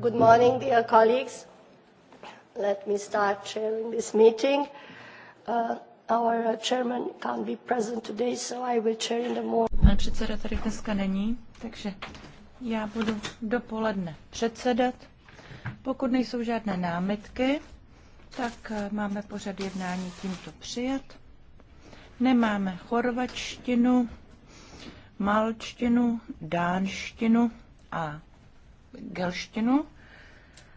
Good morning, dear colleagues. Let me start chairing this meeting. Uh, our uh, chairman can't be present today, so I will chair in the morning. Pan předseda tady dneska není, takže já budu dopoledne předsedat. Pokud nejsou žádné námitky, tak uh, máme pořad jednání tímto přijat. Nemáme chorvačtinu, malčtinu, dánštinu a gelštinu.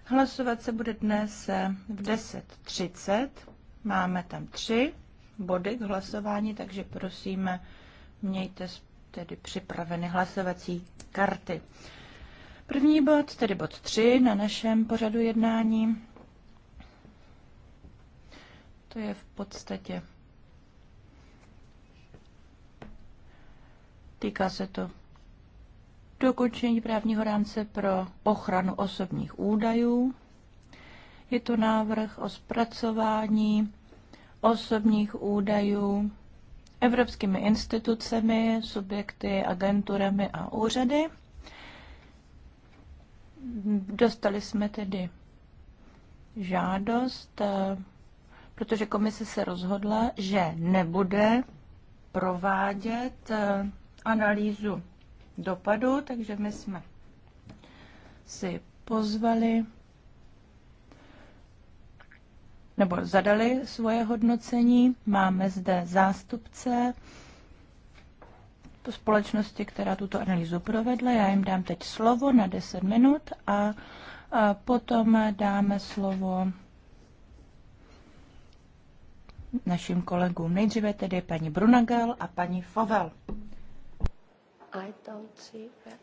Hlasovat se bude dnes v 10.30. Máme tam tři body k hlasování, takže prosím, mějte tedy připraveny hlasovací karty. První bod, tedy bod 3 na našem pořadu jednání. To je v podstatě. Týká se to dokončení právního rámce pro ochranu osobních údajů. Je to návrh o zpracování osobních údajů evropskými institucemi, subjekty, agenturami a úřady. Dostali jsme tedy žádost, eh, protože komise se rozhodla, že nebude provádět eh, analýzu dopadu, takže my jsme si pozvali nebo zadali svoje hodnocení. Máme zde zástupce společnosti, která tuto analýzu provedla. Já jim dám teď slovo na 10 minut a, a potom dáme slovo našim kolegům. Nejdříve tedy paní Brunagel a paní Fovel. I don't see that.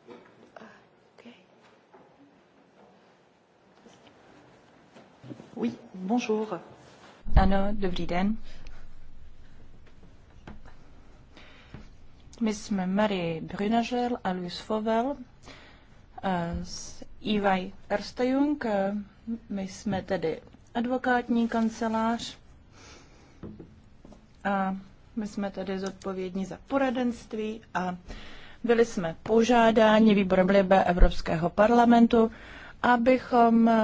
Oui, bonjour. Ano, dobrý den. My jsme Marie Brunagel a Luis Fovel eh, z EY Erstejung. My jsme tedy advokátní kancelář a my jsme tedy zodpovědní za poradenství a byli jsme požádáni výborem Libe Evropského parlamentu, abychom eh,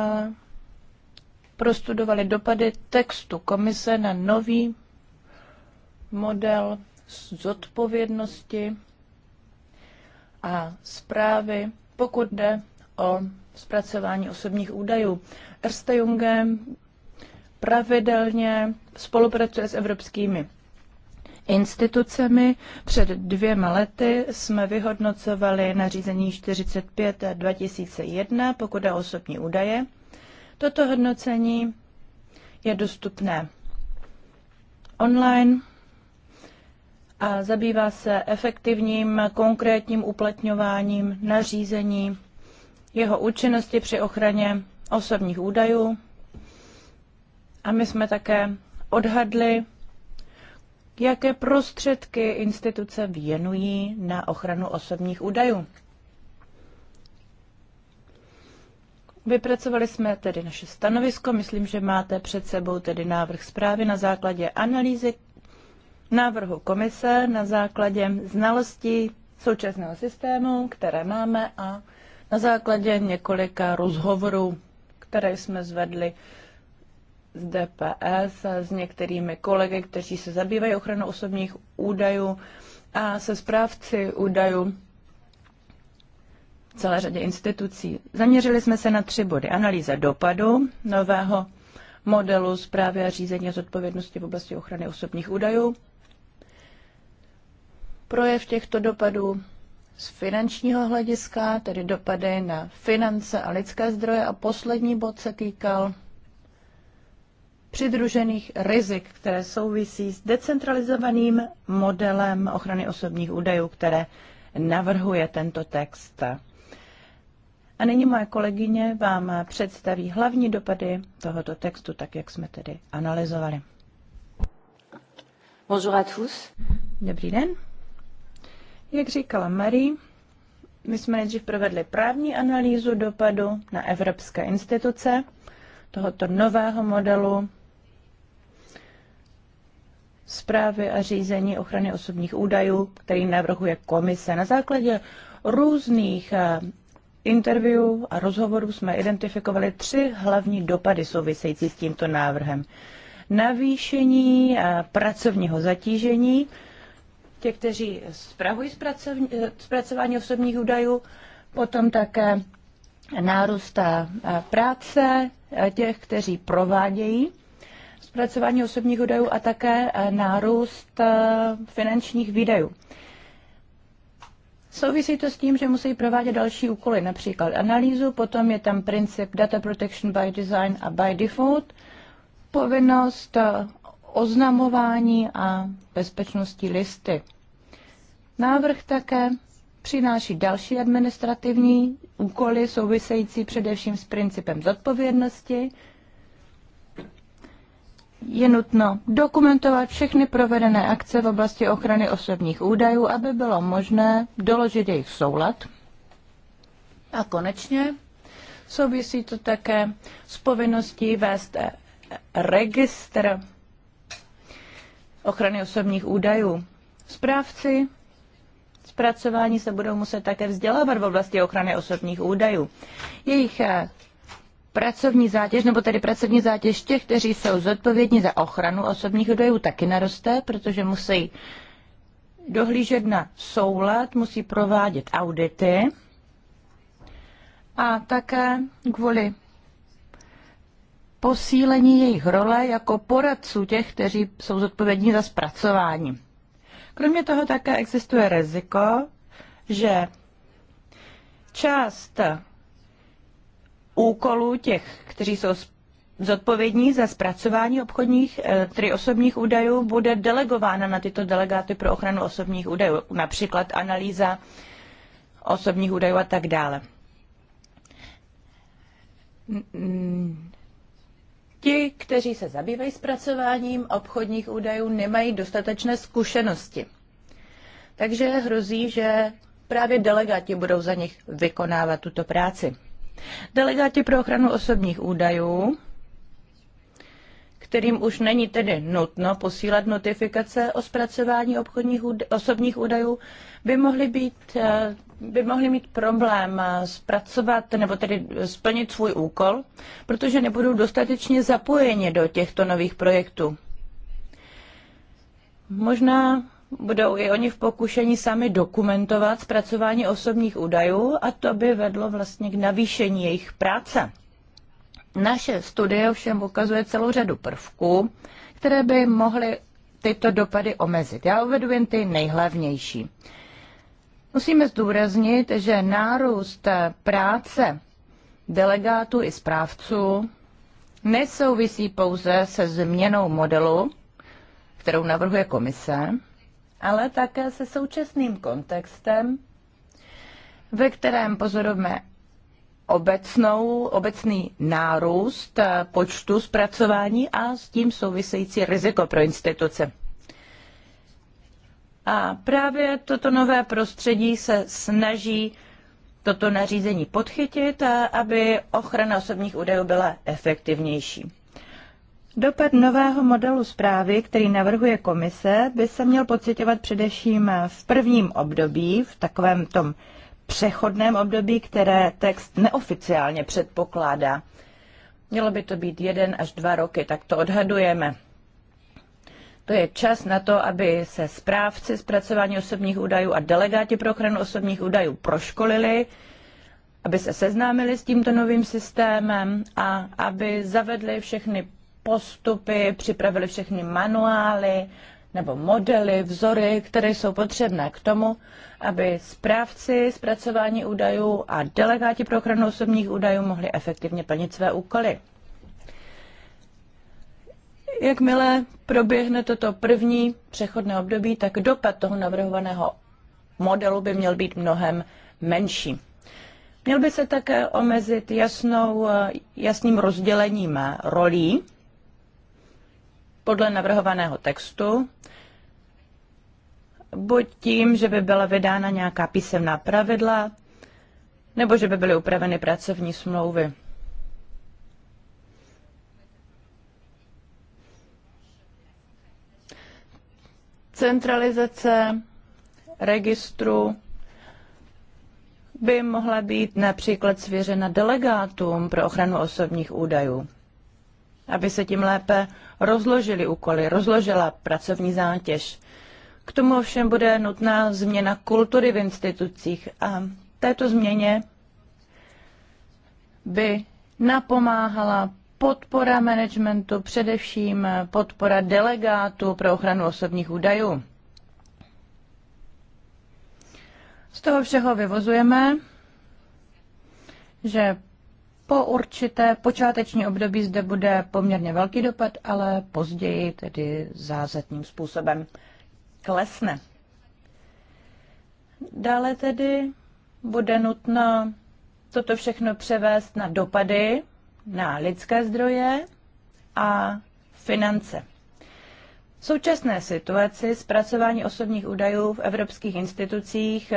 prostudovali dopady textu komise na nový model zodpovědnosti a zprávy, pokud jde o zpracování osobních údajů. Erste Junge pravidelně spolupracuje s evropskými institucemi. Před dvěma lety jsme vyhodnocovali nařízení 45 2001, pokud je osobní údaje. Toto hodnocení je dostupné online a zabývá se efektivním konkrétním uplatňováním nařízení, jeho účinnosti při ochraně osobních údajů. A my jsme také odhadli jaké prostředky instituce věnují na ochranu osobních údajů. Vypracovali jsme tedy naše stanovisko. Myslím, že máte před sebou tedy návrh zprávy na základě analýzy návrhu komise, na základě znalostí současného systému, které máme a na základě několika rozhovorů, které jsme zvedli z DPS s některými kolegy, kteří se zabývají ochranou osobních údajů a se správci údajů celé řadě institucí. Zaměřili jsme se na tři body. Analýza dopadu nového modelu zprávy a řízení a zodpovědnosti v oblasti ochrany osobních údajů, projev těchto dopadů z finančního hlediska, tedy dopady na finance a lidské zdroje. A poslední bod se týkal přidružených rizik, které souvisí s decentralizovaným modelem ochrany osobních údajů, které navrhuje tento text. A nyní moje kolegyně vám představí hlavní dopady tohoto textu, tak jak jsme tedy analyzovali. Bonjour à tous. Dobrý den. Jak říkala Marie, my jsme nejdřív provedli právní analýzu dopadu na evropské instituce tohoto nového modelu zprávy a řízení ochrany osobních údajů, který navrhuje komise. Na základě různých eh, interview a rozhovorů jsme identifikovali tři hlavní dopady související s tímto návrhem. Navýšení eh, pracovního zatížení, těch, kteří zpravují eh, zpracování osobních údajů, potom také nárůst práce těch, kteří provádějí zpracování osobních údajů a také eh, nárůst eh, finančních výdajů. Souvisí to s tím, že musí provádět další úkoly, například analýzu, potom je tam princip data protection by design a by default, povinnost eh, oznamování a bezpečnostní listy. Návrh také přináší další administrativní úkoly související především s principem zodpovědnosti, je nutno dokumentovat všechny provedené akce v oblasti ochrany osobních údajů, aby bylo možné doložit jejich soulad. A konečně souvisí to také s povinností vést registr ochrany osobních údajů. Správci zpracování se budou muset také vzdělávat v oblasti ochrany osobních údajů. Jejich pracovní zátěž, nebo tedy pracovní zátěž těch, kteří jsou zodpovědní za ochranu osobních údajů, taky naroste, protože musí dohlížet na soulad, musí provádět audity a také kvůli posílení jejich role jako poradců těch, kteří jsou zodpovědní za zpracování. Kromě toho také existuje riziko, že část úkolů těch, kteří jsou zodpovědní za zpracování obchodních, eh, tedy osobních údajů, bude delegována na tyto delegáty pro ochranu osobních údajů, například analýza osobních údajů a tak dále. Ti, kteří se zabývají zpracováním obchodních údajů, nemají dostatečné zkušenosti. Takže hrozí, že právě delegáti budou za nich vykonávat tuto práci. Delegáti pro ochranu osobních údajů, kterým už není tedy nutno posílat notifikace o zpracování obchodních údajů, osobních údajů, by mohli být, eh, by mohli mít problém eh, zpracovat nebo tedy splnit svůj úkol, protože nebudou dostatečně zapojeni do těchto nových projektů. Možná budou i oni v pokušení sami dokumentovat zpracování osobních údajů a to by vedlo vlastně k navýšení jejich práce. Naše studie ovšem ukazuje celou řadu prvků, které by mohly tyto dopady omezit. Já uvedu jen ty nejhlavnější. Musíme zdůraznit, že nárůst práce delegátů i správců nesouvisí pouze se změnou modelu, kterou navrhuje komise, ale také se současným kontextem, ve kterém pozorujeme obecnou, obecný nárůst eh, počtu zpracování a s tím související riziko pro instituce. A právě toto nové prostředí se snaží toto nařízení podchytit, eh, aby ochrana osobních údajů byla efektivnější. Dopad nového modelu zprávy, který navrhuje komise, by se měl pocitovat především v prvním období, v takovém tom přechodném období, které text neoficiálně předpokládá. Mělo by to být jeden až dva roky, tak to odhadujeme. To je čas na to, aby se správci zpracování osobních údajů a delegáti pro ochranu osobních údajů proškolili, aby se seznámili s tímto novým systémem a aby zavedli všechny postupy, připravili všechny manuály nebo modely, vzory, které jsou potřebné k tomu, aby správci zpracování údajů a delegáti pro ochranu osobních údajů mohli efektivně plnit své úkoly. Jakmile proběhne toto první přechodné období, tak dopad toho navrhovaného modelu by měl být mnohem menší. Měl by se také omezit jasnou, jasným rozdělením rolí podle navrhovaného textu, buď tím, že by byla vydána nějaká písemná pravidla, nebo že by byly upraveny pracovní smlouvy. Centralizace registru by mohla být například svěřena delegátům pro ochranu osobních údajů aby se tím lépe rozložily úkoly, rozložila pracovní zátěž. K tomu ovšem bude nutná změna kultury v institucích a této změně by napomáhala podpora managementu, především podpora delegátů pro ochranu osobních údajů. Z toho všeho vyvozujeme, že po určité počáteční období zde bude poměrně velký dopad, ale později tedy zázetným způsobem klesne. Dále tedy bude nutno toto všechno převést na dopady, na lidské zdroje a finance. V současné situaci zpracování osobních údajů v evropských institucích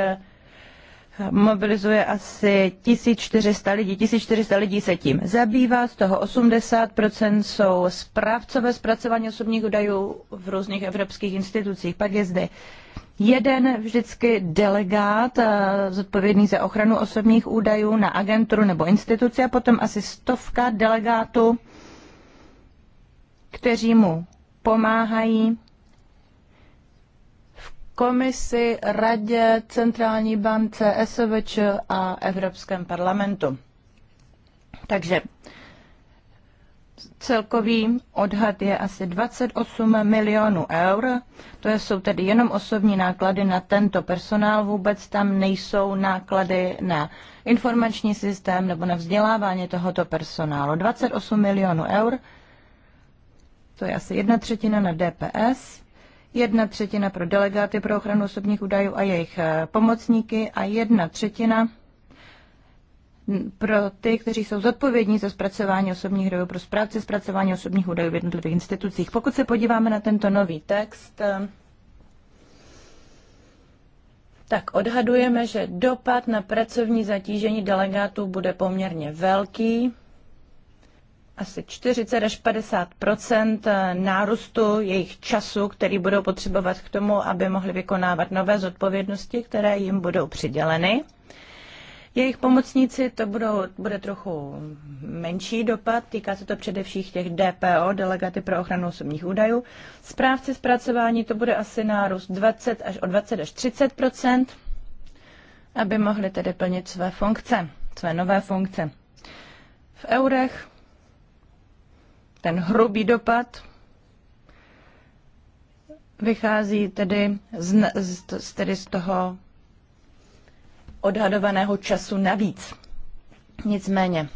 mobilizuje asi 1400 lidí. 1400 lidí se tím zabývá, z toho 80% jsou správcové zpracování osobních údajů v různých evropských institucích. Pak je zde jeden vždycky delegát eh, zodpovědný za ochranu osobních údajů na agenturu nebo instituci a potom asi stovka delegátů, kteří mu pomáhají komisi, radě, centrální bance, SVČ a Evropském parlamentu. Takže celkový odhad je asi 28 milionů eur. To jsou tedy jenom osobní náklady na tento personál. Vůbec tam nejsou náklady na informační systém nebo na vzdělávání tohoto personálu. 28 milionů eur, to je asi jedna třetina na DPS jedna třetina pro delegáty pro ochranu osobních údajů a jejich eh, pomocníky a jedna třetina pro ty, kteří jsou zodpovědní za zpracování osobních údajů, pro zprávce zpracování osobních údajů v jednotlivých institucích. Pokud se podíváme na tento nový text, eh, tak odhadujeme, že dopad na pracovní zatížení delegátů bude poměrně velký asi 40 až 50 eh, nárůstu jejich času, který budou potřebovat k tomu, aby mohli vykonávat nové zodpovědnosti, které jim budou přiděleny. Jejich pomocníci to budou, bude trochu menší dopad, týká se to především těch DPO, Delegaty pro ochranu osobních údajů. Správci zpracování to bude asi nárůst 20 až o 20 až 30 aby mohli tedy plnit své funkce, své nové funkce. V eurech ten hrubý dopad vychází tedy z, z, tedy z toho odhadovaného času navíc. Nicméně,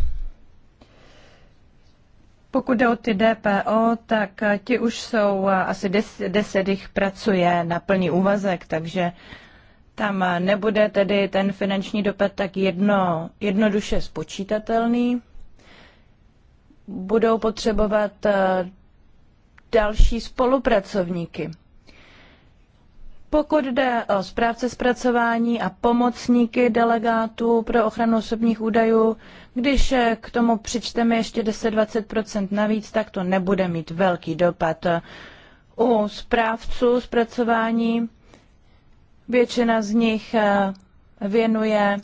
pokud jde o ty DPO, tak ti už jsou, asi des, deset jich pracuje na plný úvazek, takže tam nebude tedy ten finanční dopad tak jedno, jednoduše spočítatelný budou potřebovat eh, další spolupracovníky. Pokud jde o správce zpracování a pomocníky delegátů pro ochranu osobních údajů, když eh, k tomu přičteme ještě 10-20 navíc, tak to nebude mít velký dopad. U správců zpracování většina z nich eh, věnuje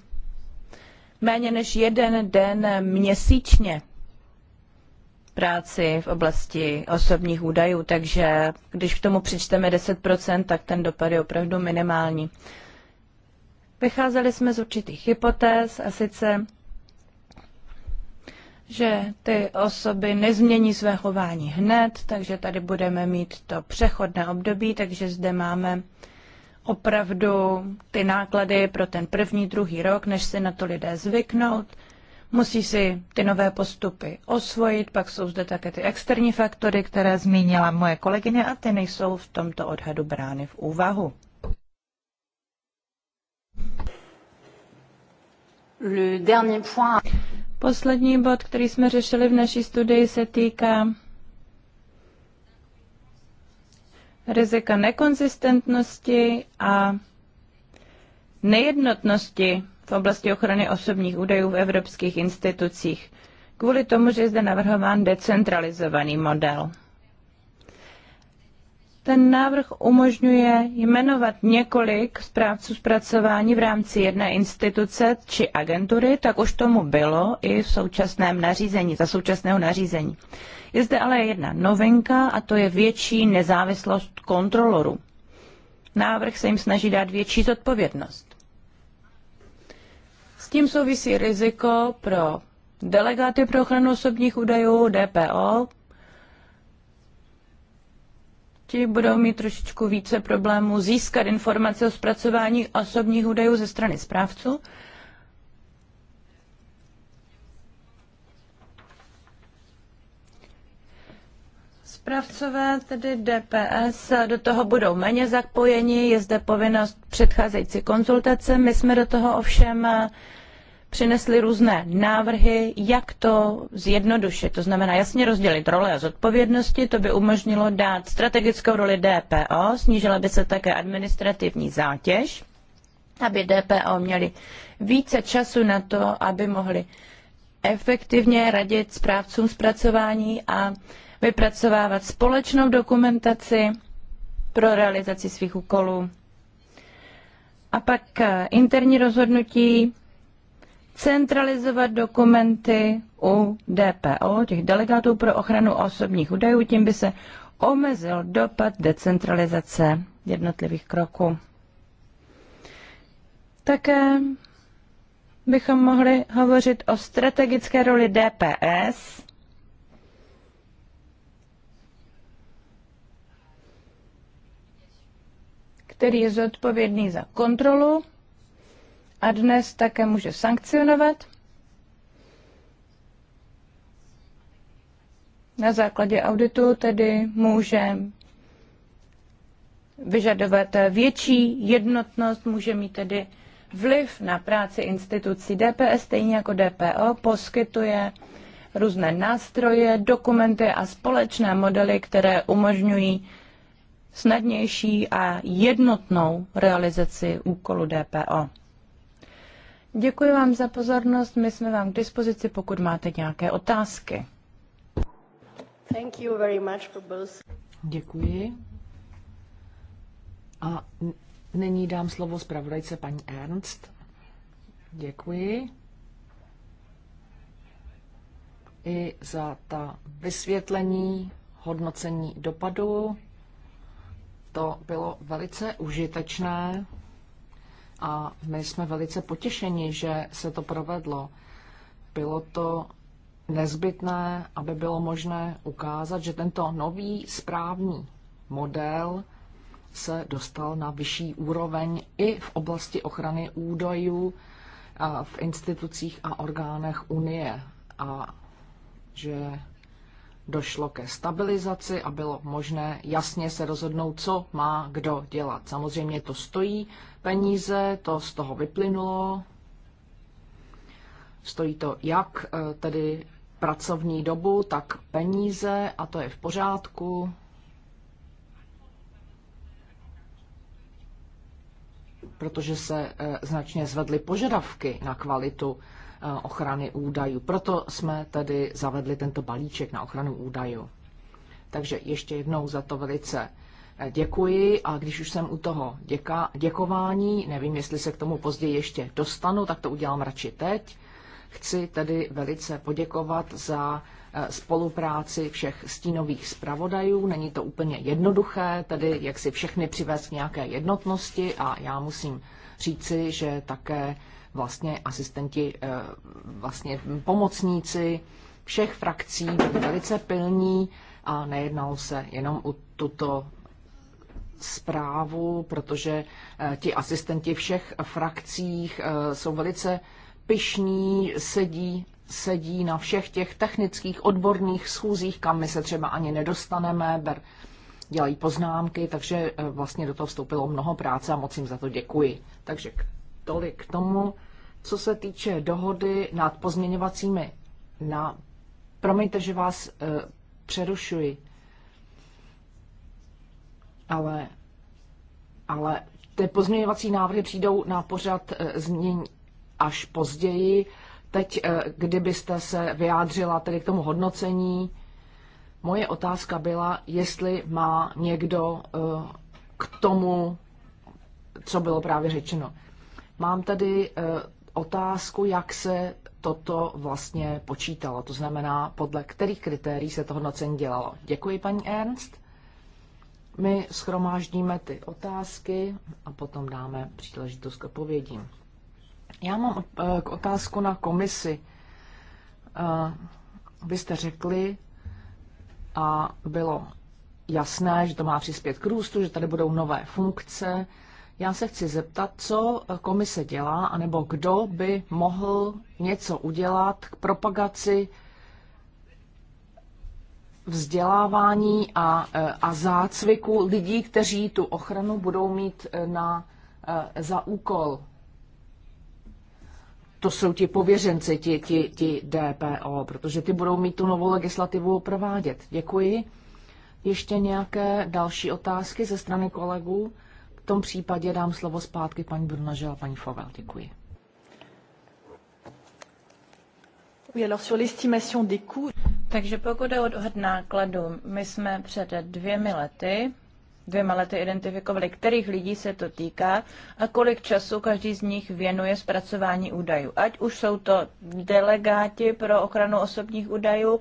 méně než jeden den měsíčně práci v oblasti osobních údajů, takže když k tomu přičteme 10%, tak ten dopad je opravdu minimální. Vycházeli jsme z určitých hypotéz a sice, že ty osoby nezmění své chování hned, takže tady budeme mít to přechodné období, takže zde máme opravdu ty náklady pro ten první, druhý rok, než si na to lidé zvyknout musí si ty nové postupy osvojit, pak jsou zde také ty externí faktory, které zmínila moje kolegyně a ty nejsou v tomto odhadu brány v úvahu. Poslední bod, který jsme řešili v naší studii, se týká rizika nekonzistentnosti a nejednotnosti v oblasti ochrany osobních údajů v evropských institucích, kvůli tomu, že je zde navrhován decentralizovaný model. Ten návrh umožňuje jmenovat několik správců zpracování v rámci jedné instituce či agentury, tak už tomu bylo i v současném nařízení, za současného nařízení. Je zde ale jedna novinka a to je větší nezávislost kontrolorů. Návrh se jim snaží dát větší zodpovědnost tím souvisí riziko pro delegáty pro ochranu osobních údajů, DPO. Ti budou mít trošičku více problémů získat informace o zpracování osobních údajů ze strany správců. Správcové, tedy DPS, do toho budou méně zapojeni, je zde povinnost předcházející konzultace. My jsme do toho ovšem přinesli různé návrhy, jak to zjednodušit. To znamená jasně rozdělit role a zodpovědnosti, to by umožnilo dát strategickou roli DPO, snížila by se také administrativní zátěž, aby DPO měli více času na to, aby mohli efektivně radit správcům zpracování a vypracovávat společnou dokumentaci pro realizaci svých úkolů. A pak interní rozhodnutí centralizovat dokumenty u DPO, těch delegátů pro ochranu osobních údajů, tím by se omezil dopad decentralizace jednotlivých kroků. Také bychom mohli hovořit o strategické roli DPS. který je zodpovědný za kontrolu a dnes také může sankcionovat Na základě auditu tedy může vyžadovat větší jednotnost, může mít tedy vliv na práci institucí. DPS stejně jako DPO poskytuje různé nástroje, dokumenty a společné modely, které umožňují snadnější a jednotnou realizaci úkolu DPO. Děkuji vám za pozornost, my jsme vám k dispozici, pokud máte nějaké otázky. Thank you very much for both. Děkuji. A nyní dám slovo zpravodajce paní Ernst. Děkuji. I za ta vysvětlení, hodnocení dopadu. To bylo velice užitečné a my jsme velice potěšeni, že se to provedlo. Bylo to nezbytné, aby bylo možné ukázat, že tento nový správní model se dostal na vyšší úroveň i v oblasti ochrany údajů v institucích a orgánech Unie a že došlo ke stabilizaci a bylo možné jasně se rozhodnout, co má kdo dělat. Samozřejmě to stojí peníze, to z toho vyplynulo. Stojí to jak e, tedy pracovní dobu, tak peníze a to je v pořádku. protože se e, značně zvedly požadavky na kvalitu Eh, ochrany údajů. Proto jsme tedy zavedli tento balíček na ochranu údajů. Takže ještě jednou za to velice eh, děkuji a když už jsem u toho děka, děkování, nevím, jestli se k tomu později ještě dostanu, tak to udělám radši teď. Chci tedy velice poděkovat za eh, spolupráci všech stínových zpravodajů. Není to úplně jednoduché, tedy jak si všechny přivést k nějaké jednotnosti a já musím říci, že také vlastně asistenti, eh, vlastně pomocníci všech frakcí byli velice pilní a nejednalo se jenom o tuto zprávu, protože eh, ti asistenti všech frakcích eh, jsou velice pyšní, sedí, sedí na všech těch technických odborných schůzích, kam my se třeba ani nedostaneme, ber, dělají poznámky, takže vlastně do toho vstoupilo mnoho práce a moc jim za to děkuji. Takže tolik k tomu, co se týče dohody nad pozměňovacími na... Promiňte, že vás e, přerušuji, ale, ale ty pozměňovací návrhy přijdou na pořad e, změň až později. Teď, e, kdybyste se vyjádřila tedy k tomu hodnocení, moje otázka byla, jestli má někdo e, k tomu, co bylo právě řečeno. Mám tady eh, otázku, jak se toto vlastně počítalo, to znamená, podle kterých kritérií se to hodnocení dělalo. Děkuji, paní Ernst. My schromáždíme ty otázky a potom dáme příležitost k odpovědím. Já mám eh, otázku na komisi. Eh, vy jste řekli a bylo jasné, že to má přispět k růstu, že tady budou nové funkce, já se chci zeptat, co komise dělá, anebo kdo by mohl něco udělat k propagaci vzdělávání a, eh, a zácviku lidí, kteří tu ochranu budou mít eh, na, eh, za úkol. To jsou ti pověřenci, ti, ti, ti DPO, protože ty budou mít tu novou legislativu provádět. Děkuji. Ještě nějaké další otázky ze strany kolegů? tom případě dám slovo zpátky paní Brunaže a paní Fogel. Děkuji. Takže pokud jde o odhad nákladu, my jsme před dvěmi lety, dvěma lety identifikovali, kterých lidí se to týká a kolik času každý z nich věnuje zpracování údajů. Ať už jsou to delegáti pro ochranu osobních údajů,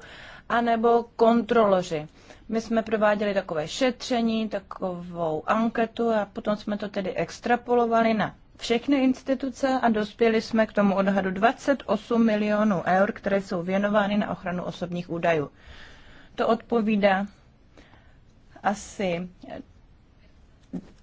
anebo kontroloři. My jsme prováděli takové šetření, takovou anketu a potom jsme to tedy extrapolovali na všechny instituce a dospěli jsme k tomu odhadu 28 milionů eur, které jsou věnovány na ochranu osobních údajů. To odpovídá asi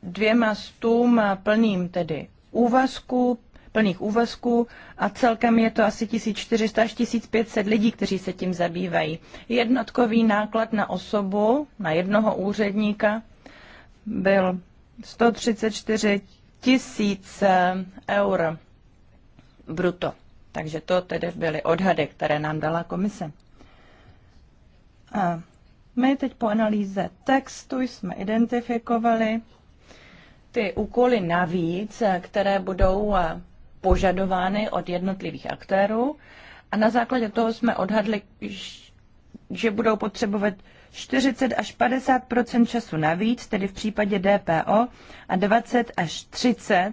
dvěma stům plným tedy úvazku plných úvazků a celkem je to asi 1400 až 1500 lidí, kteří se tím zabývají. Jednotkový náklad na osobu, na jednoho úředníka, byl 134 tisíc eh, eur bruto. Takže to tedy byly odhady, které nám dala komise. A my teď po analýze textu jsme identifikovali ty úkoly navíc, eh, které budou eh, požadovány od jednotlivých aktérů a na základě toho jsme odhadli, že budou potřebovat 40 až 50 času navíc, tedy v případě DPO, a 20 až 30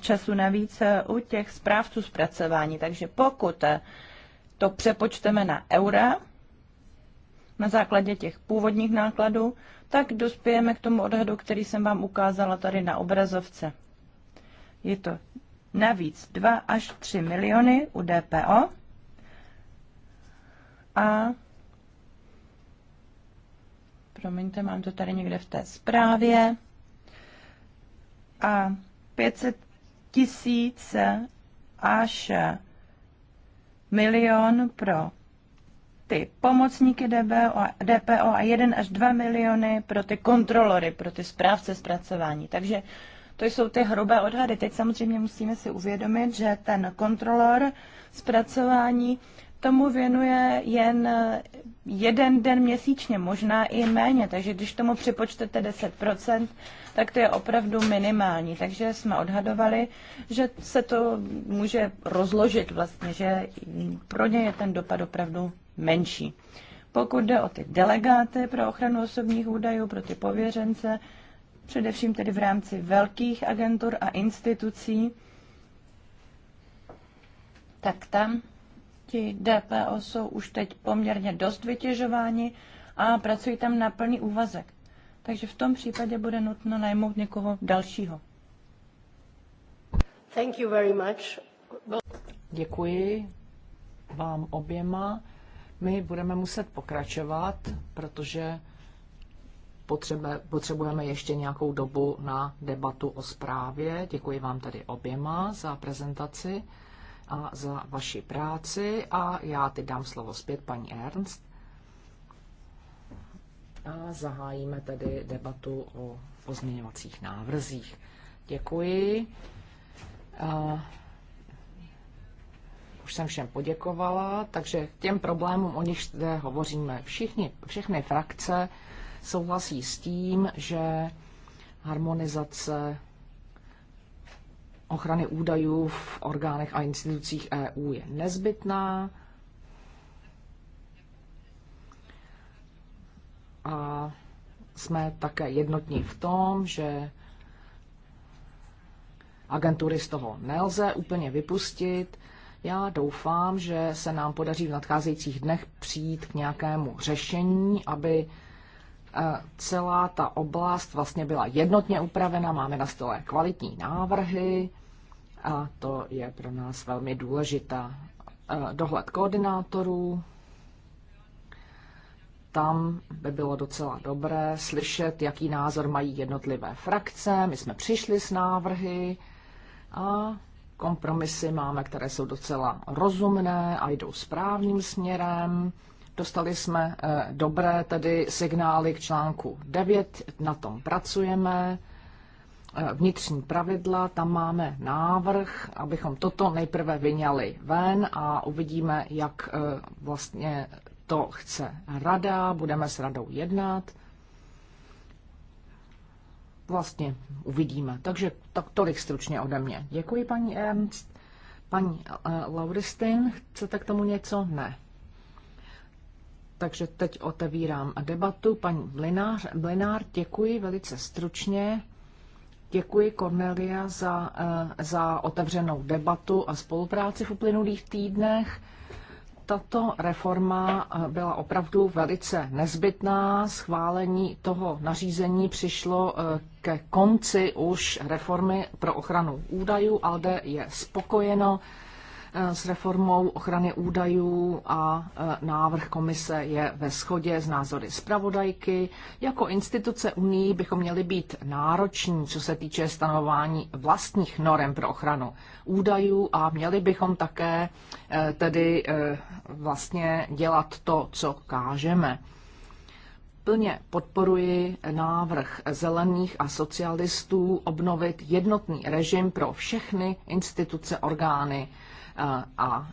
času navíc eh, u těch správců zpracování. Takže pokud eh, to přepočteme na eura na základě těch původních nákladů, tak dospějeme k tomu odhadu, který jsem vám ukázala tady na obrazovce. Je to navíc 2 až 3 miliony u DPO a promiňte, mám to tady někde v té zprávě a 500 tisíc až milion pro ty pomocníky DBO, DPO a 1 až 2 miliony pro ty kontrolory, pro ty správce zpracování. Takže to jsou ty hrubé odhady. Teď samozřejmě musíme si uvědomit, že ten kontrolor zpracování tomu věnuje jen jeden den měsíčně, možná i méně. Takže když tomu připočtete 10%, tak to je opravdu minimální. Takže jsme odhadovali, že se to může rozložit vlastně, že pro ně je ten dopad opravdu menší. Pokud jde o ty delegáty pro ochranu osobních údajů, pro ty pověřence, především tedy v rámci velkých agentur a institucí, tak tam ti DPO jsou už teď poměrně dost vytěžováni a pracují tam na plný úvazek. Takže v tom případě bude nutno najmout někoho dalšího. Thank you very much. Děkuji vám oběma. My budeme muset pokračovat, protože potřebe, potřebujeme ještě nějakou dobu na debatu o zprávě. Děkuji vám tedy oběma za prezentaci a za vaši práci a já teď dám slovo zpět paní Ernst a zahájíme tedy debatu o pozměňovacích návrzích. Děkuji. A už jsem všem poděkovala, takže těm problémům, o nich zde hovoříme všichni, všechny frakce, souhlasí s tím, že harmonizace ochrany údajů v orgánech a institucích EU je nezbytná. A jsme také jednotní v tom, že agentury z toho nelze úplně vypustit. Já doufám, že se nám podaří v nadcházejících dnech přijít k nějakému řešení, aby E, celá ta oblast vlastně byla jednotně upravena, máme na stole kvalitní návrhy a to je pro nás velmi důležitá e, dohled koordinátorů. Tam by bylo docela dobré slyšet, jaký názor mají jednotlivé frakce. My jsme přišli s návrhy a kompromisy máme, které jsou docela rozumné a jdou správným směrem. Dostali jsme eh, dobré tedy signály k článku 9, na tom pracujeme. Eh, vnitřní pravidla, tam máme návrh, abychom toto nejprve vyňali ven a uvidíme, jak eh, vlastně to chce rada, budeme s radou jednat. Vlastně uvidíme. Takže tak tolik stručně ode mě. Děkuji, paní Ernst. Paní Lauristin, chcete k tomu něco? Ne. Takže teď otevírám debatu. Paní Blinář, Blinář děkuji velice stručně. Děkuji Cornelia za, eh, za otevřenou debatu a spolupráci v uplynulých týdnech. Tato reforma eh, byla opravdu velice nezbytná. Schválení toho nařízení přišlo eh, ke konci už reformy pro ochranu údajů. ALDE je spokojeno Eh, s reformou ochrany údajů a eh, návrh komise je ve shodě s názory zpravodajky. Jako instituce Unii bychom měli být nároční, co se týče stanování vlastních norem pro ochranu údajů a měli bychom také eh, tedy vlastně dělat to, co kážeme plně podporuji návrh zelených a socialistů obnovit jednotný režim pro všechny instituce, orgány a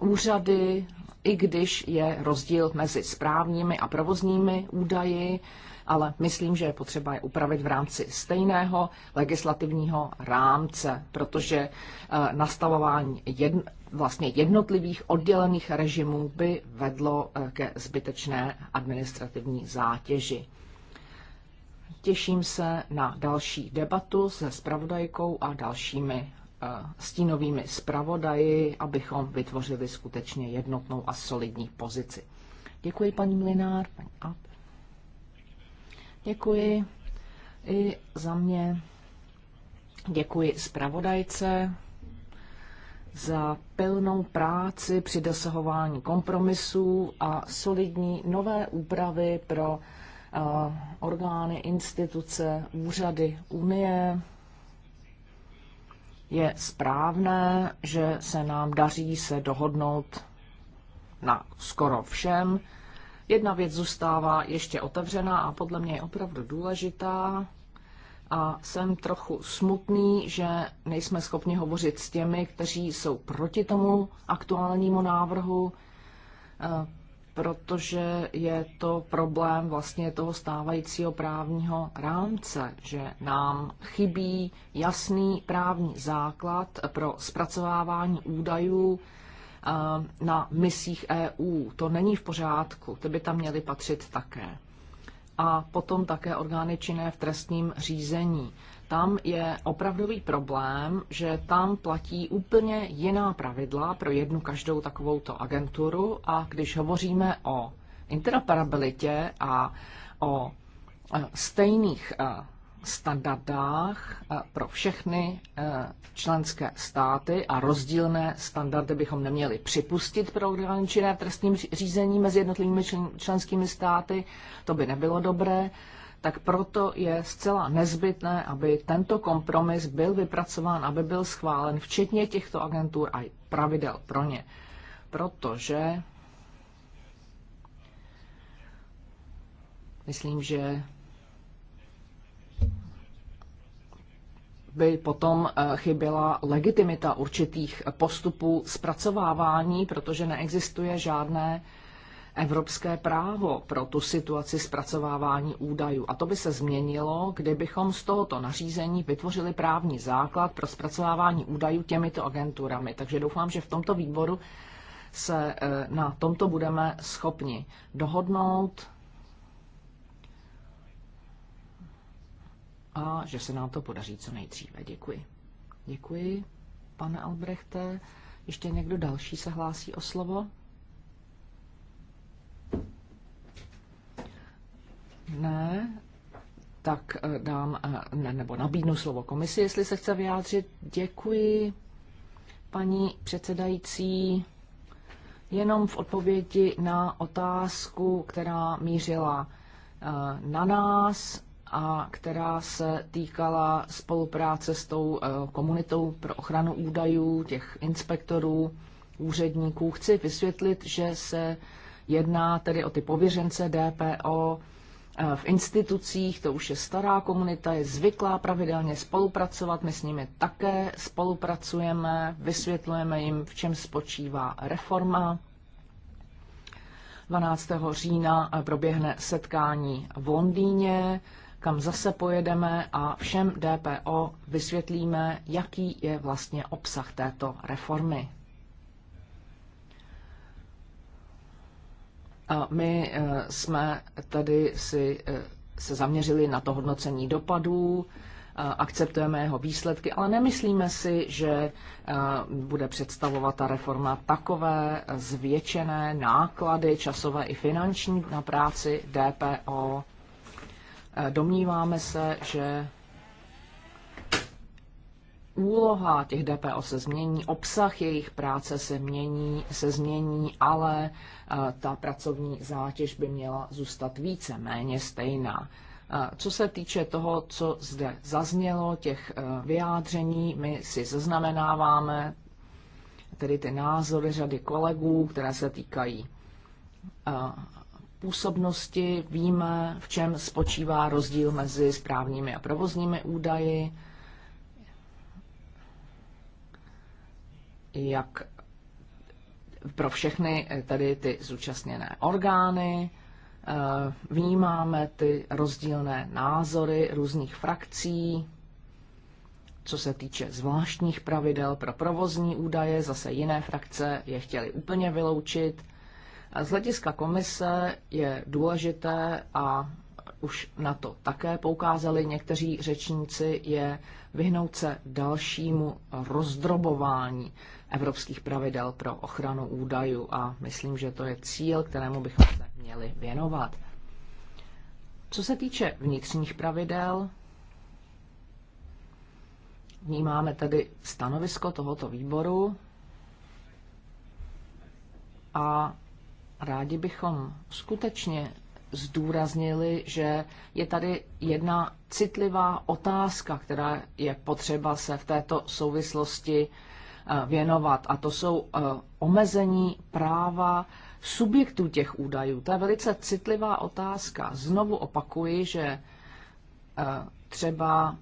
úřady, i když je rozdíl mezi správními a provozními údaji, ale myslím, že je potřeba je upravit v rámci stejného legislativního rámce, protože e, nastavování jedn, vlastně jednotlivých oddělených režimů by vedlo e, ke zbytečné administrativní zátěži. Těším se na další debatu se spravodajkou a dalšími stínovými zpravodaji, abychom vytvořili skutečně jednotnou a solidní pozici. Děkuji, paní Mlinár. Paní Děkuji i za mě. Děkuji zpravodajce za pilnou práci při dosahování kompromisů a solidní nové úpravy pro eh, orgány, instituce, úřady Unie, je správné, že se nám daří se dohodnout na skoro všem. Jedna věc zůstává ještě otevřená a podle mě je opravdu důležitá. A jsem trochu smutný, že nejsme schopni hovořit s těmi, kteří jsou proti tomu aktuálnímu návrhu, eh, protože je to problém vlastně toho stávajícího právního rámce, že nám chybí jasný právní základ pro zpracovávání údajů eh, na misích EU. To není v pořádku, ty by tam měly patřit také. A potom také orgány činné v trestním řízení. Tam je opravdový problém, že tam platí úplně jiná pravidla pro jednu každou takovouto agenturu a když hovoříme o interoperabilitě a o e, stejných e, standardách e, pro všechny členské státy a rozdílné standardy bychom neměli připustit pro orgány činné v trestním řízení mezi jednotlivými členskými státy. To by nebylo dobré tak proto je zcela nezbytné, aby tento kompromis byl vypracován, aby byl schválen, včetně těchto agentur a pravidel pro ně. Protože myslím, že by potom eh, chyběla legitimita určitých postupů zpracovávání, protože neexistuje žádné evropské právo pro tu situaci zpracovávání údajů. A to by se změnilo, kdybychom z tohoto nařízení vytvořili právní základ pro zpracovávání údajů těmito agenturami. Takže doufám, že v tomto výboru se eh, na tomto budeme schopni dohodnout a že se nám to podaří co nejdříve. Děkuji. Děkuji, pane Albrechte. Ještě někdo další se hlásí o slovo? Ne, tak eh, dám, eh, ne, nebo nabídnu slovo komisi, jestli se chce vyjádřit. Děkuji, paní předsedající. Jenom v odpovědi na otázku, která mířila eh, na nás a která se týkala spolupráce s tou komunitou pro ochranu údajů, těch inspektorů, úředníků, chci vysvětlit, že se jedná tedy o ty pověřence DPO, Eh, v institucích, to už je stará komunita, je zvyklá pravidelně spolupracovat, my s nimi také spolupracujeme, vysvětlujeme jim, v čem spočívá reforma. 12. října eh, proběhne setkání v Londýně, kam zase pojedeme a všem DPO vysvětlíme, jaký je vlastně obsah této reformy. A my eh, jsme tady si eh, se zaměřili na to hodnocení dopadů, eh, akceptujeme jeho výsledky, ale nemyslíme si, že bude představovat ta reforma takové zvětšené náklady, časové i finanční na práci DPO. Domníváme se, že úloha těch DPO se změní, obsah jejich práce se, mění, se změní, ale eh, ta pracovní zátěž by měla zůstat více méně stejná. Eh, co se týče toho, co zde zaznělo, těch eh, vyjádření, my si zaznamenáváme tedy ty názory řady kolegů, které se týkají působnosti. Víme, v čem spočívá rozdíl mezi správními a provozními údaji jak pro všechny tedy ty zúčastněné orgány. Eh, vnímáme ty rozdílné názory různých frakcí, co se týče zvláštních pravidel pro provozní údaje, zase jiné frakce je chtěly úplně vyloučit. Z hlediska komise je důležité, a už na to také poukázali někteří řečníci, je vyhnout se dalšímu rozdrobování evropských pravidel pro ochranu údajů a myslím, že to je cíl, kterému bychom se měli věnovat. Co se týče vnitřních pravidel, vnímáme tedy stanovisko tohoto výboru a rádi bychom skutečně zdůraznili, že je tady jedna citlivá otázka, která je potřeba se v této souvislosti věnovat. A to jsou eh, omezení práva subjektů těch údajů. To je velice citlivá otázka. Znovu opakuji, že eh, třeba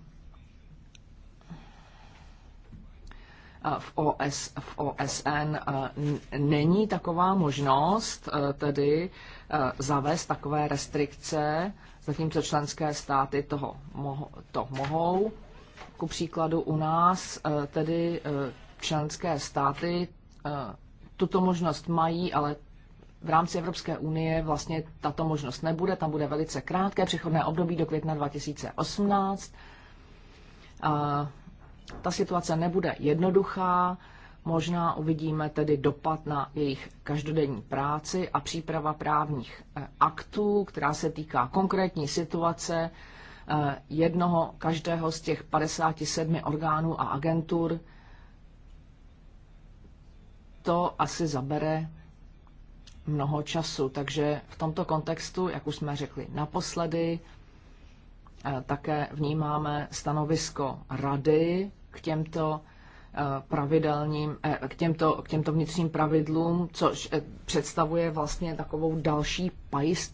eh, v, OS, v OSN není taková možnost tedy zavést takové restrikce, zatímco členské státy toho, to mohou. Ku příkladu u nás tedy členské státy eh, tuto možnost mají, ale v rámci Evropské unie vlastně tato možnost nebude, tam bude velice krátké přechodné období do května 2018. ta situace nebude jednoduchá, možná uvidíme tedy dopad na jejich každodenní práci a příprava právních eh, aktů, která se týká konkrétní situace eh, jednoho každého z těch 57 orgánů a agentur, to asi zabere mnoho času. Takže v tomto kontextu, jak už jsme řekli naposledy, eh, také vnímáme stanovisko rady k těmto eh, pravidelným, eh, k těmto, k těmto vnitřním pravidlům, což představuje vlastně takovou další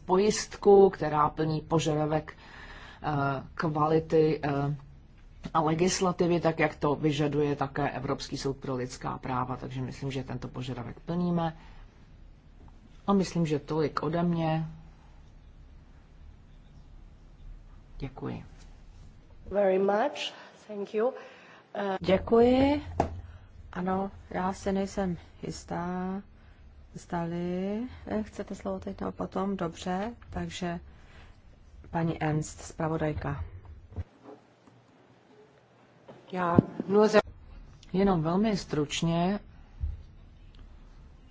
pojistku, která plní požadavek kvality a legislativy, tak jak to vyžaduje také Evropský soud pro lidská práva, takže myslím, že tento požadavek plníme. A myslím, že tolik ode mě. Děkuji. Very much. Thank you. Uh... Děkuji. Ano, já se nejsem jistá. Zdali eh, chcete slovo teď nebo potom? Dobře, takže paní Ernst, zpravodajka. Já jenom velmi stručně,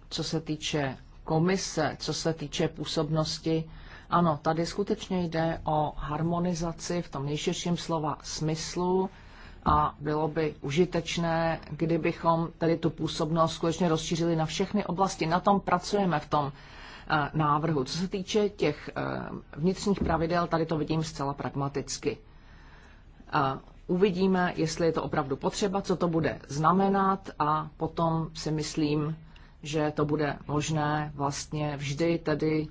co se týče komise, co se týče působnosti, ano, tady skutečně jde o harmonizaci v tom nejširším slova smyslu a bylo by užitečné, kdybychom tady tu působnost skutečně rozšířili na všechny oblasti. Na tom pracujeme v tom eh, návrhu. Co se týče těch eh, vnitřních pravidel, tady to vidím zcela pragmaticky. Eh, Uvidíme, jestli je to opravdu potřeba, co to bude znamenat a potom si myslím, že to bude možné vlastně vždy tedy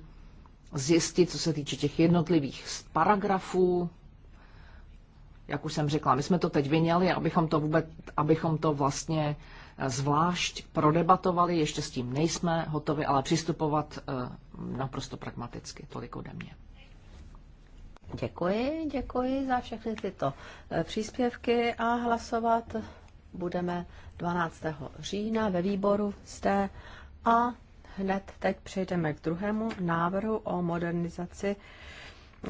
zjistit, co se týče těch jednotlivých paragrafů. Jak už jsem řekla, my jsme to teď vyněli, abychom to, vůbec, abychom to vlastně eh, zvlášť prodebatovali, ještě s tím nejsme hotovi, ale přistupovat eh, naprosto pragmaticky. Tolik ode mě. Děkuji, děkuji za všechny tyto eh, příspěvky a hlasovat budeme 12. října ve výboru zde a hned teď přejdeme k druhému návrhu o modernizaci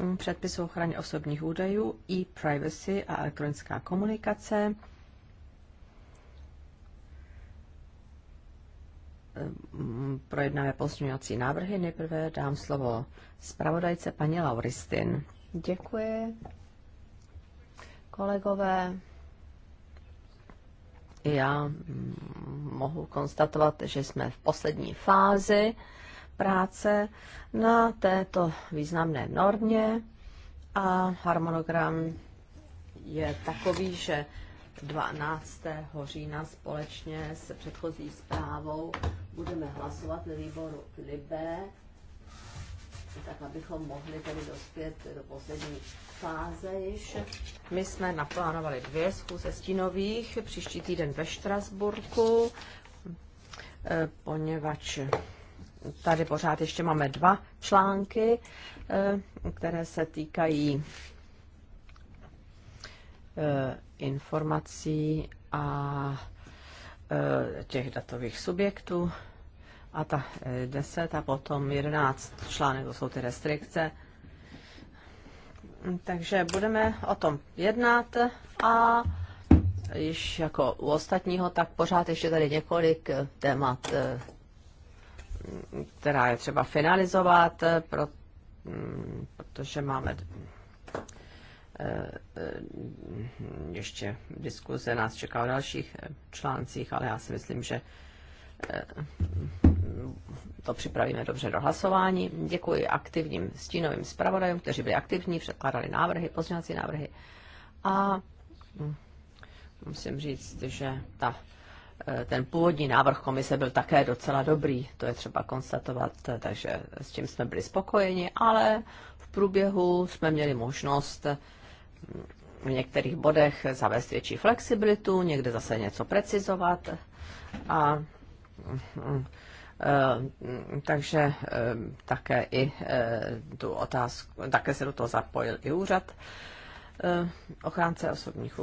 mm, předpisu ochrany osobních údajů, e-privacy a elektronická komunikace. Mm, projednáme pozměňovací návrhy. Nejprve dám slovo zpravodajce paní Lauristin. Děkuji. Kolegové, já mohu konstatovat, že jsme v poslední fázi práce na této významné normě a harmonogram je takový, že 12. října společně se předchozí zprávou budeme hlasovat ve výboru LIBE tak abychom mohli tedy dospět do poslední fáze již. My jsme naplánovali dvě schůze stínových, příští týden ve Štrasburku, eh, poněvadž tady pořád ještě máme dva články, eh, které se týkají eh, informací a těch datových subjektů a ta e, deset a potom jedenáct. článek, to jsou ty restrikce. Takže budeme o tom jednat a již jako u ostatního, tak pořád ještě tady několik e, témat, e, která je třeba finalizovat, mm, protože máme ještě diskuze nás čeká o dalších článcích, ale já si myslím, že to připravíme dobře do hlasování. Děkuji aktivním stínovým zpravodajům, kteří byli aktivní, předkládali návrhy, pozměňovací návrhy. A musím říct, že ta, eh, ten původní návrh komise byl také docela dobrý, to je třeba konstatovat, eh, takže s tím jsme byli spokojeni, ale v průběhu jsme měli možnost eh, v některých bodech zavést větší flexibilitu, někde zase něco precizovat a Eh, takže eh, také i eh, tu otázku, také se do toho zapojil i úřad ochránce osobních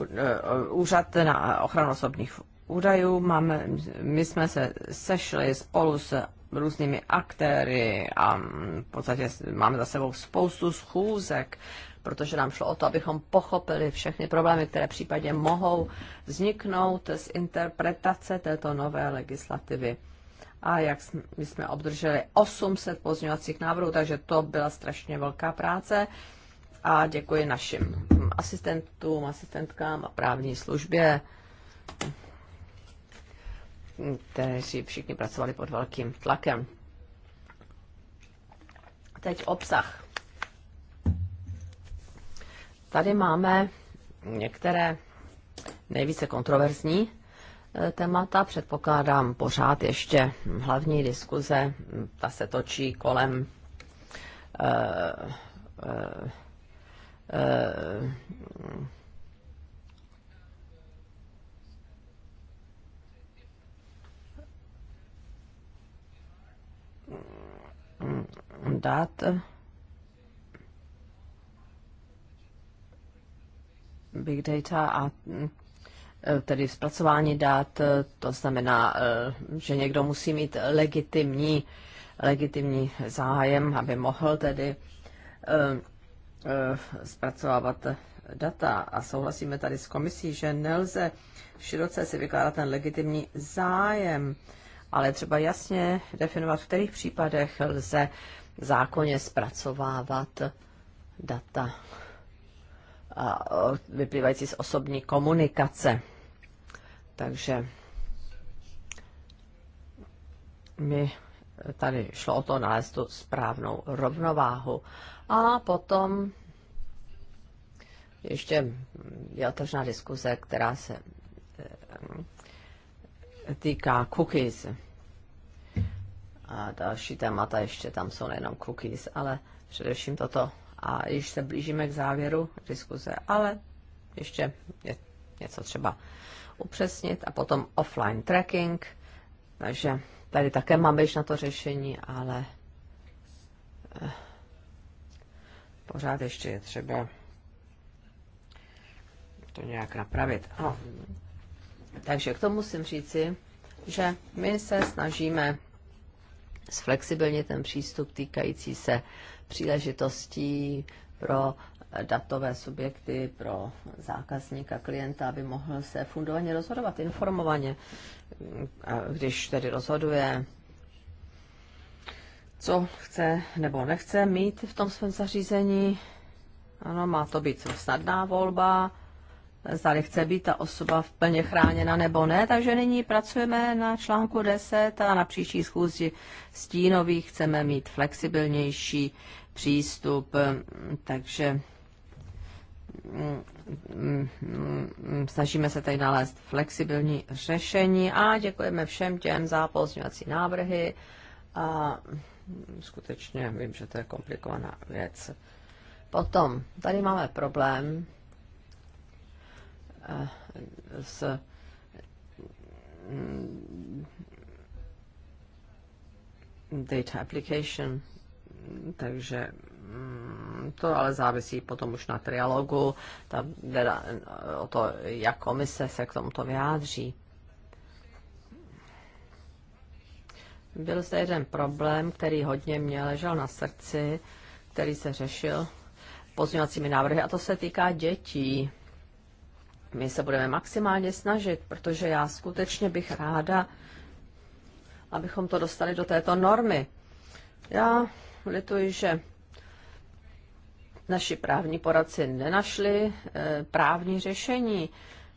úřad na ochranu osobních údajů. Máme, my jsme se sešli spolu s různými aktéry a mm, v podstatě máme za sebou spoustu schůzek protože nám šlo o to, abychom pochopili všechny problémy, které případně mohou vzniknout z interpretace této nové legislativy. A jak jsme, my jsme obdrželi 800 pozměňovacích návrhů, takže to byla strašně velká práce. A děkuji našim asistentům, asistentkám a právní službě kteří všichni pracovali pod velkým tlakem. Teď obsah. Tady máme některé nejvíce kontroverzní témata. Předpokládám pořád ještě hlavní diskuze, ta se točí kolem uh, uh, uh, dat big data a mm, e, tedy zpracování dat, e, to znamená, e, že někdo musí mít legitimní, legitimní zájem, aby mohl tedy zpracovávat data. A souhlasíme tady s komisí, že nelze široce si vykládat ten legitimní zájem, ale třeba jasně definovat, v kterých případech lze zákonně zpracovávat data a vyplývající z osobní komunikace. Takže mi e, tady šlo o to nalézt tu správnou rovnováhu. A potom ještě je otevřená diskuze, která se e, týká cookies. A další témata ještě tam jsou nejenom cookies, ale především toto a již se blížíme k závěru diskuze, ale ještě je něco třeba upřesnit a potom offline tracking, takže tady také máme již na to řešení, ale eh, pořád ještě je třeba to nějak napravit. No. Takže k tomu musím říci, že my se snažíme zflexibilnit ten přístup týkající se příležitostí pro datové subjekty, pro zákazníka, klienta, aby mohl se fundovaně rozhodovat, informovaně, když tedy rozhoduje, co chce nebo nechce mít v tom svém zařízení. Ano, má to být snadná volba, zdali chce být ta osoba plně chráněna nebo ne. Takže nyní pracujeme na článku 10 a na příští schůzi stínových chceme mít flexibilnější přístup, takže snažíme se tady nalézt flexibilní řešení a děkujeme všem těm za pozměňovací návrhy a skutečně vím, že to je komplikovaná věc. Potom, tady máme problém eh, s mm, data application takže mm, to ale závisí potom už na trialogu, ta, teda, o to, jak komise se k tomuto vyjádří. Byl zde jeden problém, který hodně mě ležel na srdci, který se řešil pozměňovacími návrhy, a to se týká dětí. My se budeme maximálně snažit, protože já skutečně bych ráda, abychom to dostali do této normy. Já lituji, že naši právní poradci nenašli eh, právní řešení,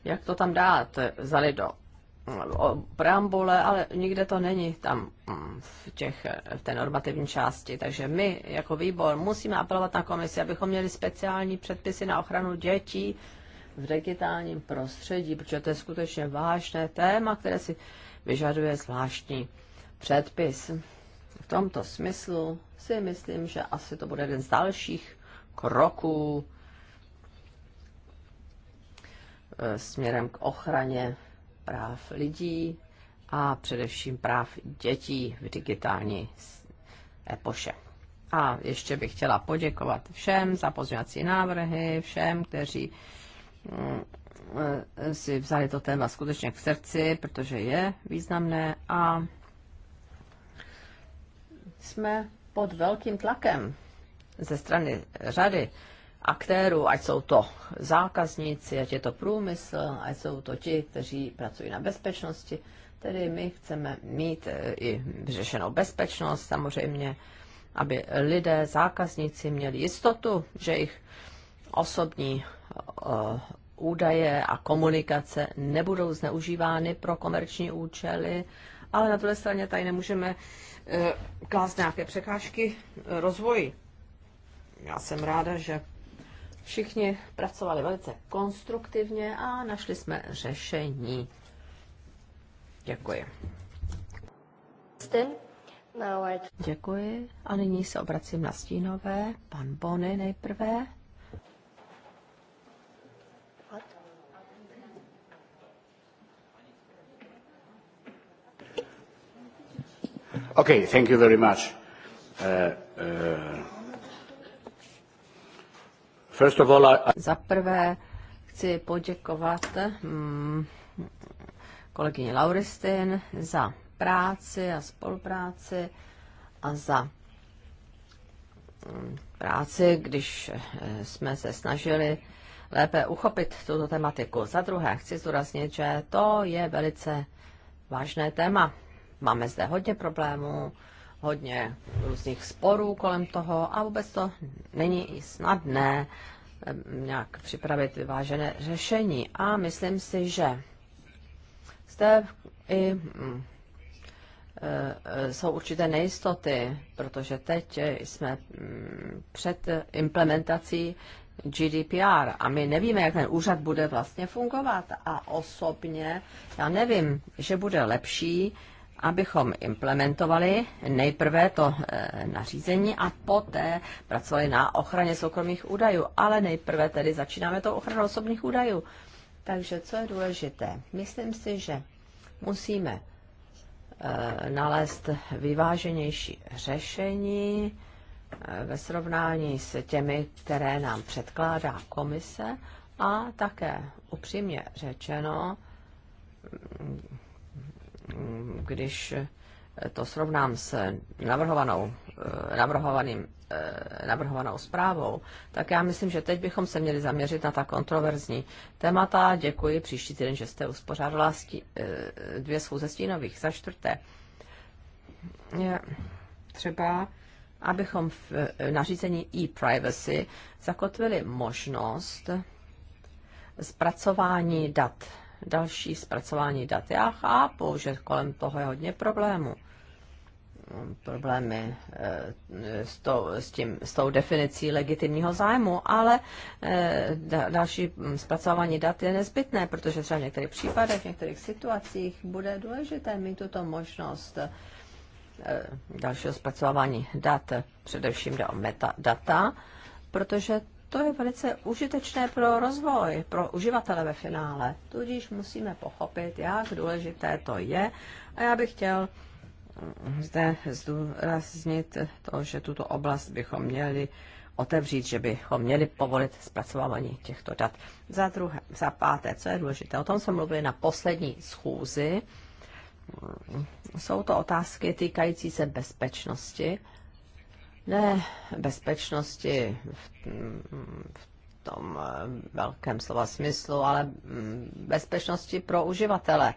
jak to tam dát, vzali do eh, preambule, ale nikde to není tam mm, v, těch, eh, v té normativní části. Takže my jako výbor musíme apelovat na komisi, abychom měli speciální předpisy na ochranu dětí v digitálním prostředí, protože to je skutečně vážné téma, které si vyžaduje zvláštní předpis. V tomto smyslu si myslím, že asi to bude jeden z dalších kroků e, směrem k ochraně práv lidí a především práv dětí v digitální epoše. A ještě bych chtěla poděkovat všem za pozměňovací návrhy, všem, kteří mm, e, si vzali to téma skutečně k srdci, protože je významné a jsme pod velkým tlakem ze strany řady aktérů, ať jsou to zákazníci, ať je to průmysl, ať jsou to ti, kteří pracují na bezpečnosti. Tedy my chceme mít e, i vyřešenou bezpečnost samozřejmě, aby lidé, zákazníci měli jistotu, že jejich osobní e, údaje a komunikace nebudou zneužívány pro komerční účely, ale na druhé straně tady nemůžeme Eh, klást nějaké překážky eh, rozvoji. Já jsem ráda, že všichni pracovali velice konstruktivně a našli jsme řešení. Děkuji. Děkuji a nyní se obracím na stínové. Pan Bony nejprve. Okay, thank you very much. Uh, uh, first of all, I... Za prvé chci poděkovat mm, kolegyni Lauristin za práci a spolupráci a za mm, práci, když eh, jsme se snažili lépe uchopit tuto tematiku. Za druhé, chci zdůraznit, že to je velice vážné téma Máme zde hodně problémů, hodně různých sporů kolem toho a vůbec to není snadné nějak připravit vyvážené řešení. A myslím si, že zde i mm, e, e, jsou určité nejistoty, protože teď jsme mm, před implementací GDPR a my nevíme, jak ten úřad bude vlastně fungovat. A osobně já nevím, že bude lepší, abychom implementovali nejprve to eh, nařízení a poté pracovali na ochraně soukromých údajů. Ale nejprve tedy začínáme tou ochranou osobních údajů. Takže co je důležité? Myslím si, že musíme eh, nalézt vyváženější řešení eh, ve srovnání s těmi, které nám předkládá komise a také upřímně řečeno, když to srovnám s navrhovanou, eh, navrhovaným, eh, navrhovanou zprávou, tak já myslím, že teď bychom se měli zaměřit na ta kontroverzní témata. Děkuji příští týden, že jste uspořádala stí, eh, dvě schůze stínových. Za čtvrté, je třeba, abychom v nařízení e-privacy zakotvili možnost zpracování dat další zpracování dat. Já chápu, že kolem toho je hodně problémů. Problémy eh, s, to, s, tím, s tou definicí legitimního zájmu, ale eh, další hm, zpracování dat je nezbytné, protože třeba v některých případech, v některých situacích bude důležité mít tuto možnost eh, dalšího zpracování dat, především jde o metadata, protože to je velice užitečné pro rozvoj, pro uživatele ve finále. Tudíž musíme pochopit, jak důležité to je. A já bych chtěl mm, zde zdůraznit to, že tuto oblast bychom měli otevřít, že bychom měli povolit zpracovávání těchto dat. Za, druhé, za páté, co je důležité, o tom jsme mluvili na poslední schůzi, mm, jsou to otázky týkající se bezpečnosti ne bezpečnosti v, v tom eh, velkém slova smyslu, ale mm, bezpečnosti pro uživatele.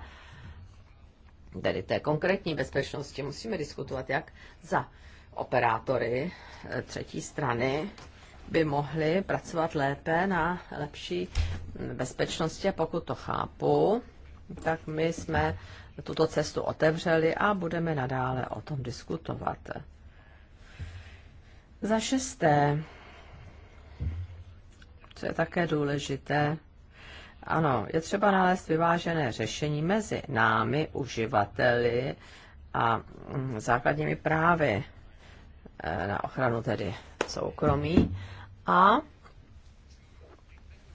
Tedy té konkrétní bezpečnosti musíme diskutovat, jak za operátory eh, třetí strany by mohli pracovat lépe na lepší mm, bezpečnosti a pokud to chápu, tak my jsme tuto cestu otevřeli a budeme nadále o tom diskutovat. Za šesté, co je také důležité, ano, je třeba nalézt vyvážené řešení mezi námi, uživateli a mm, základními právy e, na ochranu tedy soukromí a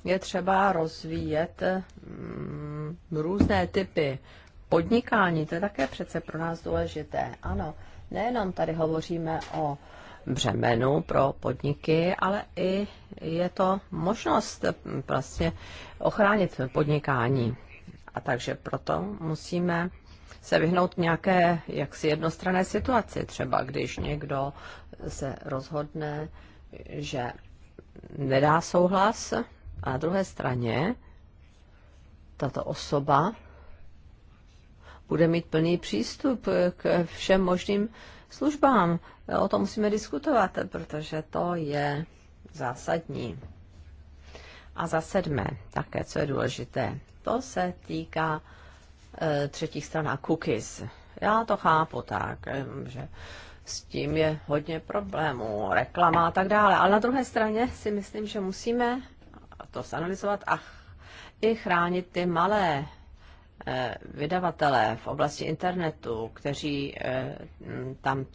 je třeba rozvíjet mm, různé typy podnikání, to je také přece pro nás důležité. Ano, nejenom tady hovoříme o břemenu pro podniky, ale i je to možnost vlastně ochránit podnikání. A takže proto musíme se vyhnout nějaké jaksi jednostrané situaci. Třeba když někdo se rozhodne, že nedá souhlas a na druhé straně tato osoba bude mít plný přístup k všem možným službám. O tom musíme diskutovat, protože to je zásadní. A za sedmé, také co je důležité, to se týká e, třetích stran a cookies. Já to chápu tak, e, že s tím je hodně problémů, reklama a tak dále. Ale na druhé straně si myslím, že musíme to zanalizovat a i chránit ty malé Eh, vydavatelé v oblasti internetu, kteří eh, tam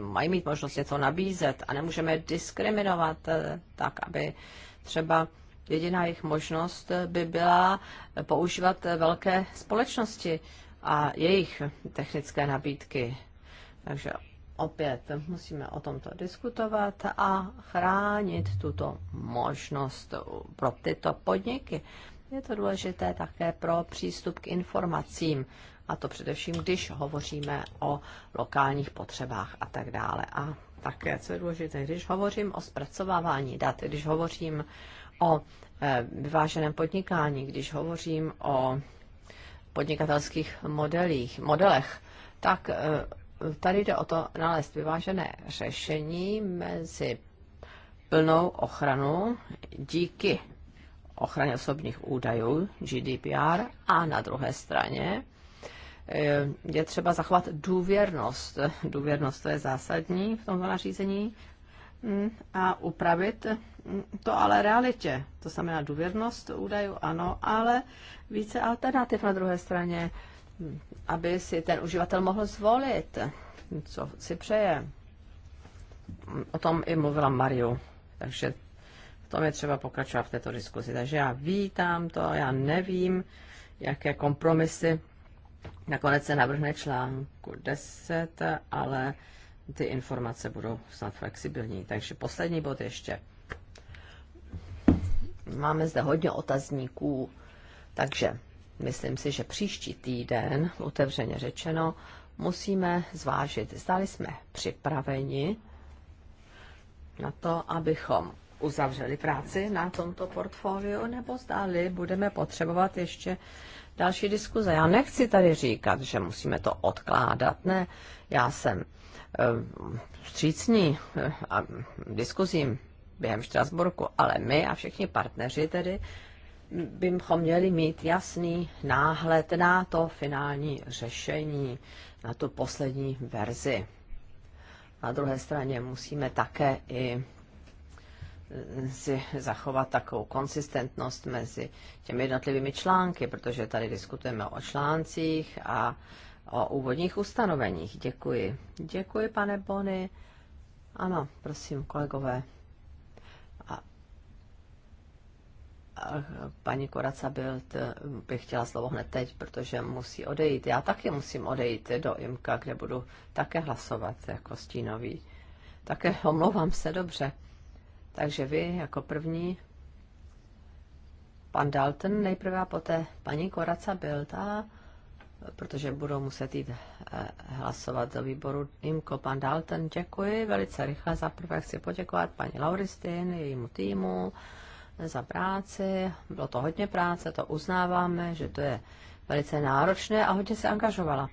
mají mít možnost něco nabízet a nemůžeme diskriminovat eh, tak, aby třeba jediná jejich možnost by byla používat velké společnosti a jejich technické nabídky. Takže opět musíme o tomto diskutovat a chránit tuto možnost pro tyto podniky. Je to důležité také pro přístup k informacím, a to především, když hovoříme o lokálních potřebách a tak dále. A také, co je důležité, když hovořím o zpracovávání dat, když hovořím o eh, vyváženém podnikání, když hovořím o podnikatelských modelích, modelech, tak eh, tady jde o to nalézt vyvážené řešení mezi plnou ochranu díky ochraně osobních údajů, GDPR, a na druhé straně eh, je třeba zachovat důvěrnost. Důvěrnost to je zásadní v tomto nařízení hm, a upravit hm, to ale realitě. To znamená důvěrnost údajů, ano, ale více alternativ na druhé straně, hm, aby si ten uživatel mohl zvolit, co si přeje. O tom i mluvila Mariu. Takže tom je třeba pokračovat v této diskuzi. Takže já vítám to, já nevím, jaké kompromisy nakonec se navrhne článku 10, ale ty informace budou snad flexibilní. Takže poslední bod ještě. Máme zde hodně otazníků, takže myslím si, že příští týden, otevřeně řečeno, musíme zvážit, zdali jsme připraveni na to, abychom uzavřeli práci na tomto portfoliu, nebo zdali budeme potřebovat ještě další diskuze. Já nechci tady říkat, že musíme to odkládat. Ne, já jsem eh, vstřícní eh, a diskuzím během Štrasburku, ale my a všichni partneři tedy bychom měli mít jasný náhled na to finální řešení, na tu poslední verzi. Na druhé straně musíme také i si zachovat takovou konsistentnost mezi těmi jednotlivými články, protože tady diskutujeme o článcích a o úvodních ustanoveních. Děkuji. Děkuji, pane Bony. Ano, prosím, kolegové. A, a paní Koraca byl, eh, bych chtěla slovo hned teď, protože musí odejít. Já taky musím odejít do IMKA, kde budu také hlasovat jako stínový. Také omlouvám se dobře. Takže vy jako první, pan Dalton nejprve a poté paní Koraca Bilta, protože budou muset jít eh, hlasovat do výboru IMKO. Pan Dalton, děkuji velice rychle. Za prvé chci poděkovat paní Lauristin, jejímu týmu za práci. Bylo to hodně práce, to uznáváme, že to je velice náročné a hodně se angažovala.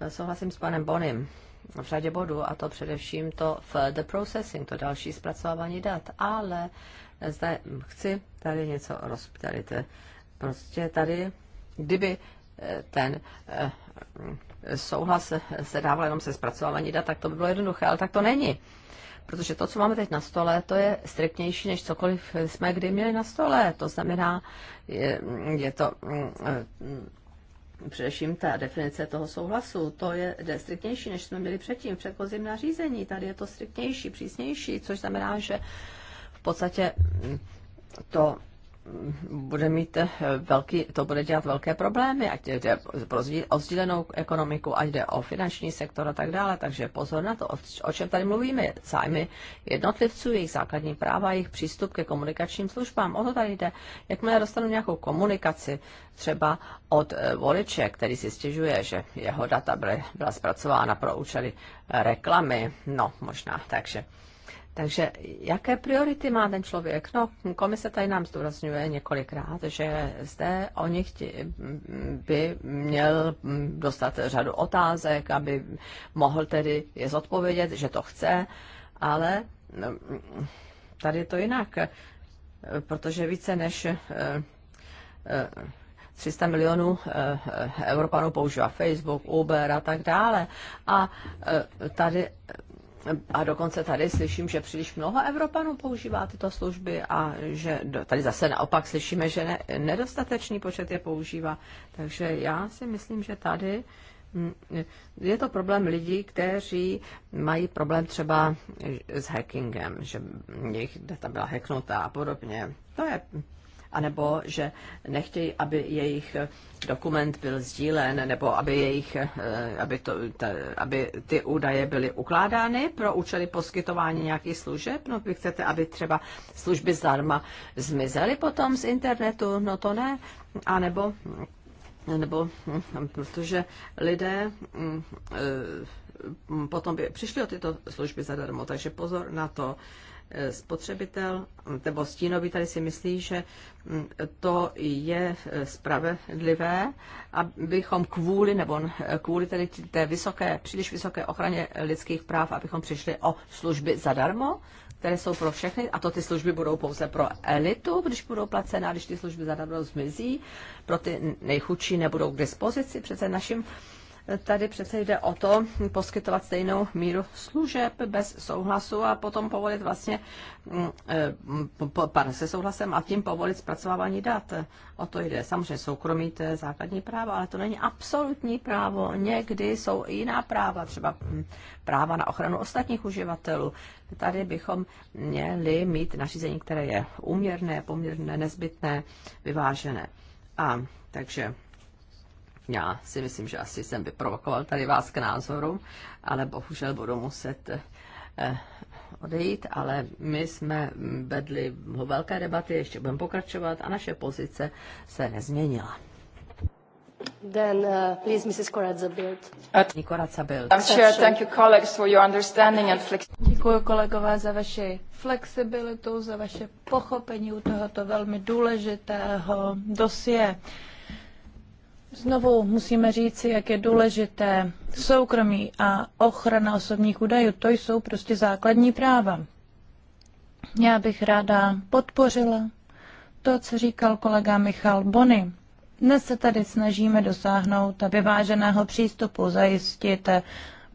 Eh, souhlasím s panem Bonim v řadě bodů, a to především to further processing, to další zpracování dat. Ale zde chci tady něco rozptýlit. Prostě tady, kdyby eh, ten eh, souhlas se dával jenom se zpracování dat, tak to by bylo jednoduché, ale tak to není. Protože to, co máme teď na stole, to je striktnější, než cokoliv jsme kdy měli na stole. To znamená, je, je to mm, eh, Především ta definice toho souhlasu, to je striktnější, než jsme byli předtím v předchozím nařízení. Tady je to striktnější, přísnější, což znamená, že v podstatě to bude mít eh, velký, to bude dělat velké problémy, ať jde o sdílenou ekonomiku, ať jde o finanční sektor a tak dále. Takže pozor na to, o čem tady mluvíme. Zájmy jednotlivců, jejich základní práva, jejich přístup ke komunikačním službám. O to tady jde. Jakmile dostanu nějakou komunikaci, třeba od eh, voliče, který si stěžuje, že jeho data byla zpracována pro účely reklamy, no možná, takže takže jaké priority má ten člověk? No, komise tady nám zdůrazňuje několikrát, že zde o nich by měl dostat řadu otázek, aby mohl tedy je zodpovědět, že to chce, ale no, tady je to jinak, protože více než 300 eh, eh, milionů eh, Evropanů používá Facebook, Uber a tak dále. A tady a dokonce tady slyším, že příliš mnoho Evropanů používá tyto služby a že tady zase naopak slyšíme, že ne, nedostatečný počet je používá. Takže já si myslím, že tady mm, je to problém lidí, kteří mají problém třeba s hackingem, že jejich data byla hacknutá a podobně. To je anebo že nechtějí, aby jejich dokument byl sdílen, nebo aby, jejich, eh, aby, to, ta, aby ty údaje byly ukládány pro účely poskytování nějakých služeb. No, vy chcete, aby třeba služby zdarma zmizely potom z internetu, no to ne. A nebo, nebo hm, protože lidé hm, eh, potom by přišli o tyto služby zadarmo, takže pozor na to. Eh, spotřebitel nebo stínový tady si myslí, že mm, to je eh, spravedlivé, abychom kvůli nebo kvůli tedy té vysoké, příliš vysoké ochraně lidských práv, abychom přišli o služby zadarmo, které jsou pro všechny, a to ty služby budou pouze pro elitu, když budou placená, když ty služby zadarmo zmizí, pro ty nejchudší nebudou k dispozici. Přece našim tady přece jde o to poskytovat stejnou míru služeb bez souhlasu a potom povolit vlastně, mm, eh, pardon, se souhlasem a tím povolit zpracovávání dat. O to jde. Samozřejmě soukromí to je základní právo, ale to není absolutní právo. Někdy jsou i jiná práva, třeba mm, práva na ochranu ostatních uživatelů. Tady bychom měli mít nařízení, které je uměrné, poměrné, nezbytné, vyvážené. A takže já si myslím, že asi jsem vyprovokoval tady vás k názoru, ale bohužel budu muset eh, odejít, ale my jsme vedli velké debaty, ještě budeme pokračovat a naše pozice se nezměnila. Then, uh, please, Mrs. Corazza-Bild. I'm sure thank you, colleagues, for your understanding and flexibility. Děkuji kolegové za vaši flexibilitu, za vaše pochopení u tohoto velmi důležitého dosie. Uh, Znovu musíme říci, jak je důležité soukromí a ochrana osobních údajů. To jsou prostě základní práva. Já bych ráda podpořila to, co říkal kolega Michal Bony. Dnes se tady snažíme dosáhnout vyváženého přístupu, zajistit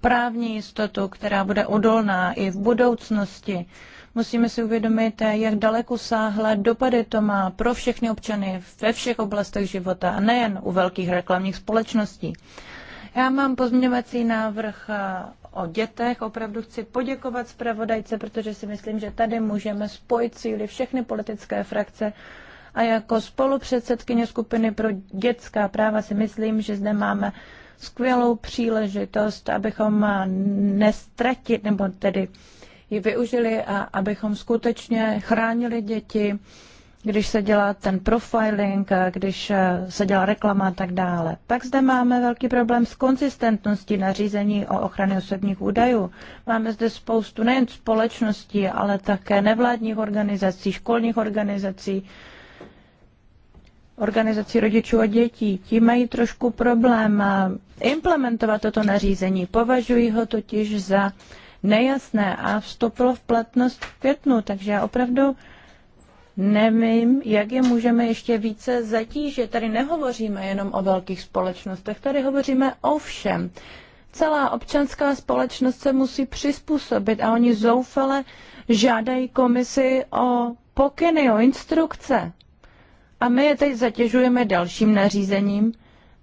právní jistotu, která bude odolná i v budoucnosti. Musíme si uvědomit, jak daleko sáhle dopady to má pro všechny občany ve všech oblastech života a nejen u velkých reklamních společností. Já mám pozměňovací návrh eh, o dětech. Opravdu chci poděkovat zpravodajce, protože si myslím, že tady můžeme spojit síly všechny politické frakce a jako spolupředsedkyně skupiny pro dětská práva si myslím, že zde máme skvělou příležitost, abychom eh, nestratit, nebo tedy ji využili a abychom skutečně chránili děti, když se dělá ten profiling, když eh, se dělá reklama a tak dále. Pak zde máme velký problém s konzistentností nařízení o ochraně osobních údajů. Máme zde spoustu nejen společností, ale také nevládních organizací, školních organizací, organizací rodičů a dětí. Ti mají trošku problém eh, implementovat toto nařízení. Považují ho totiž za nejasné a vstoupilo v platnost v květnu, takže já opravdu nevím, jak je můžeme ještě více zatížit. Tady nehovoříme jenom o velkých společnostech, tady hovoříme o všem. Celá občanská společnost se musí přizpůsobit a oni zoufale žádají komisi o pokyny, o instrukce. A my je teď zatěžujeme dalším nařízením,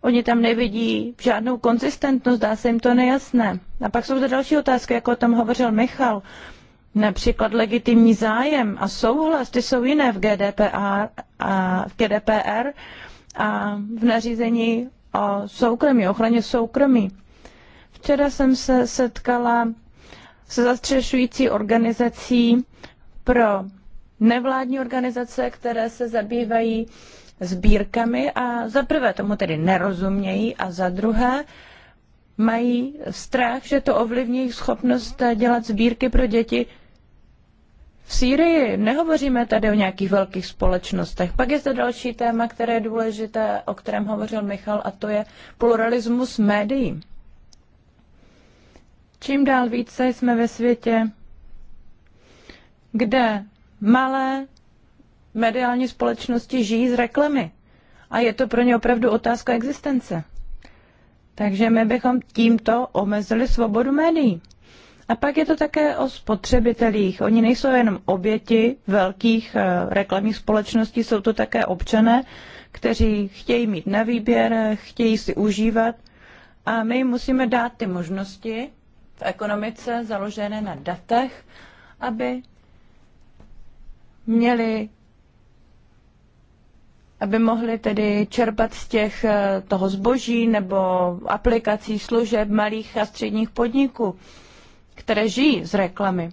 Oni tam nevidí žádnou konzistentnost, dá se jim to nejasné. A pak jsou zde další otázky, jako o tom hovořil Michal. Například legitimní zájem a souhlas, ty jsou jiné v GDPR a v, GDPR a v nařízení o soukromí, ochraně soukromí. Včera jsem se setkala se zastřešující organizací pro nevládní organizace, které se zabývají sbírkami a za prvé tomu tedy nerozumějí a za druhé mají strach, že to ovlivní jejich schopnost dělat sbírky pro děti v Sýrii. Nehovoříme tady o nějakých velkých společnostech. Pak je to další téma, které je důležité, o kterém hovořil Michal, a to je pluralismus médií. Čím dál více jsme ve světě, kde malé mediální společnosti žijí z reklamy. A je to pro ně opravdu otázka existence. Takže my bychom tímto omezili svobodu médií. A pak je to také o spotřebitelích. Oni nejsou jenom oběti velkých eh, reklamních společností, jsou to také občané, kteří chtějí mít na výběr, chtějí si užívat. A my jim musíme dát ty možnosti v ekonomice založené na datech, aby měli aby mohli tedy čerpat z těch eh, toho zboží nebo aplikací služeb malých a středních podniků, které žijí z reklamy.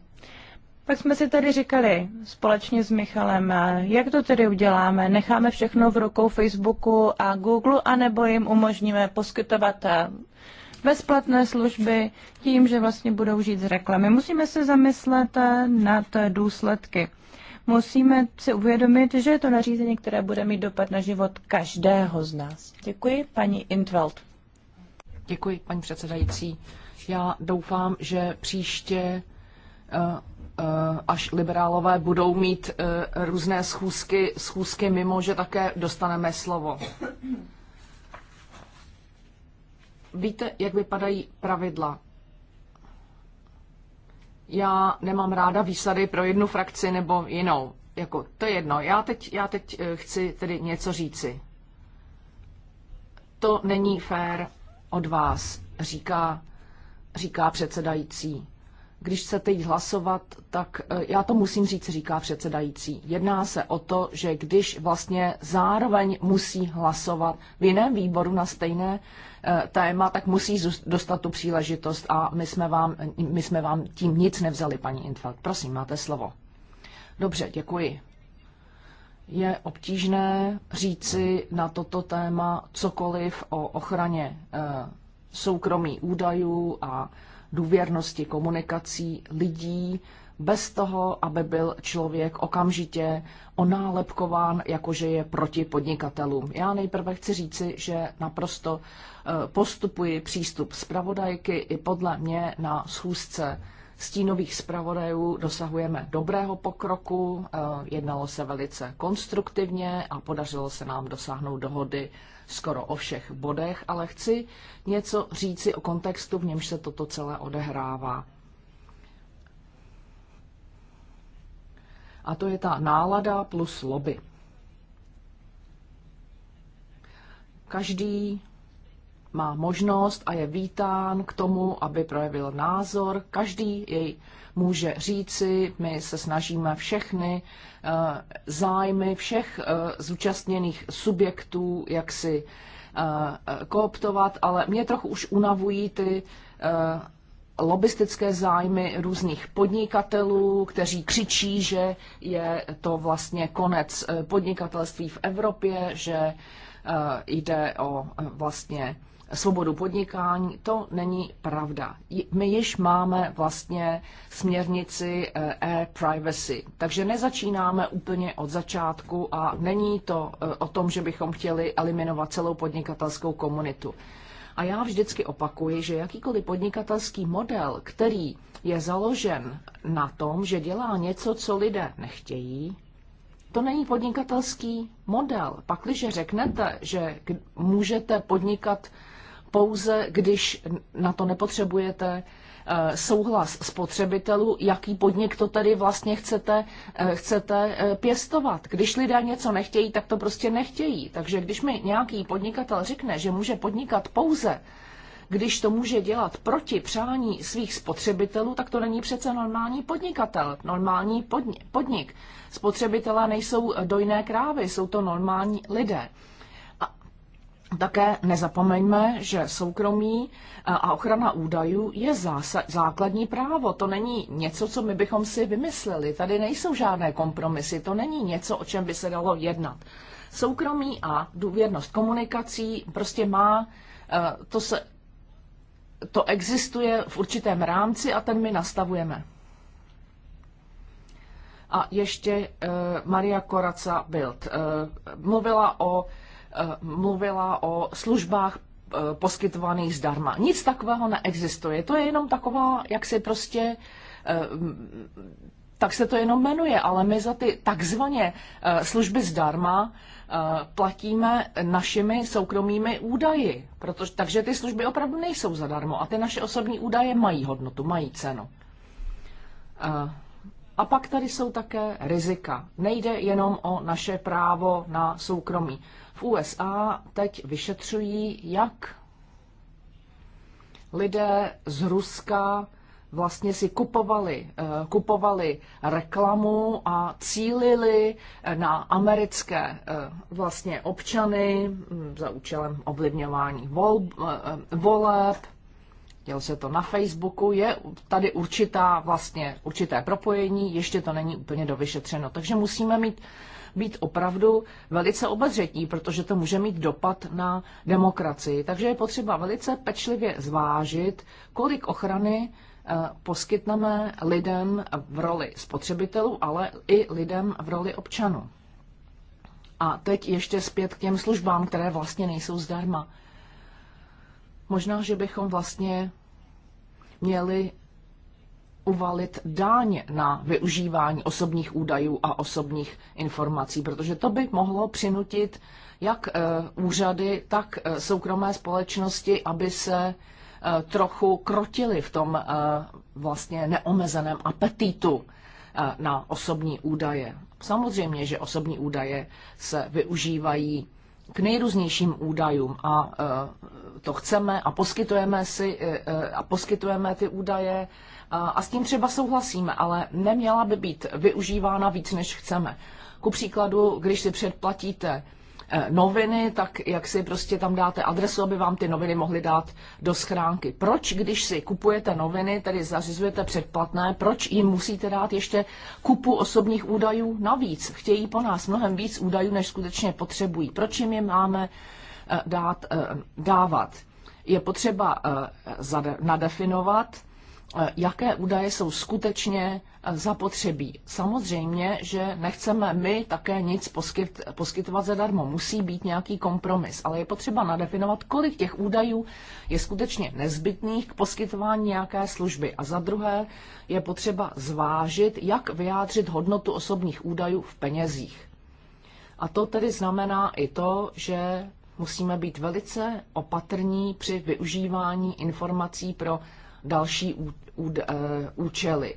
Pak jsme si tady říkali společně s Michalem, jak to tedy uděláme? Necháme všechno v rukou Facebooku a Google, anebo jim umožníme poskytovat eh, bezplatné služby tím, že vlastně budou žít z reklamy. Musíme se zamyslet eh, nad důsledky musíme si uvědomit, že je to nařízení, které bude mít dopad na život každého z nás. Děkuji, paní Intveld. Děkuji, paní předsedající. Já doufám, že příště eh, eh, až liberálové budou mít eh, různé schůzky, schůzky mimo, že také dostaneme slovo. Víte, jak vypadají pravidla? já nemám ráda výsady pro jednu frakci nebo jinou. Jako, to je jedno. Já teď, já teď eh, chci tedy něco říci. To není fér od vás, říká, říká předsedající. Když chcete jít hlasovat, tak eh, já to musím říct, říká předsedající. Jedná se o to, že když vlastně zároveň musí hlasovat v jiném výboru na stejné Eh, téma, tak musí dostat tu příležitost a my jsme vám, my jsme vám tím nic nevzali, paní Infeld. Prosím, máte slovo. Dobře, děkuji. Je obtížné říci na toto téma cokoliv o ochraně eh, soukromí údajů a důvěrnosti komunikací lidí bez toho, aby byl člověk okamžitě onálepkován, jakože je proti podnikatelům. Já nejprve chci říci, že naprosto eh, postupuji přístup zpravodajky i podle mě na schůzce stínových zpravodajů dosahujeme dobrého pokroku, eh, jednalo se velice konstruktivně a podařilo se nám dosáhnout dohody skoro o všech bodech, ale chci něco říci o kontextu, v němž se toto celé odehrává. A to je ta nálada plus lobby. Každý má možnost a je vítán k tomu, aby projevil názor. Každý jej může říci, my se snažíme všechny eh, zájmy všech eh, zúčastněných subjektů, jak si eh, kooptovat, ale mě trochu už unavují ty lobistické zájmy různých podnikatelů, kteří křičí, že je to vlastně konec eh, podnikatelství v Evropě, že eh, jde o eh, vlastně svobodu podnikání, to není pravda. My již máme vlastně směrnici e-privacy, takže nezačínáme úplně od začátku a není to o tom, že bychom chtěli eliminovat celou podnikatelskou komunitu. A já vždycky opakuji, že jakýkoliv podnikatelský model, který je založen na tom, že dělá něco, co lidé nechtějí, to není podnikatelský model. Pakliže řeknete, že můžete podnikat pouze, když na to nepotřebujete Eh, souhlas spotřebitelů, jaký podnik to tedy vlastně chcete, eh, chcete eh, pěstovat. Když lidé něco nechtějí, tak to prostě nechtějí. Takže když mi nějaký podnikatel řekne, že může podnikat pouze, když to může dělat proti přání svých spotřebitelů, tak to není přece normální podnikatel, normální podnik. Spotřebitelé nejsou dojné krávy, jsou to normální lidé. Také nezapomeňme, že soukromí eh, a ochrana údajů je základní právo. To není něco, co my bychom si vymysleli. Tady nejsou žádné kompromisy. To není něco, o čem by se dalo jednat. Soukromí a důvěrnost komunikací prostě má, eh, to, se, to existuje v určitém rámci a ten my nastavujeme. A ještě eh, Maria Koraca Bild mluvila o Eh, mluvila o službách eh, poskytovaných zdarma. Nic takového neexistuje. To je jenom taková, jak se prostě eh, tak se to jenom jmenuje, ale my za ty takzvaně služby zdarma platíme našimi soukromými údaji. Protože, takže ty služby opravdu nejsou zadarmo a ty naše osobní údaje mají hodnotu, mají cenu. A pak tady jsou také rizika. Nejde jenom o naše právo na soukromí. V USA teď vyšetřují, jak lidé z Ruska vlastně si kupovali, eh, kupovali reklamu a cílili eh, na americké eh, vlastně občany hm, za účelem ovlivňování volb, Vol, dělo se to na Facebooku, je tady určitá vlastně, určité propojení, ještě to není úplně dovyšetřeno. Takže musíme mít být opravdu velice obezřetní, protože to může mít dopad na demokracii. Takže je potřeba velice pečlivě zvážit, kolik ochrany eh, poskytneme lidem v roli spotřebitelů, ale i lidem v roli občanů. A teď ještě zpět k těm službám, které vlastně nejsou zdarma. Možná, že bychom vlastně měli uvalit dáň na využívání osobních údajů a osobních informací, protože to by mohlo přinutit jak eh, úřady, tak eh, soukromé společnosti, aby se eh, trochu krotili v tom vlastně neomezeném apetitu na osobní údaje. Samozřejmě, že osobní údaje se využívají k nejrůznějším údajům a to chceme a poskytujeme si e, e, a poskytujeme ty údaje a s tím třeba souhlasíme, ale neměla by být využívána víc, než chceme. Ku příkladu, když si předplatíte e, noviny, tak jak si prostě tam dáte adresu, aby vám ty noviny mohly dát do schránky. Proč, když si kupujete noviny, tedy zařizujete předplatné, proč jim musíte dát ještě kupu osobních údajů navíc? Chtějí po nás mnohem víc údajů, než skutečně potřebují. Proč jim je máme Eh, dát, eh, dávat. Je potřeba eh, nadefinovat, jaké údaje jsou skutečně zapotřebí. Samozřejmě, že nechceme my také nic poskyt, poskytovat zadarmo. Musí být nějaký kompromis, ale je potřeba nadefinovat, kolik těch údajů je skutečně nezbytných k poskytování nějaké služby. A za druhé je potřeba zvážit, jak vyjádřit hodnotu osobních údajů v penězích. A to tedy znamená i to, že musíme být velice opatrní při využívání informací pro další eh, účely.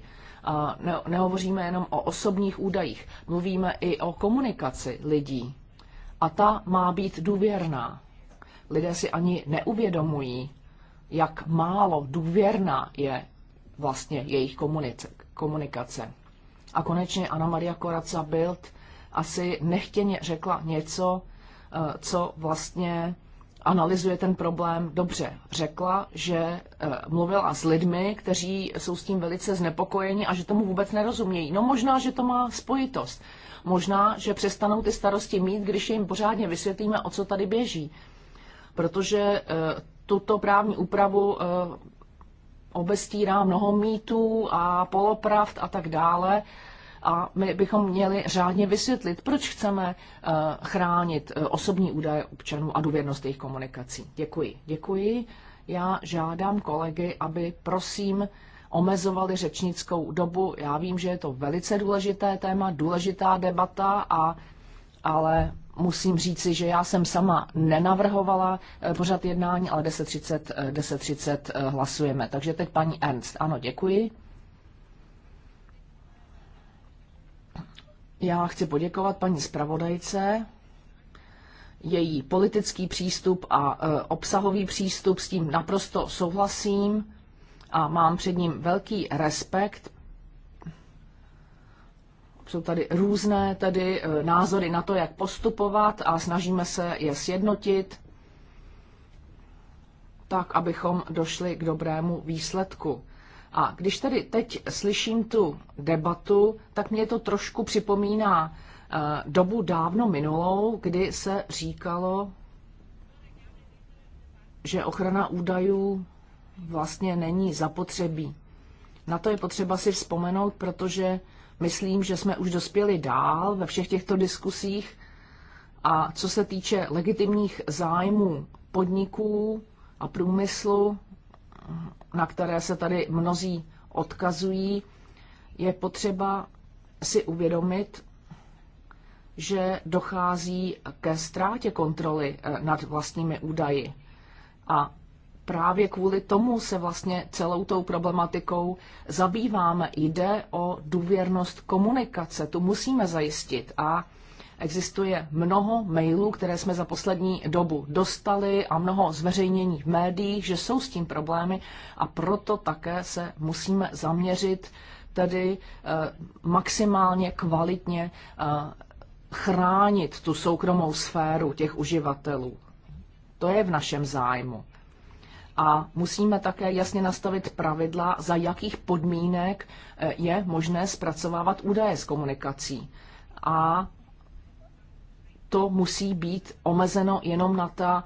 Ne, nehovoříme jenom o osobních údajích, mluvíme i o komunikaci lidí. A ta má být důvěrná. Lidé si ani neuvědomují, jak málo důvěrná je vlastně jejich komunikace. A konečně Anna Maria Koraca Bild asi nechtěně řekla něco, Eh, co vlastně analyzuje ten problém dobře. Řekla, že eh, mluvila s lidmi, kteří jsou s tím velice znepokojeni a že tomu vůbec nerozumějí. No možná, že to má spojitost. Možná, že přestanou ty starosti mít, když jim pořádně vysvětlíme, o co tady běží. Protože eh, tuto právní úpravu obestírá mnoho mýtů a polopravd a tak dále a my bychom měli řádně vysvětlit, proč chceme eh, chránit eh, osobní údaje občanů a důvěrnost jejich komunikací. Děkuji. Děkuji. Já žádám kolegy, aby prosím omezovali řečnickou dobu. Já vím, že je to velice důležité téma, důležitá debata, a, ale musím říci, že já jsem sama nenavrhovala eh, pořad jednání, ale 10.30 10, hlasujeme. Takže teď paní Ernst. Ano, děkuji. Já chci poděkovat paní zpravodajce. Její politický přístup a e, obsahový přístup s tím naprosto souhlasím a mám před ním velký respekt. Jsou tady různé tedy e, názory na to, jak postupovat a snažíme se je sjednotit tak, abychom došli k dobrému výsledku. A když tedy teď slyším tu debatu, tak mě to trošku připomíná eh, dobu dávno minulou, kdy se říkalo, že ochrana údajů vlastně není zapotřebí. Na to je potřeba si vzpomenout, protože myslím, že jsme už dospěli dál ve všech těchto diskusích. A co se týče legitimních zájmů podniků a průmyslu, na které se tady mnozí odkazují, je potřeba si uvědomit, že dochází ke ztrátě kontroly eh, nad vlastními údaji. A právě kvůli tomu se vlastně celou tou problematikou zabýváme. Jde o důvěrnost komunikace, tu musíme zajistit a Existuje mnoho mailů, které jsme za poslední dobu dostali a mnoho zveřejnění v médiích, že jsou s tím problémy a proto také se musíme zaměřit tedy eh, maximálně kvalitně eh, chránit tu soukromou sféru těch uživatelů. To je v našem zájmu. A musíme také jasně nastavit pravidla, za jakých podmínek eh, je možné zpracovávat údaje z komunikací. A to musí být omezeno jenom na ta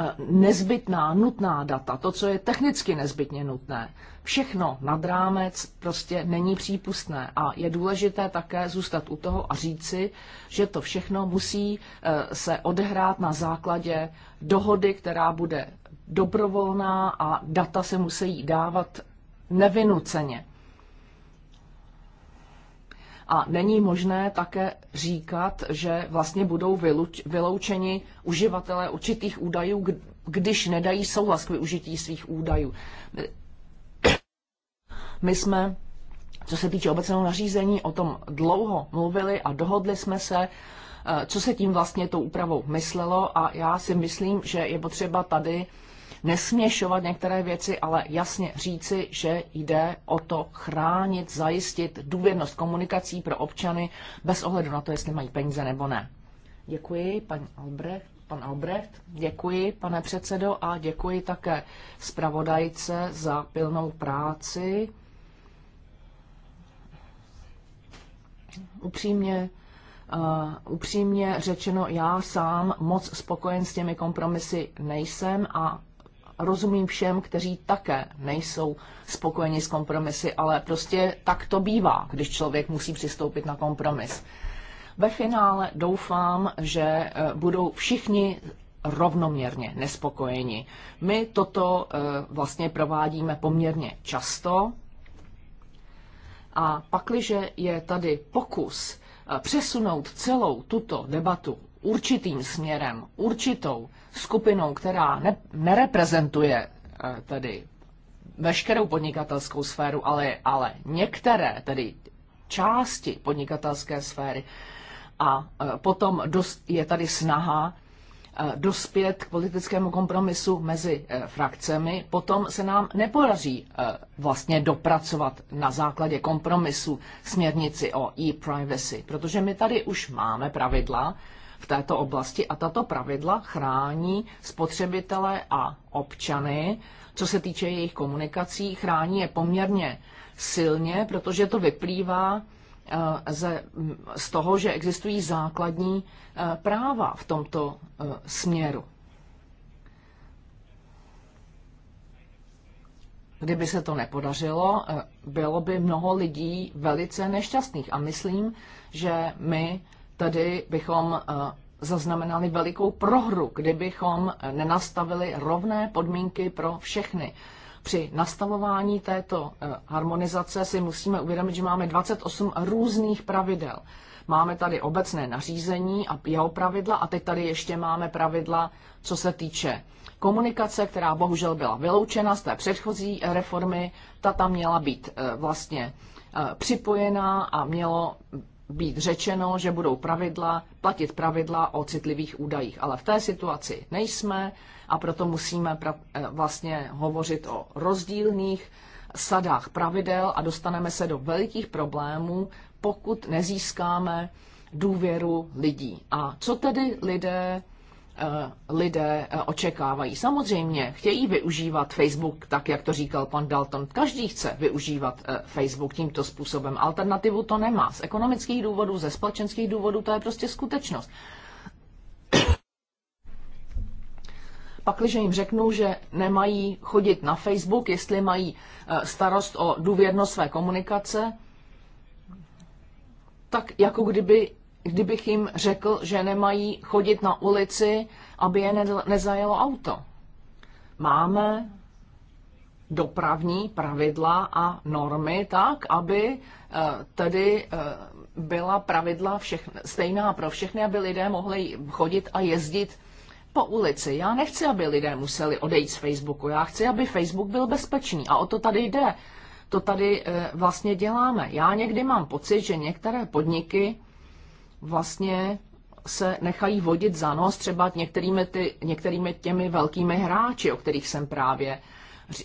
eh, nezbytná, nutná data, to, co je technicky nezbytně nutné. Všechno nad rámec prostě není přípustné a je důležité také zůstat u toho a říci, že to všechno musí eh, se odehrát na základě dohody, která bude dobrovolná a data se musí dávat nevinuceně. A není možné také říkat, že vlastně budou vyloučeni uživatelé určitých údajů, když nedají souhlas k využití svých údajů. My jsme, co se týče obecného nařízení, o tom dlouho mluvili a dohodli jsme se, eh, co se tím vlastně tou úpravou myslelo a já si myslím, že je potřeba tady nesměšovat některé věci, ale jasně říci, že jde o to chránit, zajistit důvěrnost komunikací pro občany bez ohledu na to, jestli mají peníze nebo ne. Děkuji, paní Albrecht. Pan Albrecht, děkuji, pane předsedo, a děkuji také zpravodajce za pilnou práci. Upřímně, Uh, upřímně řečeno, já sám moc spokojen s těmi kompromisy nejsem a rozumím všem, kteří také nejsou spokojeni s kompromisy, ale prostě tak to bývá, když člověk musí přistoupit na kompromis. Ve finále doufám, že eh, budou všichni rovnoměrně nespokojeni. My toto eh, vlastně provádíme poměrně často a pakliže je tady pokus eh, přesunout celou tuto debatu určitým směrem, určitou skupinou, která ne, nereprezentuje eh, tedy veškerou podnikatelskou sféru, ale, ale některé, tedy části podnikatelské sféry. A eh, potom dost, je tady snaha eh, dospět k politickému kompromisu mezi frakcemi, potom se nám nepodaří vlastně dopracovat na základě kompromisu směrnici o e-privacy, protože my tady už máme pravidla, v této oblasti a tato pravidla chrání spotřebitele a občany, co se týče jejich komunikací, chrání je poměrně silně, protože to vyplývá eh, ze, z toho, že existují základní eh, práva v tomto eh, směru. Kdyby se to nepodařilo, bylo by mnoho lidí velice nešťastných a myslím, že my tady bychom eh, zaznamenali velikou prohru, kdybychom nenastavili rovné podmínky pro všechny. Při nastavování této eh, harmonizace si musíme uvědomit, že máme 28 různých pravidel. Máme tady obecné nařízení a jeho pravidla a teď tady ještě máme pravidla, co se týče komunikace, která bohužel byla vyloučena z té předchozí reformy, ta tam měla být eh, vlastně připojená a mělo být řečeno, že budou pravidla, platit pravidla o citlivých údajích. Ale v té situaci nejsme a proto musíme pra, eh, vlastně hovořit o rozdílných sadách pravidel a dostaneme se do velikých problémů, pokud nezískáme důvěru lidí. A co tedy lidé Eh, lidé eh, očekávají. Samozřejmě chtějí využívat Facebook, tak jak to říkal pan Dalton. Každý chce využívat eh, Facebook tímto způsobem. Alternativu to nemá. Z ekonomických důvodů, ze společenských důvodů, to je prostě skutečnost. Pak, když jim řeknu, že nemají chodit na Facebook, jestli mají starost o důvěrnost své komunikace, tak jako kdyby kdybych jim řekl, že nemají chodit na ulici, aby je nezajelo auto. Máme dopravní pravidla a normy tak, aby eh, tedy eh, byla pravidla všechny, stejná pro všechny, aby lidé mohli chodit a jezdit po ulici. Já nechci, aby lidé museli odejít z Facebooku. Já chci, aby Facebook byl bezpečný. A o to tady jde. To tady eh, vlastně děláme. Já někdy mám pocit, že některé podniky vlastně se nechají vodit za nos třeba některými, ty, některými těmi velkými hráči, o kterých jsem právě,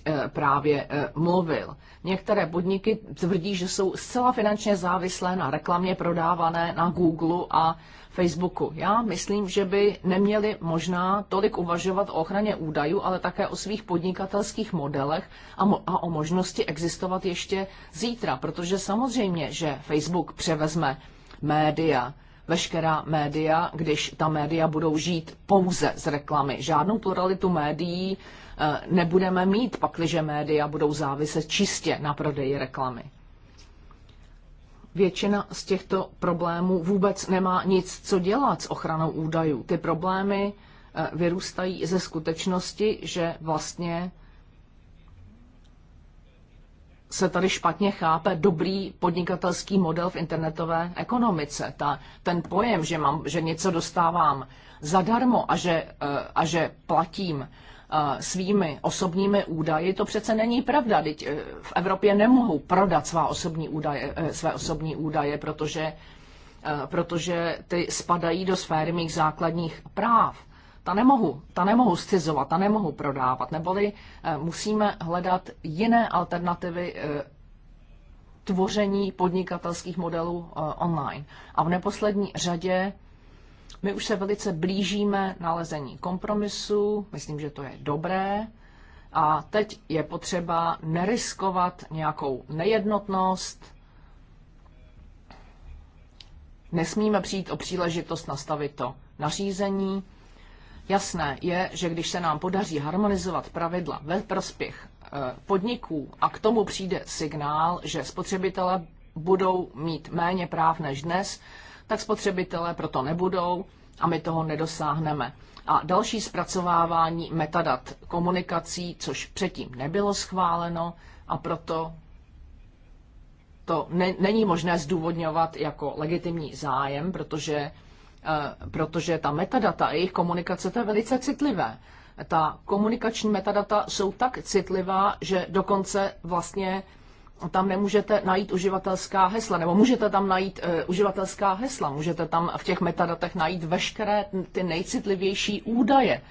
eh, právě eh, mluvil. Některé podniky tvrdí, že jsou zcela finančně závislé na reklamě prodávané na Google a Facebooku. Já myslím, že by neměli možná tolik uvažovat o ochraně údajů, ale také o svých podnikatelských modelech a, mo- a o možnosti existovat ještě zítra, protože samozřejmě, že Facebook převezme média, veškerá média, když ta média budou žít pouze z reklamy. Žádnou pluralitu médií eh, nebudeme mít, pakliže média budou záviset čistě na prodeji reklamy. Většina z těchto problémů vůbec nemá nic co dělat s ochranou údajů. Ty problémy eh, vyrůstají ze skutečnosti, že vlastně se tady špatně chápe dobrý podnikatelský model v internetové ekonomice. Ta, ten pojem, že, mám, že něco dostávám zadarmo a že, eh, a že platím eh, svými osobními údaji, to přece není pravda. Teď eh, v Evropě nemohou prodat svá osobní údaje, své osobní údaje, protože, protože ty spadají do sféry mých základních práv ta nemohu, ta nemohu scizovat, ta nemohu prodávat, neboli eh, musíme hledat jiné alternativy eh, tvoření podnikatelských modelů eh, online. A v neposlední řadě my už se velice blížíme nalezení kompromisu, myslím, že to je dobré. A teď je potřeba neriskovat nějakou nejednotnost. Nesmíme přijít o příležitost nastavit to nařízení. Jasné je, že když se nám podaří harmonizovat pravidla ve prospěch eh, podniků a k tomu přijde signál, že spotřebitele budou mít méně práv než dnes, tak spotřebitelé proto nebudou a my toho nedosáhneme. A další zpracovávání metadat komunikací, což předtím nebylo schváleno a proto to ne, není možné zdůvodňovat jako legitimní zájem, protože Eh, protože ta metadata a jejich komunikace, to je velice citlivé. Ta komunikační metadata jsou tak citlivá, že dokonce vlastně tam nemůžete najít uživatelská hesla, nebo můžete tam najít e, uživatelská hesla, můžete tam v těch metadatech najít veškeré ty nejcitlivější údaje.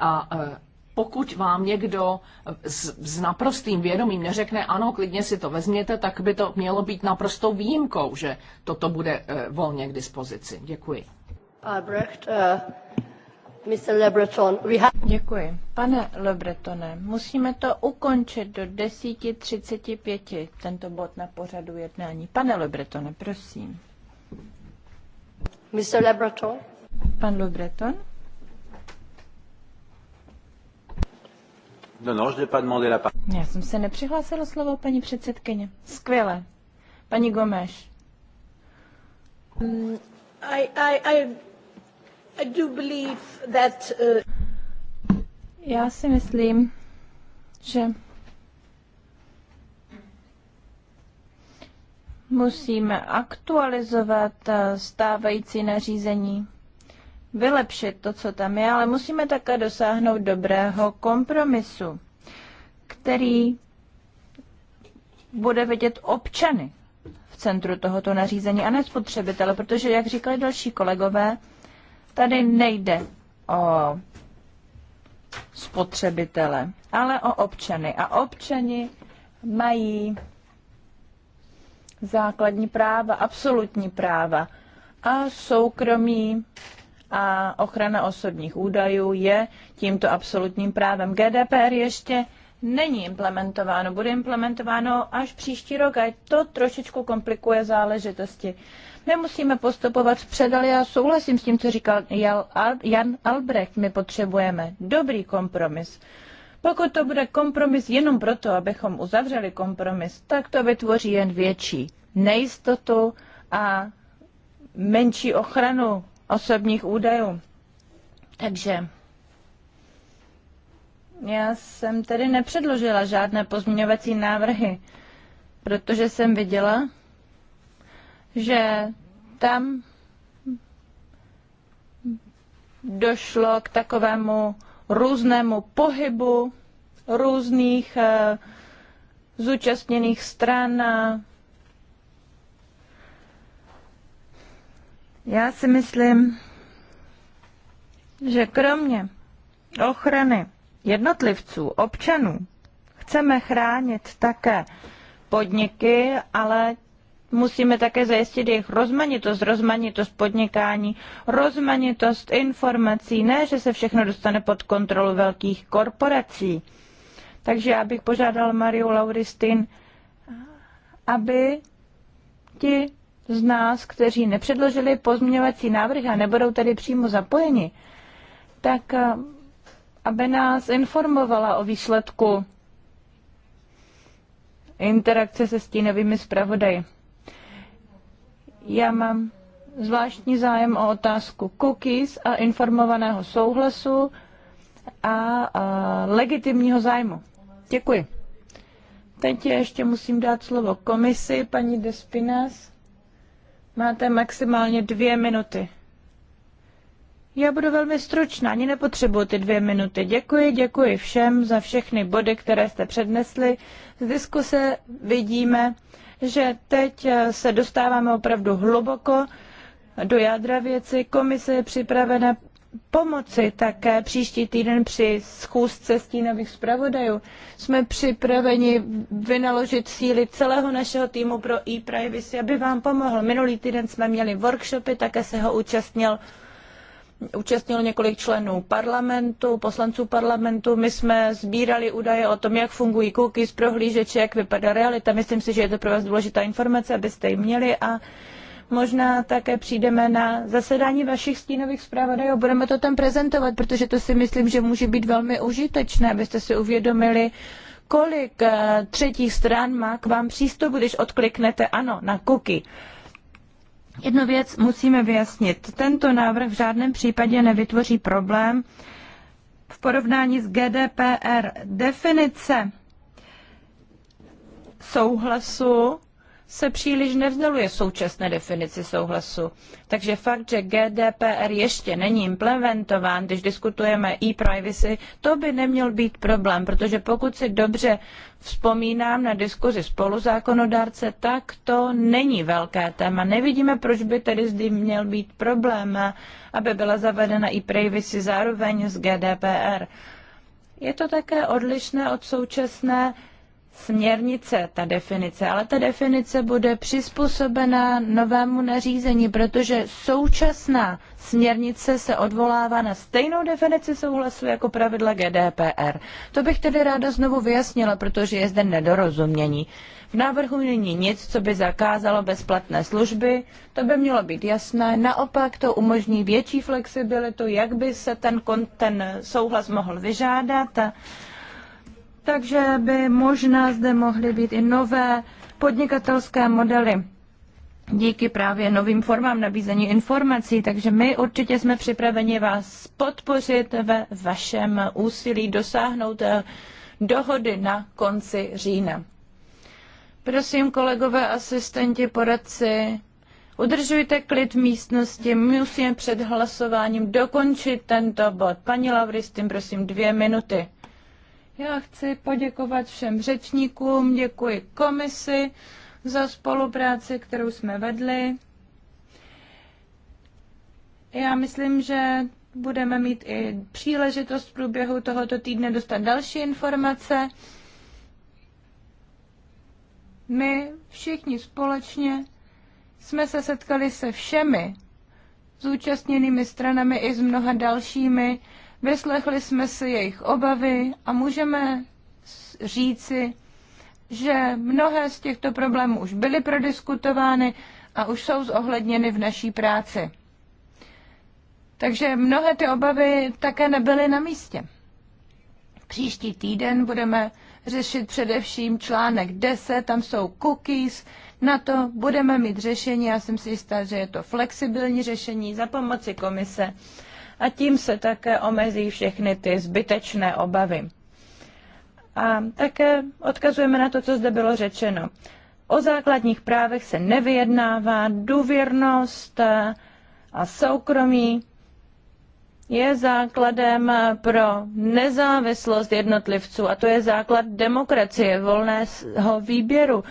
A e, pokud vám někdo s, s naprostým vědomím neřekne ano, klidně si to vezměte, tak by to mělo být naprostou výjimkou, že toto bude uh, volně k dispozici. Děkuji. Albrecht, uh, eh, Mr. Lebreton, we have... Děkuji. Pane Lebretone, musíme to ukončit do 10.35, tento bod na pořadu jednání. Pane Lebretone, prosím. Mr. Lebreton? Pan Lebreton? No, no, Já jsem se nepřihlásila slovo, paní předsedkyně. Skvěle. Paní Gomeš. Um, I, I, I, do believe that, uh, Já si myslím, že musíme aktualizovat uh, stávající nařízení vylepšit to, co tam je, ale musíme také dosáhnout dobrého kompromisu, který bude vidět občany v centru tohoto nařízení a ne spotřebitele, protože, jak říkali další kolegové, tady nejde o spotřebitele, ale o občany. A občani mají základní práva, absolutní práva a soukromí a ochrana osobních údajů je tímto absolutním právem. GDPR ještě není implementováno, bude implementováno až příští rok a to trošičku komplikuje záležitosti. My musíme postupovat vpřed, ale já souhlasím s tím, co říkal Jan Albrecht. My potřebujeme dobrý kompromis. Pokud to bude kompromis jenom proto, abychom uzavřeli kompromis, tak to vytvoří jen větší nejistotu a menší ochranu osobních údajů. Takže já jsem tedy nepředložila žádné pozměňovací návrhy, protože jsem viděla, že tam došlo k takovému různému pohybu různých eh, zúčastněných stran Já si myslím, že kromě ochrany jednotlivců, občanů, chceme chránit také podniky, ale musíme také zajistit jejich rozmanitost, rozmanitost podnikání, rozmanitost informací, ne, že se všechno dostane pod kontrolu velkých korporací. Takže já bych požádal Mariu Lauristin, aby ti z nás, kteří nepředložili pozměňovací návrhy a nebudou tady přímo zapojeni, tak eh, aby nás informovala o výsledku interakce se stínovými zpravodaji. Já mám zvláštní zájem o otázku cookies a informovaného souhlasu a, a legitimního zájmu. Děkuji. Teď ještě musím dát slovo komisi, paní Despinas. Máte maximálně dvě minuty. Já budu velmi stručná, ani nepotřebuji ty dvě minuty. Děkuji, děkuji všem za všechny body, které jste přednesli. Z diskuse vidíme, že teď se dostáváme opravdu hluboko do jádra věci. Komise je připravena pomoci také příští týden při schůzce stínových zpravodajů. Jsme připraveni vynaložit síly celého našeho týmu pro e-privacy, aby vám pomohl. Minulý týden jsme měli workshopy, také se ho účastnil účastnilo několik členů parlamentu, poslanců parlamentu. My jsme sbírali údaje o tom, jak fungují cookies, prohlížeče, jak vypadá realita. Myslím si, že je to pro vás důležitá informace, abyste ji měli a Možná také přijdeme na zasedání vašich stínových zpravodajů, budeme to tam prezentovat, protože to si myslím, že může být velmi užitečné, abyste si uvědomili, kolik eh, třetích stran má k vám přístup, když odkliknete ano na kuky. Jednu věc musíme vyjasnit. Tento návrh v žádném případě nevytvoří problém v porovnání s GDPR. Definice souhlasu se příliš nevzdaluje současné definici souhlasu. Takže fakt, že GDPR ještě není implementován, když diskutujeme e-privacy, to by neměl být problém, protože pokud si dobře vzpomínám na diskuzi spoluzákonodárce, tak to není velké téma. Nevidíme, proč by tedy zde měl být problém, aby byla zavedena e-privacy zároveň s GDPR. Je to také odlišné od současné směrnice, ta definice, ale ta definice bude přizpůsobena novému nařízení, protože současná směrnice se odvolává na stejnou definici souhlasu jako pravidla GDPR. To bych tedy ráda znovu vyjasnila, protože je zde nedorozumění. V návrhu není nic, co by zakázalo bezplatné služby, to by mělo být jasné, naopak to umožní větší flexibilitu, jak by se ten, ten souhlas mohl vyžádat. A takže by možná zde mohly být i nové podnikatelské modely díky právě novým formám nabízení informací, takže my určitě jsme připraveni vás podpořit ve vašem úsilí dosáhnout eh, dohody na konci října. Prosím, kolegové, asistenti, poradci, udržujte klid v místnosti, musíme před hlasováním dokončit tento bod. Paní Lavristin, prosím, dvě minuty. Já chci poděkovat všem řečníkům, děkuji komisi za spolupráci, kterou jsme vedli. Já myslím, že budeme mít i příležitost v průběhu tohoto týdne dostat další informace. My všichni společně jsme se setkali se všemi zúčastněnými stranami i s mnoha dalšími Vyslechli jsme si jejich obavy a můžeme říci, že mnohé z těchto problémů už byly prodiskutovány a už jsou zohledněny v naší práci. Takže mnohé ty obavy také nebyly na místě. Příští týden budeme řešit především článek 10, tam jsou cookies, na to budeme mít řešení, já jsem si jistá, že je to flexibilní řešení za pomoci komise a tím se také omezí všechny ty zbytečné obavy. A také odkazujeme na to, co zde bylo řečeno. O základních právech se nevyjednává, důvěrnost a soukromí je základem pro nezávislost jednotlivců a to je základ demokracie, volného výběru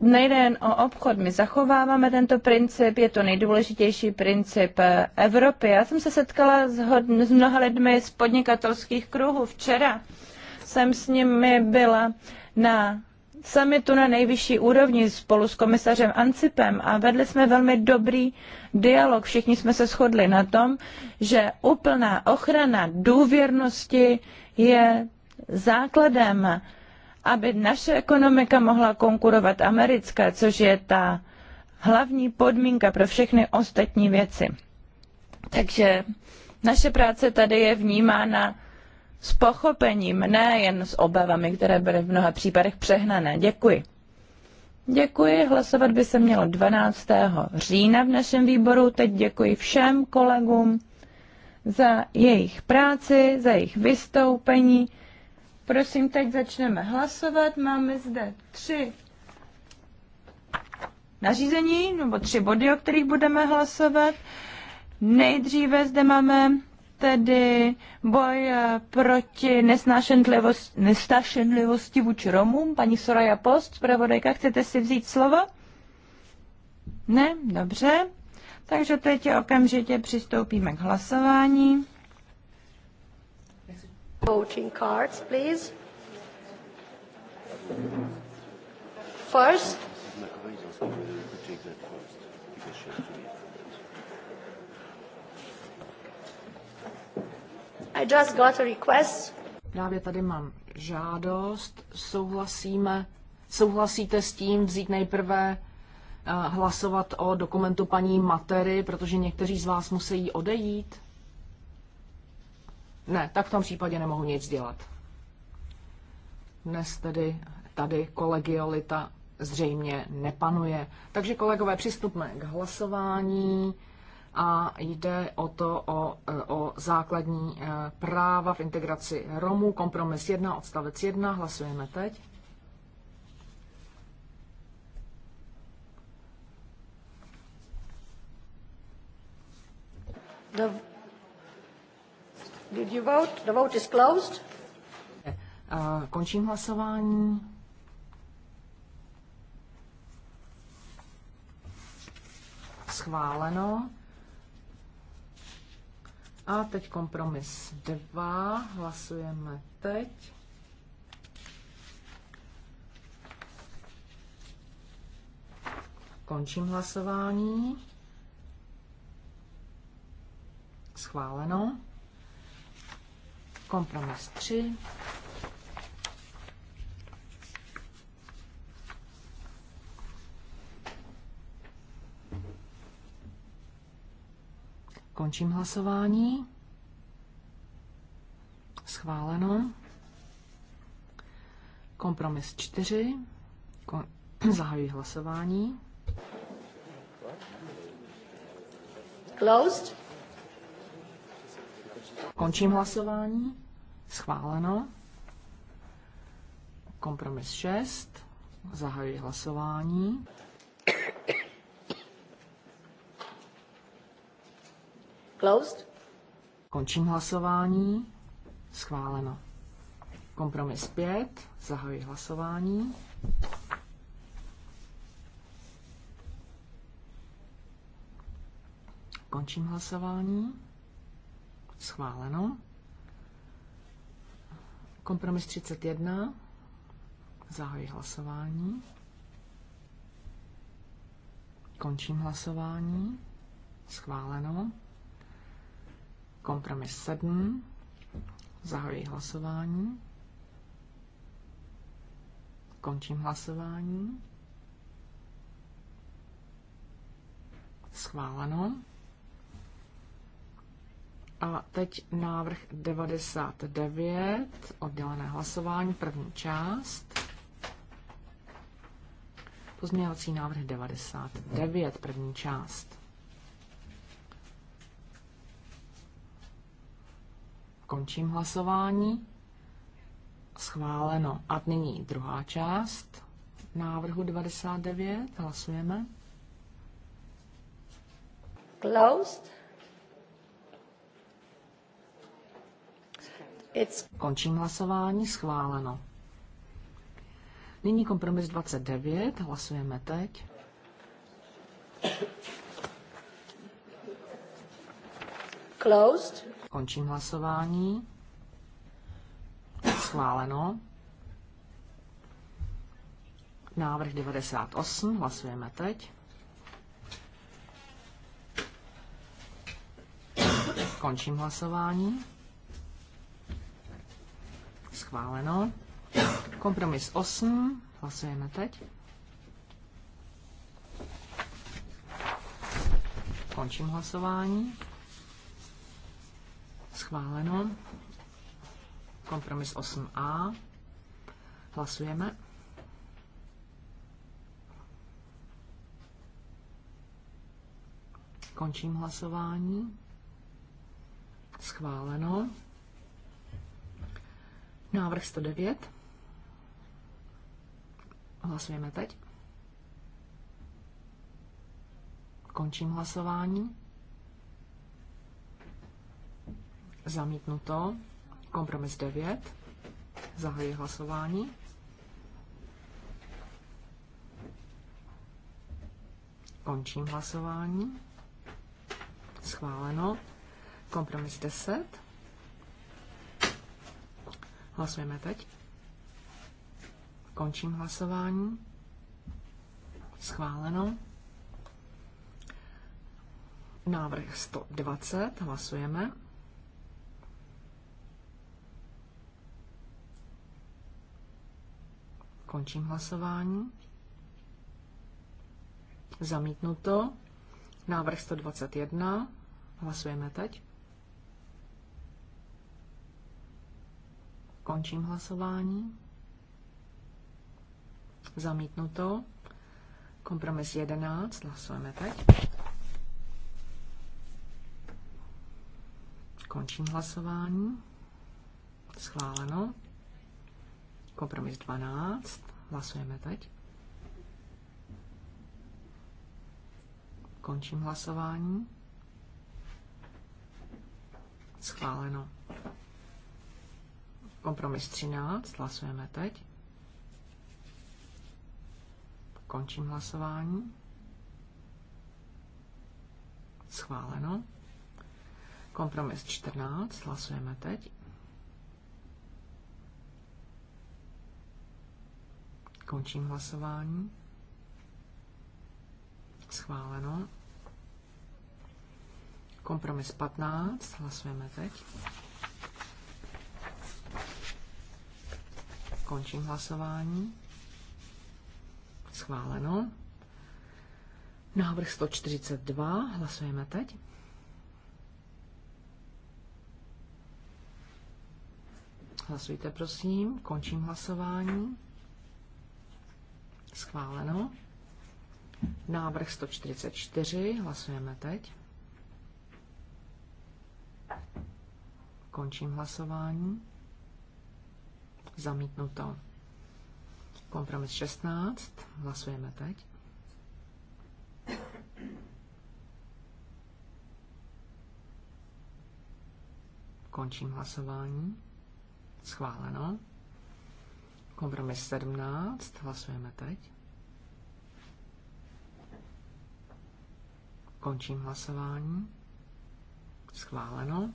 nejde jen o obchod, my zachováváme tento princip, je to nejdůležitější princip eh, Evropy. Já jsem se setkala s, hodn, s mnoha lidmi z podnikatelských kruhů. Včera jsem s nimi byla na summitu na nejvyšší úrovni spolu s komisařem Ancipem a vedli jsme velmi dobrý dialog. Všichni jsme se shodli na tom, že úplná ochrana důvěrnosti je základem aby naše ekonomika mohla konkurovat americké, což je ta hlavní podmínka pro všechny ostatní věci. Takže naše práce tady je vnímána s pochopením, ne jen s obavami, které byly v mnoha případech přehnané. Děkuji. Děkuji, hlasovat by se mělo 12. října v našem výboru. Teď děkuji všem kolegům za jejich práci, za jejich vystoupení. Prosím, teď začneme hlasovat. Máme zde tři nařízení, nebo tři body, o kterých budeme hlasovat. Nejdříve zde máme tedy boj eh, proti nesnášenlivosti vůči Romům. Paní Soraya Post, zpravodajka, chcete si vzít slovo? Ne? Dobře. Takže teď okamžitě přistoupíme k hlasování. Voting cards, please. First. I just got a request. Právě tady mám žádost. Souhlasíme, souhlasíte s tím vzít nejprve eh, hlasovat o dokumentu paní Matery, protože někteří z vás musí odejít? Ne, tak v tom případě nemohu nic dělat. Dnes tedy tady kolegialita zřejmě nepanuje. Takže kolegové, přistupme k hlasování a jde o to, o, o základní eh, práva v integraci Romů, kompromis 1, odstavec 1, hlasujeme teď. The Did you vote? The vote is closed. Končím hlasování. Schváleno. A teď kompromis 2. Hlasujeme teď. Končím hlasování. Schváleno. Kompromis 3. Končím hlasování. Schváleno. Kompromis 4. Kon- Zahajuji hlasování. Closed. Končím hlasování. Schváleno. Kompromis 6. Zahajuji hlasování. Closed. Končím hlasování. Schváleno. Kompromis 5. Zahajuji hlasování. Končím hlasování. Schváleno. Kompromis 31. Zahajuji hlasování. Končím hlasování. Schváleno. Kompromis 7. Zahajuji hlasování. Končím hlasování. Schváleno. A teď návrh 99, oddělené hlasování, první část. Pozměňovací návrh 99, první část. Končím hlasování. Schváleno. A nyní druhá část návrhu 99. Hlasujeme. Closed. Končím hlasování, schváleno. Nyní kompromis 29, hlasujeme teď. Closed. Končím hlasování. Schváleno. Návrh 98, hlasujeme teď. Končím hlasování schváleno. Kompromis 8, hlasujeme teď. Končím hlasování. Schváleno. Kompromis 8a. Hlasujeme. Končím hlasování. Schváleno. Návrh 109. Hlasujeme teď. Končím hlasování. Zamítnuto. Kompromis 9. Zahajuji hlasování. Končím hlasování. Schváleno. Kompromis 10. Hlasujeme teď. Končím hlasování. Schváleno. Návrh 120. Hlasujeme. Končím hlasování. Zamítnuto. Návrh 121. Hlasujeme teď. Končím hlasování. Zamítnuto. Kompromis 11. Hlasujeme teď. Končím hlasování. Schváleno. Kompromis 12. Hlasujeme teď. Končím hlasování. Schváleno. Kompromis 13, hlasujeme teď. Končím hlasování. Schváleno. Kompromis 14, hlasujeme teď. Končím hlasování. Schváleno. Kompromis 15, hlasujeme teď. Končím hlasování. Schváleno. Návrh 142. Hlasujeme teď. Hlasujte, prosím. Končím hlasování. Schváleno. Návrh 144. Hlasujeme teď. Končím hlasování. Zamítnuto. Kompromis 16. Hlasujeme teď. Končím hlasování. Schváleno. Kompromis 17. Hlasujeme teď. Končím hlasování. Schváleno.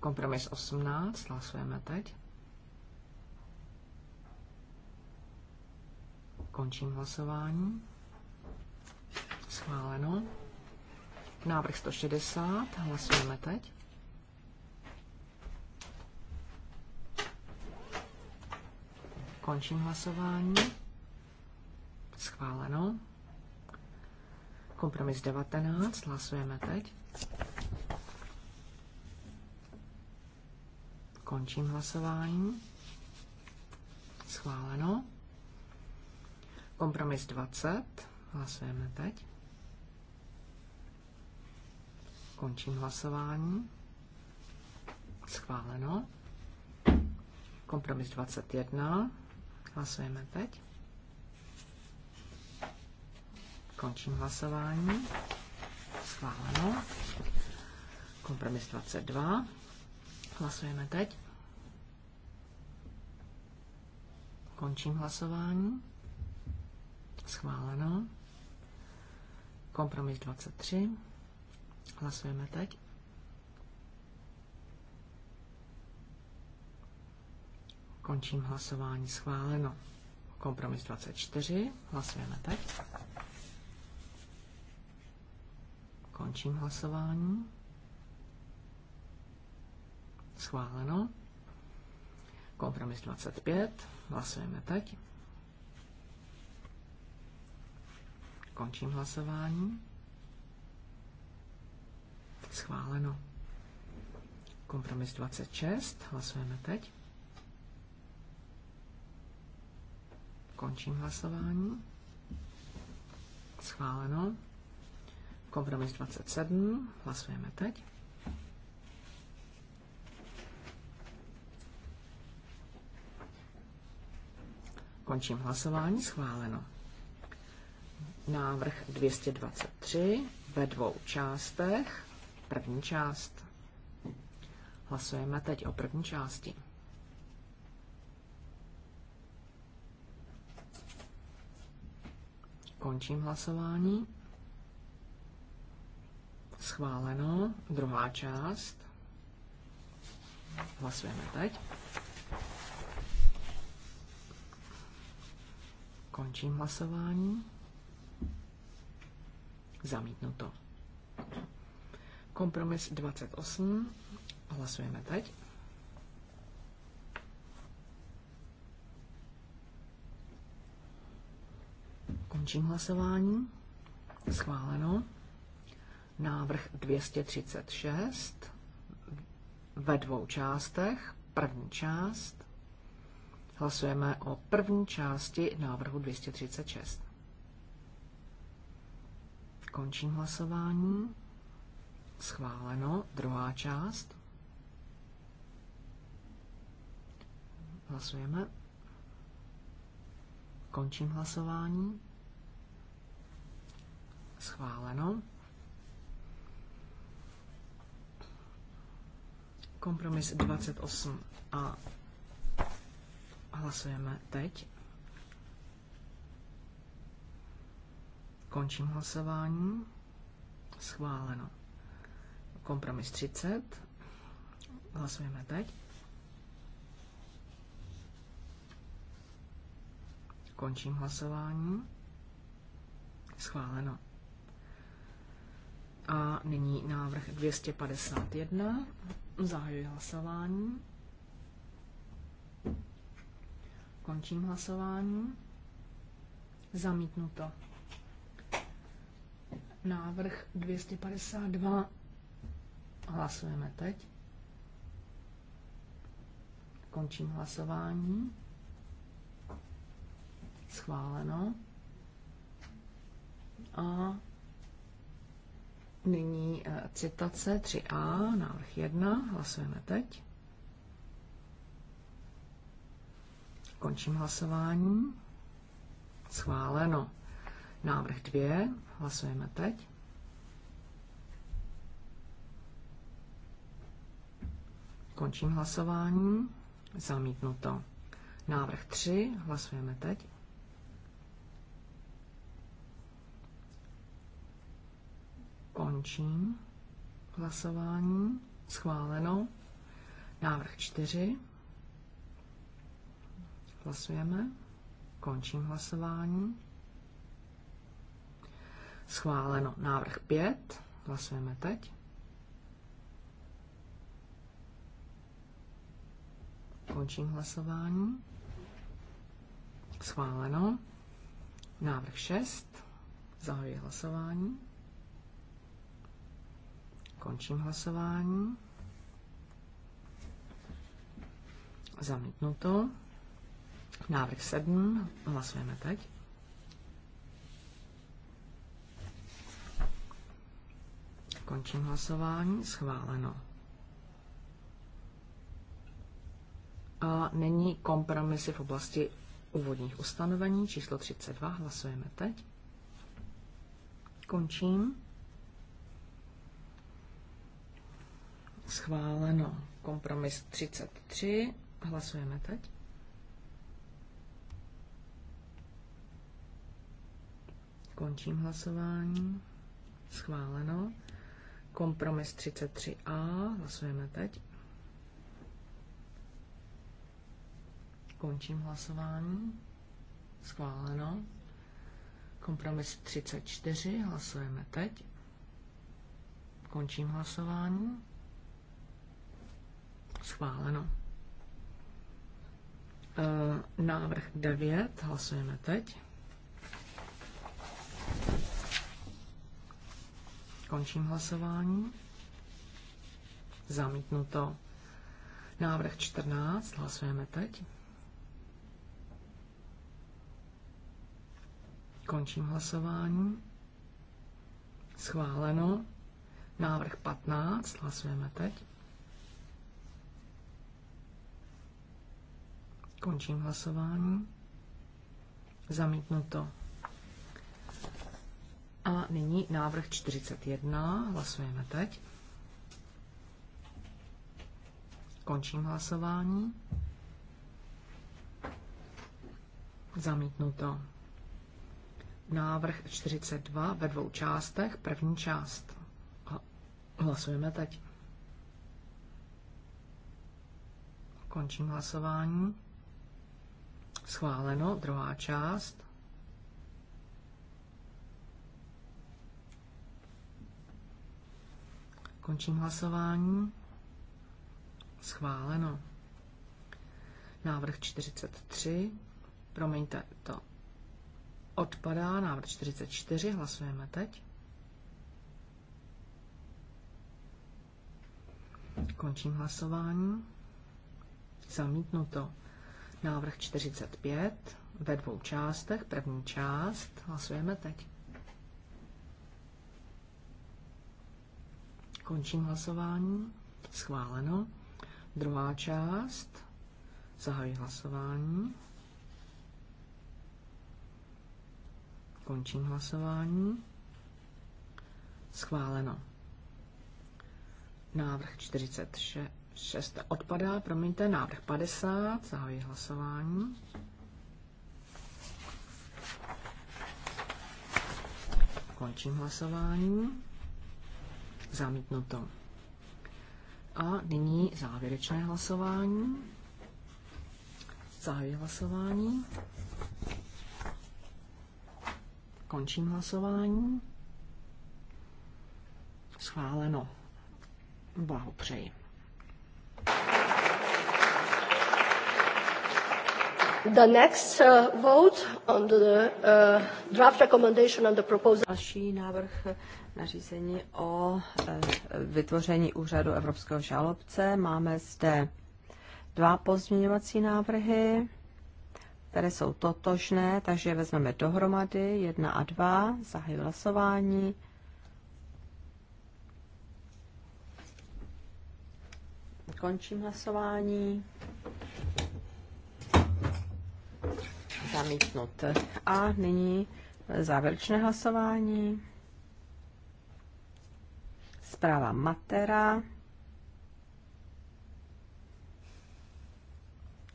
Kompromis 18. Hlasujeme teď. Končím hlasování. Schváleno. Návrh 160. Hlasujeme teď. Končím hlasování. Schváleno. Kompromis 19. Hlasujeme teď. Končím hlasování. Schváleno. Kompromis 20. Hlasujeme teď. Končím hlasování. Schváleno. Kompromis 21. Hlasujeme teď. Končím hlasování. Schváleno. Kompromis 22. Hlasujeme teď. Končím hlasování. Schváleno. Kompromis 23. Hlasujeme teď. Končím hlasování. Schváleno. Kompromis 24. Hlasujeme teď. Končím hlasování. Schváleno. Kompromis 25. Hlasujeme teď. Končím hlasování. Schváleno. Kompromis 26. Hlasujeme teď. Končím hlasování. Schváleno. Kompromis 27. Hlasujeme teď. Končím hlasování. Schváleno návrh 223 ve dvou částech. První část. Hlasujeme teď o první části. Končím hlasování. Schváleno. Druhá část. Hlasujeme teď. Končím hlasování. Zamítnuto. Kompromis 28. Hlasujeme teď. Končím hlasování. Schváleno. Návrh 236 ve dvou částech. První část. Hlasujeme o první části návrhu 236. Končím hlasování. Schváleno. Druhá část. Hlasujeme. Končím hlasování. Schváleno. Kompromis 28 a hlasujeme teď. Končím hlasování. Schváleno. Kompromis 30. Hlasujeme teď. Končím hlasování. Schváleno. A nyní návrh 251. Zahajuji hlasování. Končím hlasování. Zamítnuto návrh 252. Hlasujeme teď. Končím hlasování. Schváleno. A nyní eh, citace 3a, návrh 1. Hlasujeme teď. Končím hlasování. Schváleno. Návrh 2. Hlasujeme teď. Končím hlasování. Zamítnuto. Návrh 3. Hlasujeme teď. Končím hlasování. Schváleno. Návrh 4. Hlasujeme. Končím hlasování. Schváleno. Návrh 5. Hlasujeme teď. Končím hlasování. Schváleno. Návrh 6. Zahajuji hlasování. Končím hlasování. Zamítnuto. Návrh 7. Hlasujeme teď. Končím hlasování. Schváleno. A není kompromisy v oblasti úvodních ustanovení. Číslo 32. Hlasujeme teď. Končím. Schváleno. Kompromis 33. Hlasujeme teď. Končím hlasování. Schváleno. Kompromis 33a, hlasujeme teď. Končím hlasování. Schváleno. Kompromis 34, hlasujeme teď. Končím hlasování. Schváleno. E, návrh 9, hlasujeme teď. Končím hlasování. Zamítnuto. Návrh 14. Hlasujeme teď. Končím hlasování. Schváleno. Návrh 15. Hlasujeme teď. Končím hlasování. Zamítnuto. A nyní návrh 41. Hlasujeme teď. Končím hlasování. Zamítnuto. Návrh 42 ve dvou částech. První část. Hlasujeme teď. Končím hlasování. Schváleno. Druhá část. Končím hlasování. Schváleno. Návrh 43. Promiňte, to odpadá. Návrh 44. Hlasujeme teď. Končím hlasování. Zamítnuto. Návrh 45 ve dvou částech. První část hlasujeme teď. Končím hlasování. Schváleno. Druhá část. Zahajuji hlasování. Končím hlasování. Schváleno. Návrh 46 odpadá, promiňte, návrh 50, zahajuji hlasování. Končím hlasování. Zamítnuto. A nyní závěrečné hlasování. Zahajuji hlasování. Končím hlasování. Schváleno. Blahopřeji. The next uh, vote on the uh, draft recommendation on the proposal. Další návrh nařízení o eh, vytvoření úřadu evropského žalobce. Máme zde dva pozměňovací návrhy, které jsou totožné, takže je vezmeme dohromady, jedna a dva, zahajuji hlasování. Končím hlasování. zamítnut. A nyní závěrečné hlasování. Zpráva Matera.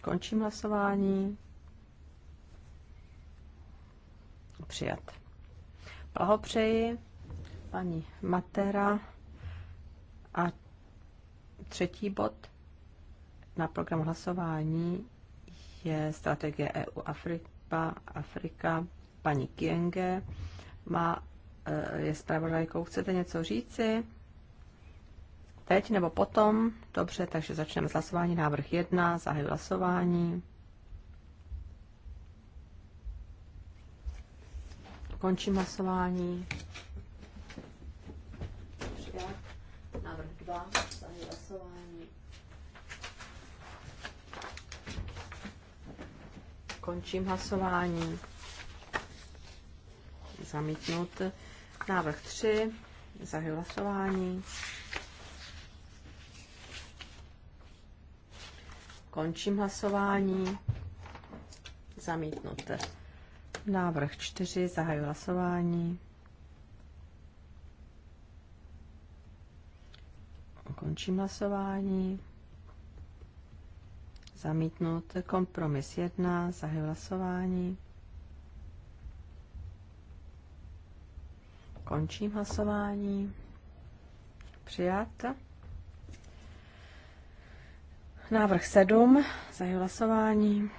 Končím hlasování. Přijat. Blahopřeji paní Matera a třetí bod na program hlasování je strategie EU Afrik, Evropa, Afrika, paní Kienge má, eh, je zpravodajkou. Chcete něco říci? Teď nebo potom? Dobře, takže začneme s hlasování. Návrh 1, zahy hlasování. Končím hlasování. Návrh 2. Končím hlasování. Zamítnut. Návrh 3. Zahajuji hlasování. Končím hlasování. Zamítnut. Návrh 4. Zahajuji hlasování. Končím hlasování zamítnut. Kompromis 1, zahy hlasování. Končím hlasování. Přijat. Návrh 7, zahy hlasování.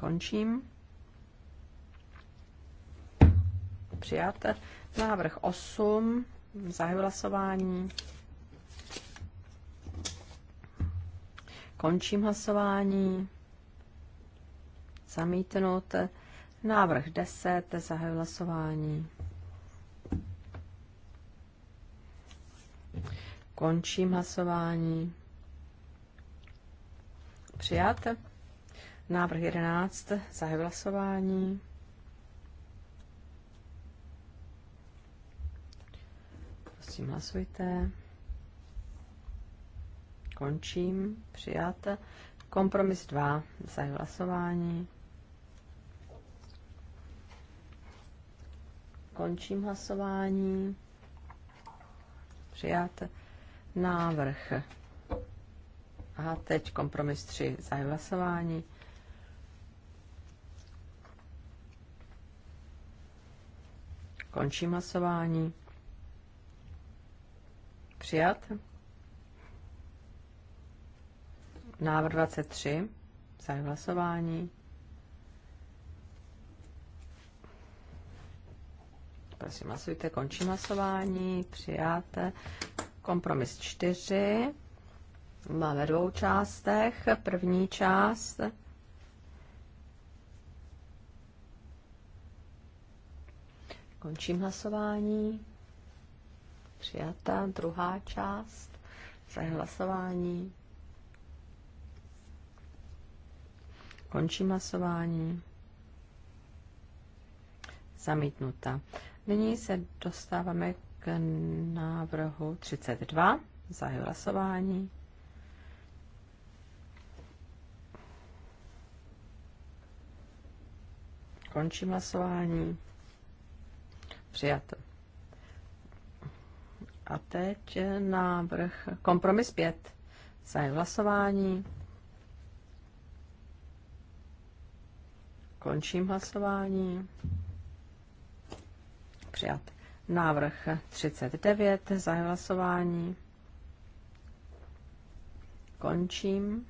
Končím. Přijat. Návrh 8, zahy hlasování. Končím hlasování. Zamítnout. Návrh 10. Zahajuji hlasování. Končím hlasování. Přijat. Návrh 11. Zahajuji hlasování. Prosím, hlasujte končím. Přijáte. Kompromis 2. Zahy hlasování. Končím hlasování. Přijáte. Návrh. A teď kompromis 3. Zahy hlasování. Končím hlasování. Přijat. Návrh 23. Zahajuji hlasování. Prosím, hlasujte, končím hlasování, přijáte. Kompromis 4. ve dvou částech. První část Končím hlasování. Přijata druhá část. Zahlasování. hlasování. Končím hlasování. Zamítnuta. Nyní se dostáváme k návrhu 32. Zahajuji hlasování. Končím hlasování. Přijato. A teď návrh kompromis 5. Zahajuji hlasování. Končím hlasování. Přijat. Návrh 39. Zahajuji hlasování. Končím.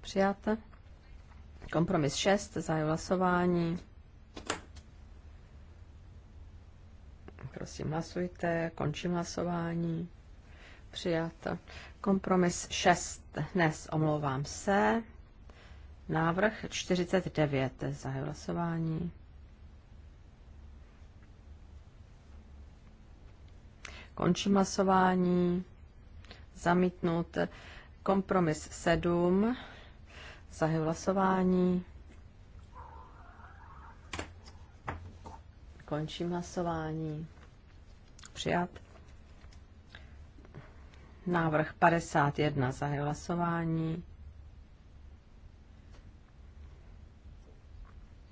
Přijat. Kompromis 6. Zahajuji hlasování. Prosím, hlasujte. Končím hlasování. Přijat. Kompromis 6 dnes, omlouvám se. Návrh 49, zahajuji hlasování. Končím hlasování. Zamítnout Kompromis 7. Zahajuji hlasování. Končím hlasování. Přijat. Návrh 51 za hlasování.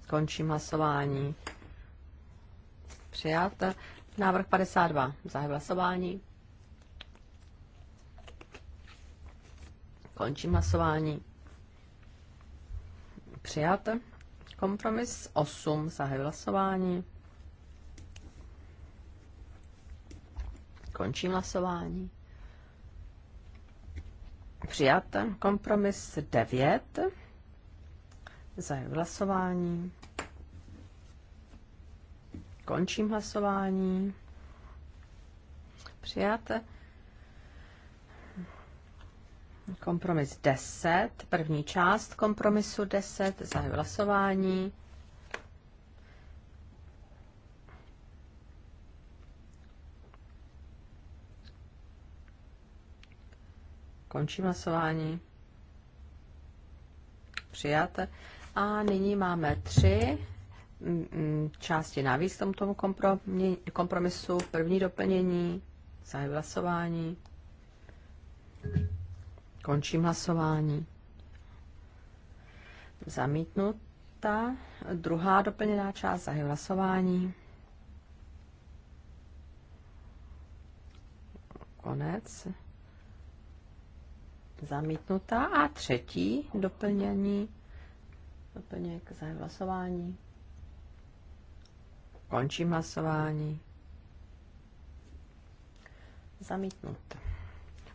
Končím hlasování. Přijat. Návrh 52 za hlasování. Končím hlasování. Přijat. Kompromis 8 za hlasování. Končím hlasování. Přijat kompromis 9. za hlasování. Končím hlasování. Přijat. Kompromis 10, první část kompromisu 10, za hlasování. Končím hlasování. Přijat. A nyní máme tři mm, mm, části navíc tomuto kompromisu. První doplnění, zahajuji hlasování. Končím hlasování. Zamítnuta. Druhá doplněná část zahy hlasování. Konec zamítnutá. A třetí doplnění, doplněk za hlasování. Končím hlasování. Zamítnut.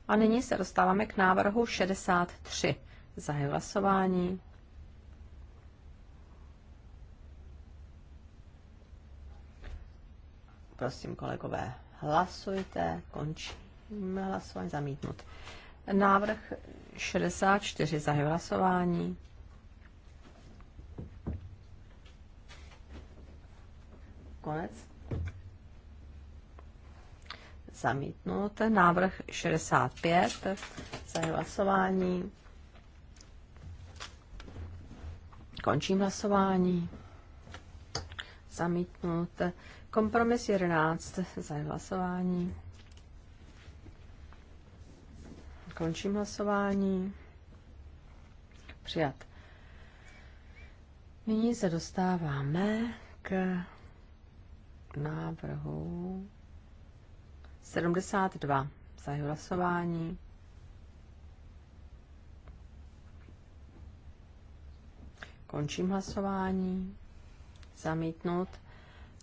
A nyní se dostáváme k návrhu 63. za hlasování. Prosím, kolegové, hlasujte. Končím hlasování. Zamítnut. Návrh 64 za hlasování. Konec. Zamítnut. Návrh 65 za hlasování. Končím hlasování. Zamítnut. Kompromis 11 za hlasování. Končím hlasování. Přijat. Nyní se dostáváme k návrhu 72. Zahy hlasování. Končím hlasování. Zamítnut.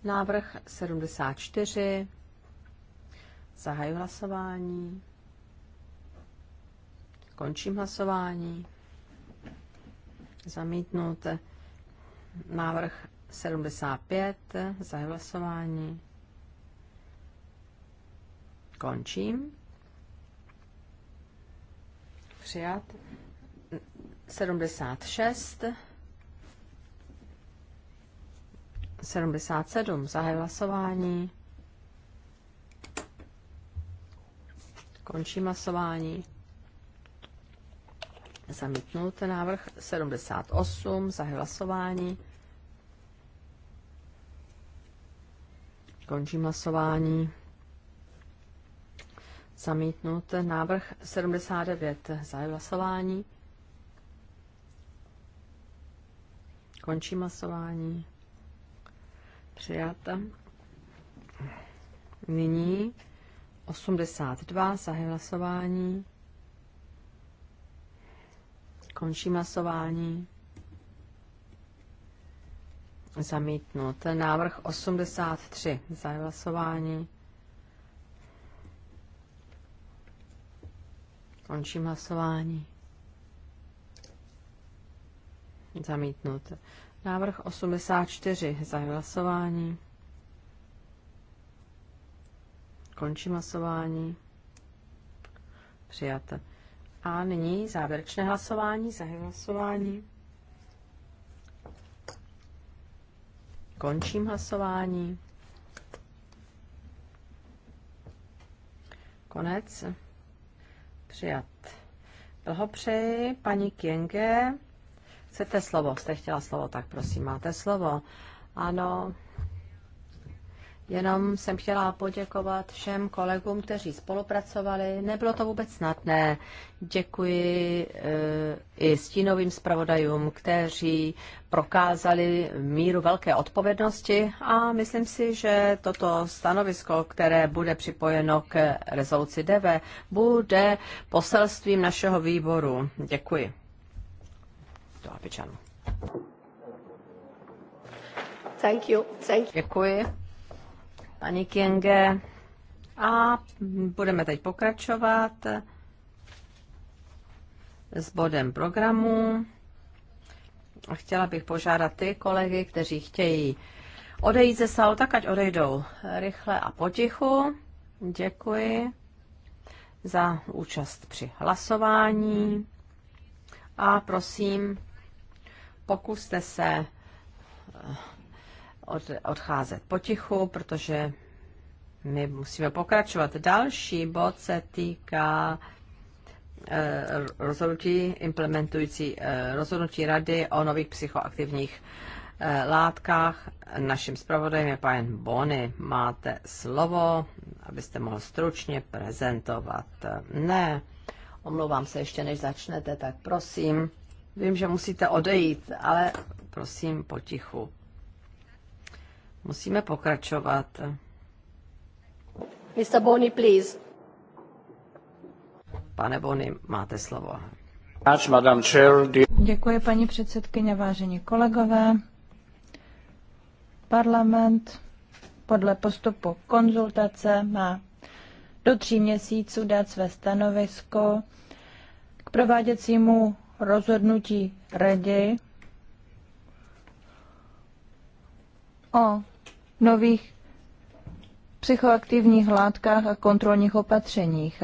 Návrh 74. Zahaju hlasování. Končím hlasování. Zamítnout návrh 75. Zahajuji hlasování. Končím. Přijat. 76. 77. Za hlasování. Končím hlasování zamítnut návrh 78, za hlasování. Končím hlasování. Zamítnut návrh 79, za hlasování. Končím hlasování. Přijat. Nyní 82, za hlasování. Končím hlasování. Zamítnut. Návrh 83. Za hlasování. Končím hlasování. Zamítnut. Návrh 84. Za hlasování. Končím hlasování. Přijat. A nyní závěrečné hlasování, zahy hlasování. Končím hlasování. Konec. Přijat. Blahopřeji, paní Kienge. Chcete slovo? Jste chtěla slovo, tak prosím, máte slovo. Ano, Jenom jsem chtěla poděkovat všem kolegům, kteří spolupracovali. Nebylo to vůbec snadné. Děkuji eh, i stínovým zpravodajům, kteří prokázali míru velké odpovědnosti a myslím si, že toto stanovisko, které bude připojeno k rezoluci DV, bude poselstvím našeho výboru. Děkuji. Do Apičanu. Thank you. Thank you. Děkuji paní Kienge. A budeme teď pokračovat s bodem programu. A chtěla bych požádat ty kolegy, kteří chtějí odejít ze sálu, tak ať odejdou rychle a potichu. Děkuji za účast při hlasování. A prosím, pokuste se od, odcházet potichu, protože my musíme pokračovat. Další bod se týká eh, rozhodnutí implementující eh, rozhodnutí rady o nových psychoaktivních eh, látkách. Naším zpravodajem je pan Bony. Máte slovo, abyste mohl stručně prezentovat. Ne, omlouvám se ještě, než začnete, tak prosím. Vím, že musíte odejít, ale prosím potichu. Musíme pokračovat. Mr. Boni, please. Pane Boni, máte slovo. Děkuji, paní předsedkyně, vážení kolegové. Parlament podle postupu konzultace má do tří měsíců dát své stanovisko k prováděcímu rozhodnutí Rady o nových psychoaktivních látkách a kontrolních opatřeních.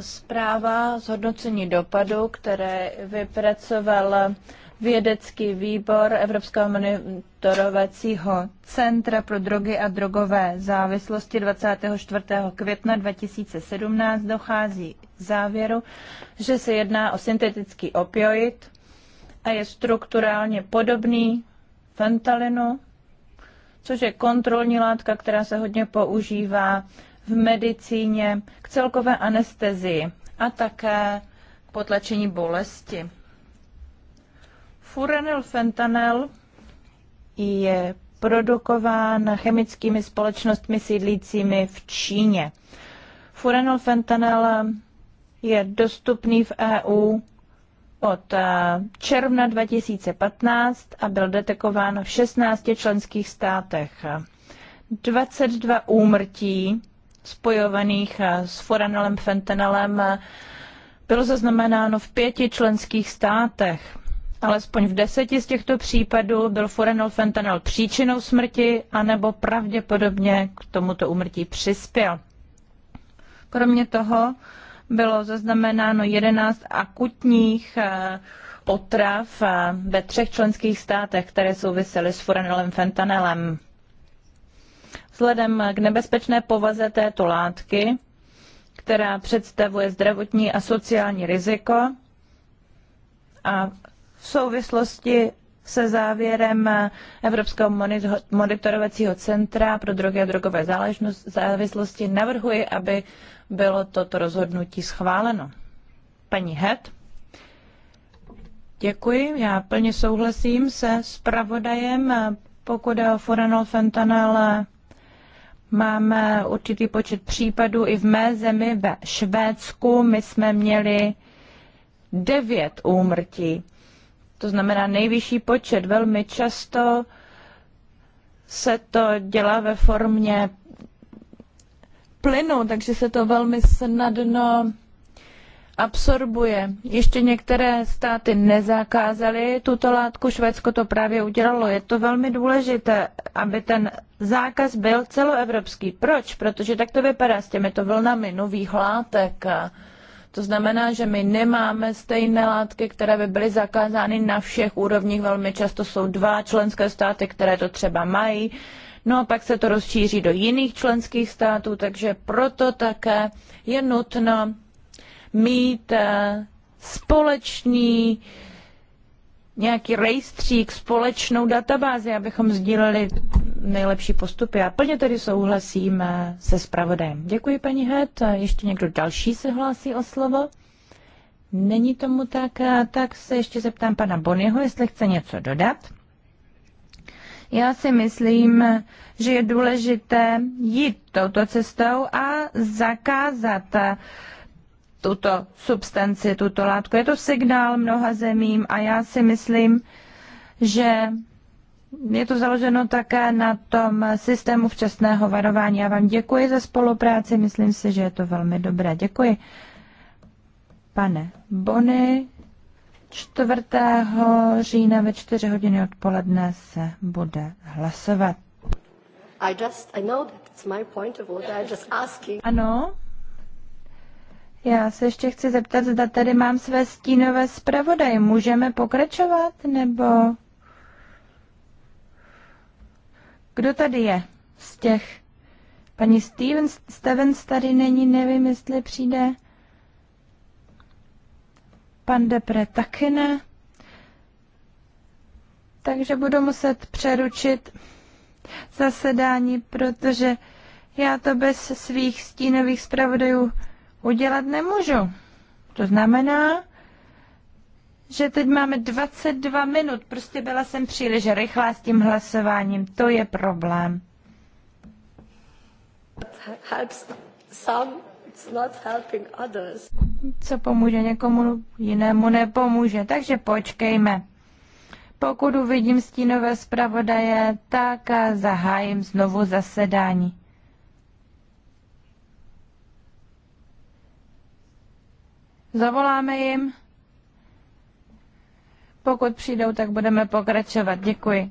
Zpráva zhodnocení dopadu, které vypracoval vědecký výbor Evropského monitorovacího centra pro drogy a drogové závislosti 24. května 2017 dochází k závěru, že se jedná o syntetický opioid a je strukturálně podobný fentalinu, což je kontrolní látka, která se hodně používá v medicíně, k celkové anestezii a také k potlačení bolesti. Furanil fentanyl je produkován chemickými společnostmi sídlícími v Číně. Furanil fentanyl je dostupný v EU od eh, června 2015 a byl detekován v 16 členských státech. 22 úmrtí spojovaných eh, s foranolem fentanylem eh, bylo zaznamenáno v pěti členských státech. Alespoň v deseti z těchto případů byl foranol fentanyl příčinou smrti anebo pravděpodobně k tomuto úmrtí přispěl. Kromě toho bylo zaznamenáno 11 akutních eh, otrav eh, ve třech členských státech, které souvisely s furanelem fentanelem. Vzhledem k nebezpečné povaze této látky, která představuje zdravotní a sociální riziko a v souvislosti se závěrem Evropského monitorovacího centra pro drogy a drogové závislosti navrhuji, aby bylo toto rozhodnutí schváleno. Paní Het. Děkuji, já plně souhlasím se zpravodajem. Pokud je o furanol fentanyl, máme určitý počet případů i v mé zemi, ve Švédsku. My jsme měli devět úmrtí. To znamená nejvyšší počet. Velmi často se to dělá ve formě plynu, takže se to velmi snadno absorbuje. Ještě některé státy nezakázaly tuto látku, Švédsko to právě udělalo. Je to velmi důležité, aby ten zákaz byl celoevropský. Proč? Protože tak to vypadá s těmito vlnami nových látek. To znamená, že my nemáme stejné látky, které by byly zakázány na všech úrovních. Velmi často jsou dva členské státy, které to třeba mají No a pak se to rozšíří do jiných členských států, takže proto také je nutno mít eh, společný nějaký rejstřík, společnou databázi, abychom sdíleli nejlepší postupy. A plně tedy souhlasím eh, se zpravodajem. Děkuji, paní Het. Ještě někdo další se hlásí o slovo? Není tomu tak, tak se ještě zeptám pana Bonyho, jestli chce něco dodat. Já si myslím, že je důležité jít touto cestou a zakázat tuto substanci, tuto látku. Je to signál mnoha zemím a já si myslím, že je to založeno také na tom systému včasného varování. Já vám děkuji za spolupráci, myslím si, že je to velmi dobré. Děkuji. Pane Bony, 4. října ve 4 hodiny odpoledne se bude hlasovat. Ano, já se ještě chci zeptat, zda tady mám své stínové zpravodaje. Můžeme pokračovat, nebo... Kdo tady je z těch? Paní Stevens, Stevens tady není, nevím, jestli přijde. Pan Depre taky ne. Takže budu muset přeručit zasedání, protože já to bez svých stínových zpravodajů udělat nemůžu. To znamená, že teď máme 22 minut. Prostě byla jsem příliš rychlá s tím hlasováním. To je problém. Halb sam. Co pomůže někomu jinému, nepomůže, takže počkejme. Pokud uvidím stínové zpravodaje, tak eh, zahájím znovu zasedání. Zavoláme jim. Pokud přijdou, tak budeme pokračovat. Děkuji.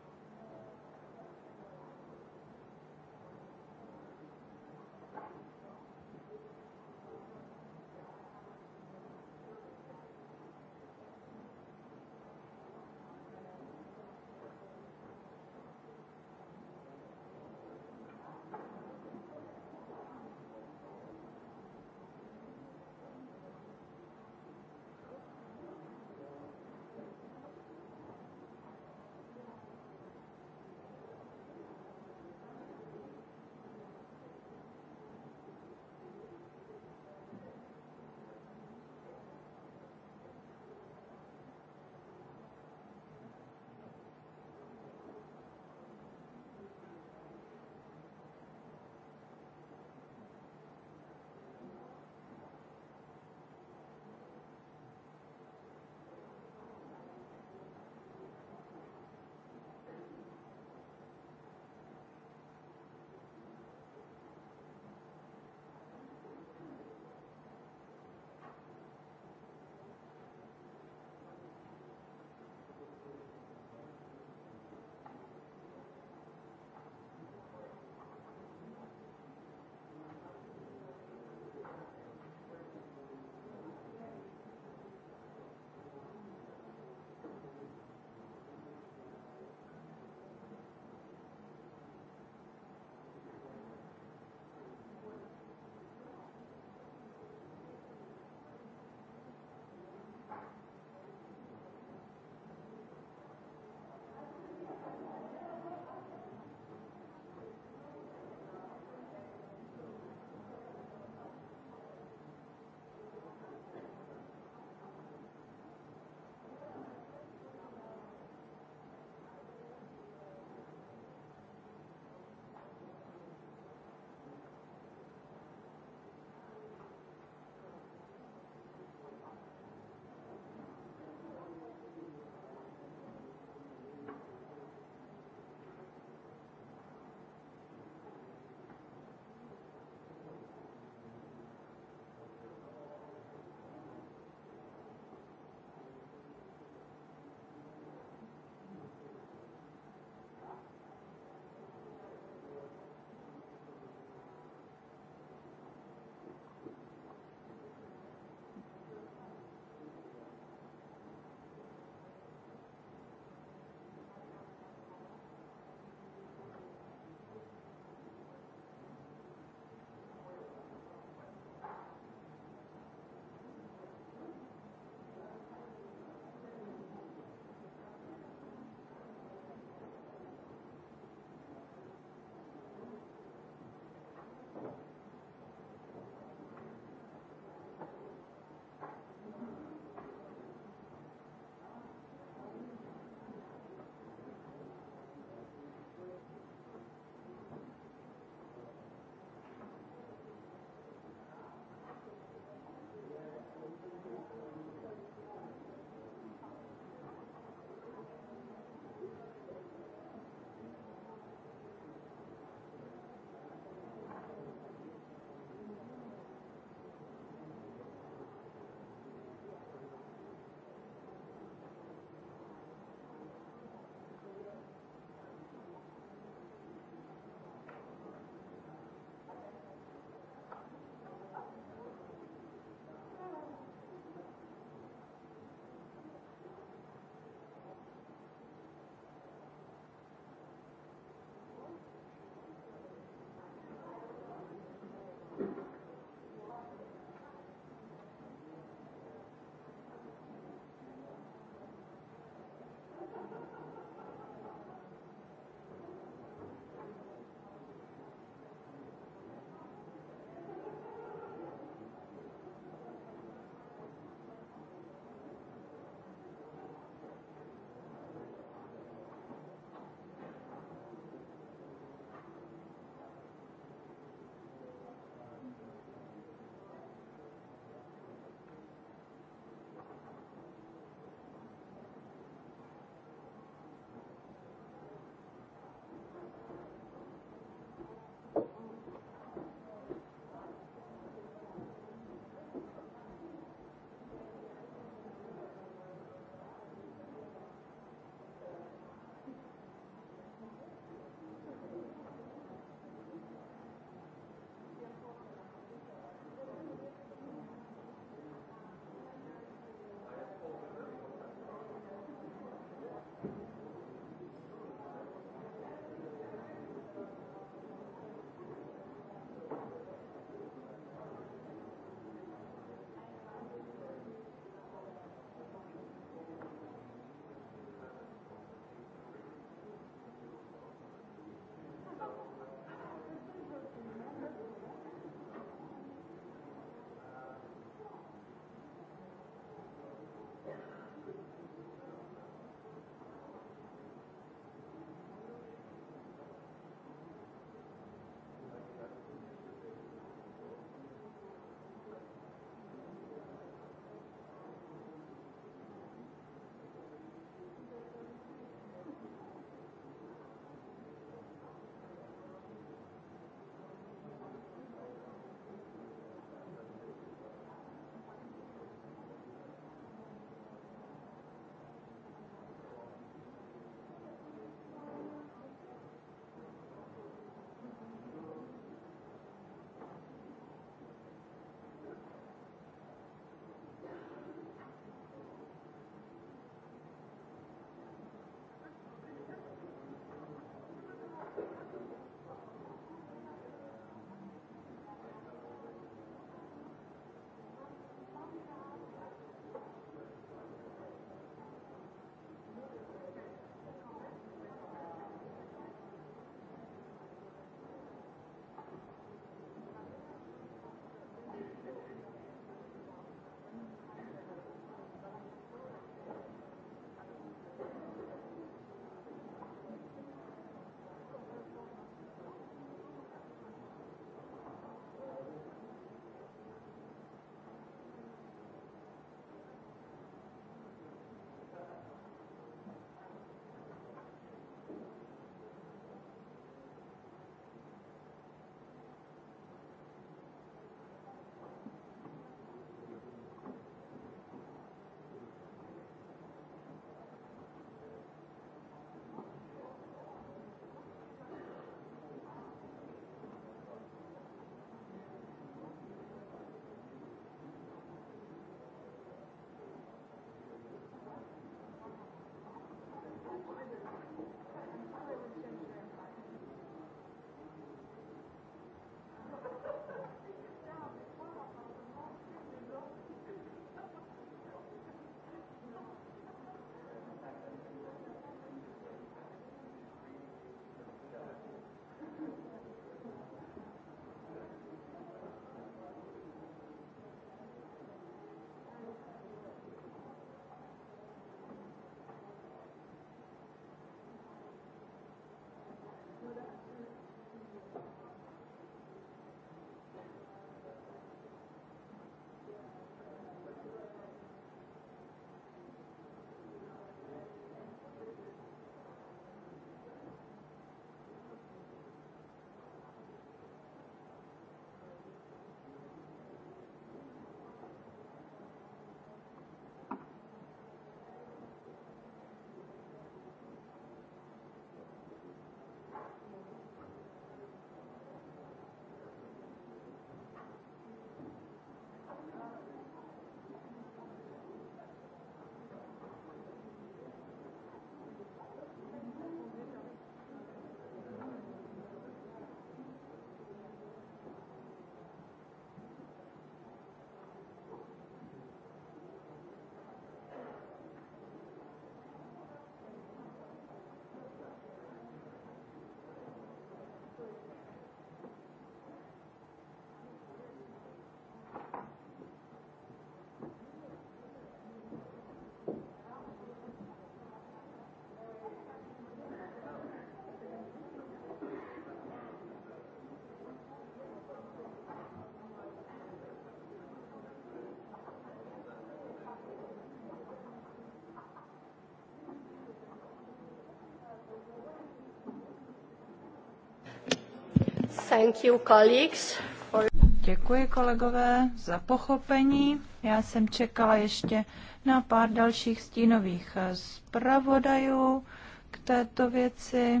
Děkuji kolegové za pochopení. Já jsem čekala ještě na pár dalších stínových eh, zpravodajů k této věci,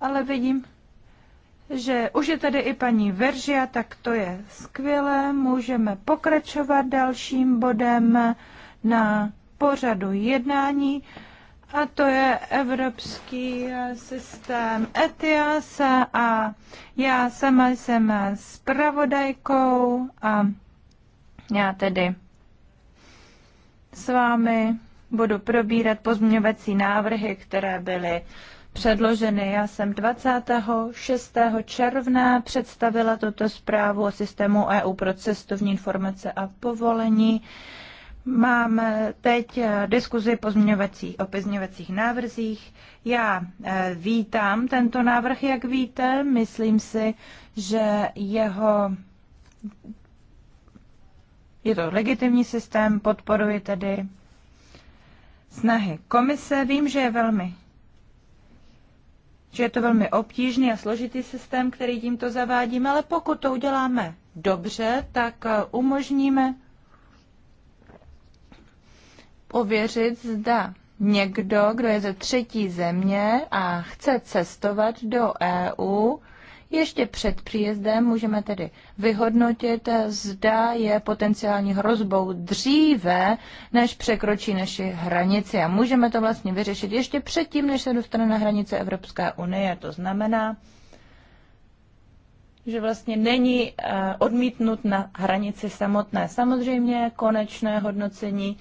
ale vidím, že už je tady i paní Veržia, tak to je skvělé. Můžeme pokračovat dalším bodem na pořadu jednání a to je evropský eh, systém ETIAS a já sama jsem eh, zpravodajkou a já tedy s vámi budu probírat pozměňovací návrhy, které byly předloženy. Já jsem 26. června představila tuto zprávu o systému EU pro cestovní informace a povolení. Mám eh, teď eh, diskuzi pozměňovací, o pozměňovacích návrzích. Já eh, vítám tento návrh, jak víte. Myslím si, že jeho je to legitimní systém, podporuji tedy snahy komise. Vím, že je velmi že je to velmi obtížný a složitý systém, který tímto zavádíme, ale pokud to uděláme dobře, tak umožníme ověřit, zda někdo, kdo je ze třetí země a chce cestovat do EU, ještě před příjezdem můžeme tedy vyhodnotit, zda je potenciální hrozbou dříve, než překročí naši hranici. A můžeme to vlastně vyřešit ještě předtím, než se dostane na hranice Evropské unie. To znamená, že vlastně není eh, odmítnut na hranici samotné. Samozřejmě konečné hodnocení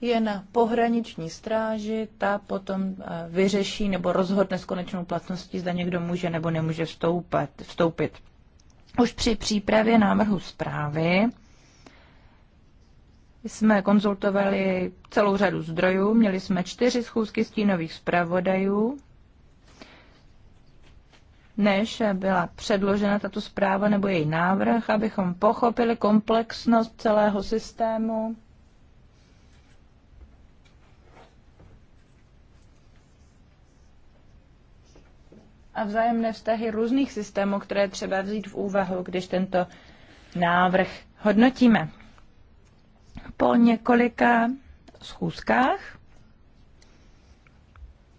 je na pohraniční stráži, ta potom eh, vyřeší nebo rozhodne s konečnou platností, zda někdo může nebo nemůže vstoupat, vstoupit. Už při přípravě návrhu zprávy jsme konzultovali celou řadu zdrojů, měli jsme čtyři schůzky stínových zpravodajů, než byla předložena tato zpráva nebo její návrh, abychom pochopili komplexnost celého systému a vzájemné vztahy různých systémů, které třeba vzít v úvahu, když tento návrh hodnotíme. Po několika schůzkách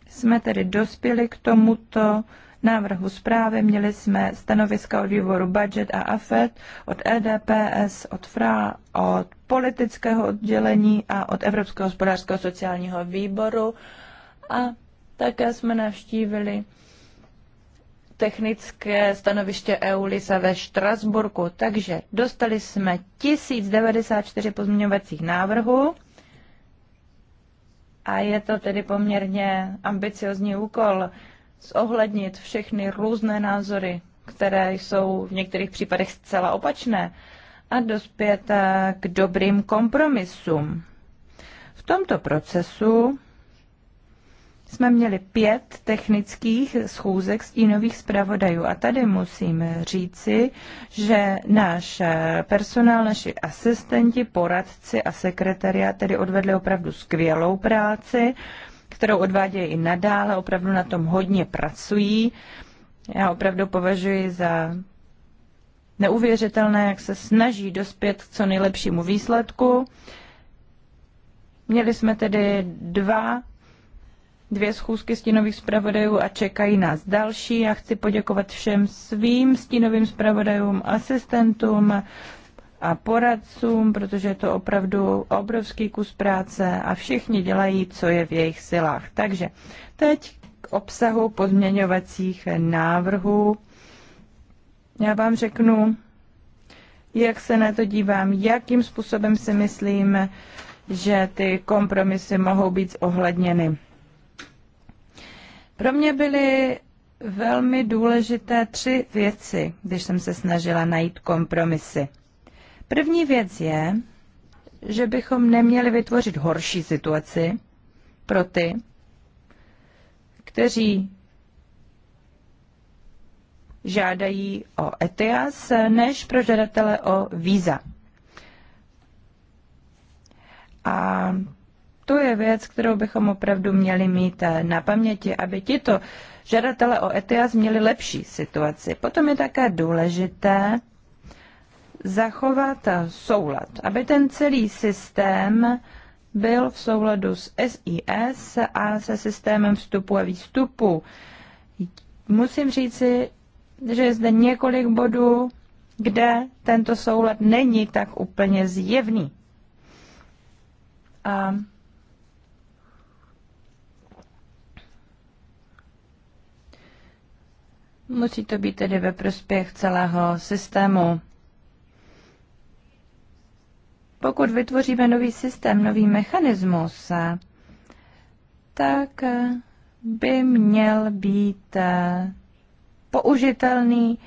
jsme tedy dospěli k tomuto návrhu zprávy. Měli jsme stanoviska od výboru Budget a AFED, od EDPS, od FRA, od politického oddělení a od Evropského hospodářského sociálního výboru. A také jsme navštívili technické stanoviště EULISA ve Štrasburku. Takže dostali jsme 1094 pozměňovacích návrhů a je to tedy poměrně ambiciozní úkol zohlednit všechny různé názory, které jsou v některých případech zcela opačné a dospět k dobrým kompromisům. V tomto procesu jsme měli pět technických schůzek stínových zpravodajů a tady musím říci, že náš personál, naši asistenti, poradci a sekretaria tedy odvedli opravdu skvělou práci, kterou odvádějí i nadále, opravdu na tom hodně pracují. Já opravdu považuji za neuvěřitelné, jak se snaží dospět k co nejlepšímu výsledku. Měli jsme tedy dva dvě schůzky stínových zpravodajů a čekají nás další. Já chci poděkovat všem svým stínovým zpravodajům, asistentům a poradcům, protože je to opravdu obrovský kus práce a všichni dělají, co je v jejich silách. Takže teď k obsahu pozměňovacích návrhů. Já vám řeknu, jak se na to dívám, jakým způsobem si myslím, že ty kompromisy mohou být ohledněny. Pro mě byly velmi důležité tři věci, když jsem se snažila najít kompromisy. První věc je, že bychom neměli vytvořit horší situaci pro ty, kteří žádají o ETIAS než pro žadatele o víza. A to je věc, kterou bychom opravdu měli mít eh, na paměti, aby tito žadatelé o ETIAS měli lepší situaci. Potom je také důležité zachovat eh, soulad, aby ten celý systém byl v souladu s SIS a se systémem vstupu a výstupu. Musím říci, že je zde několik bodů, kde tento soulad není tak úplně zjevný. A Musí to být tedy ve prospěch celého systému. Pokud vytvoříme nový systém, nový mechanismus, tak by měl být použitelný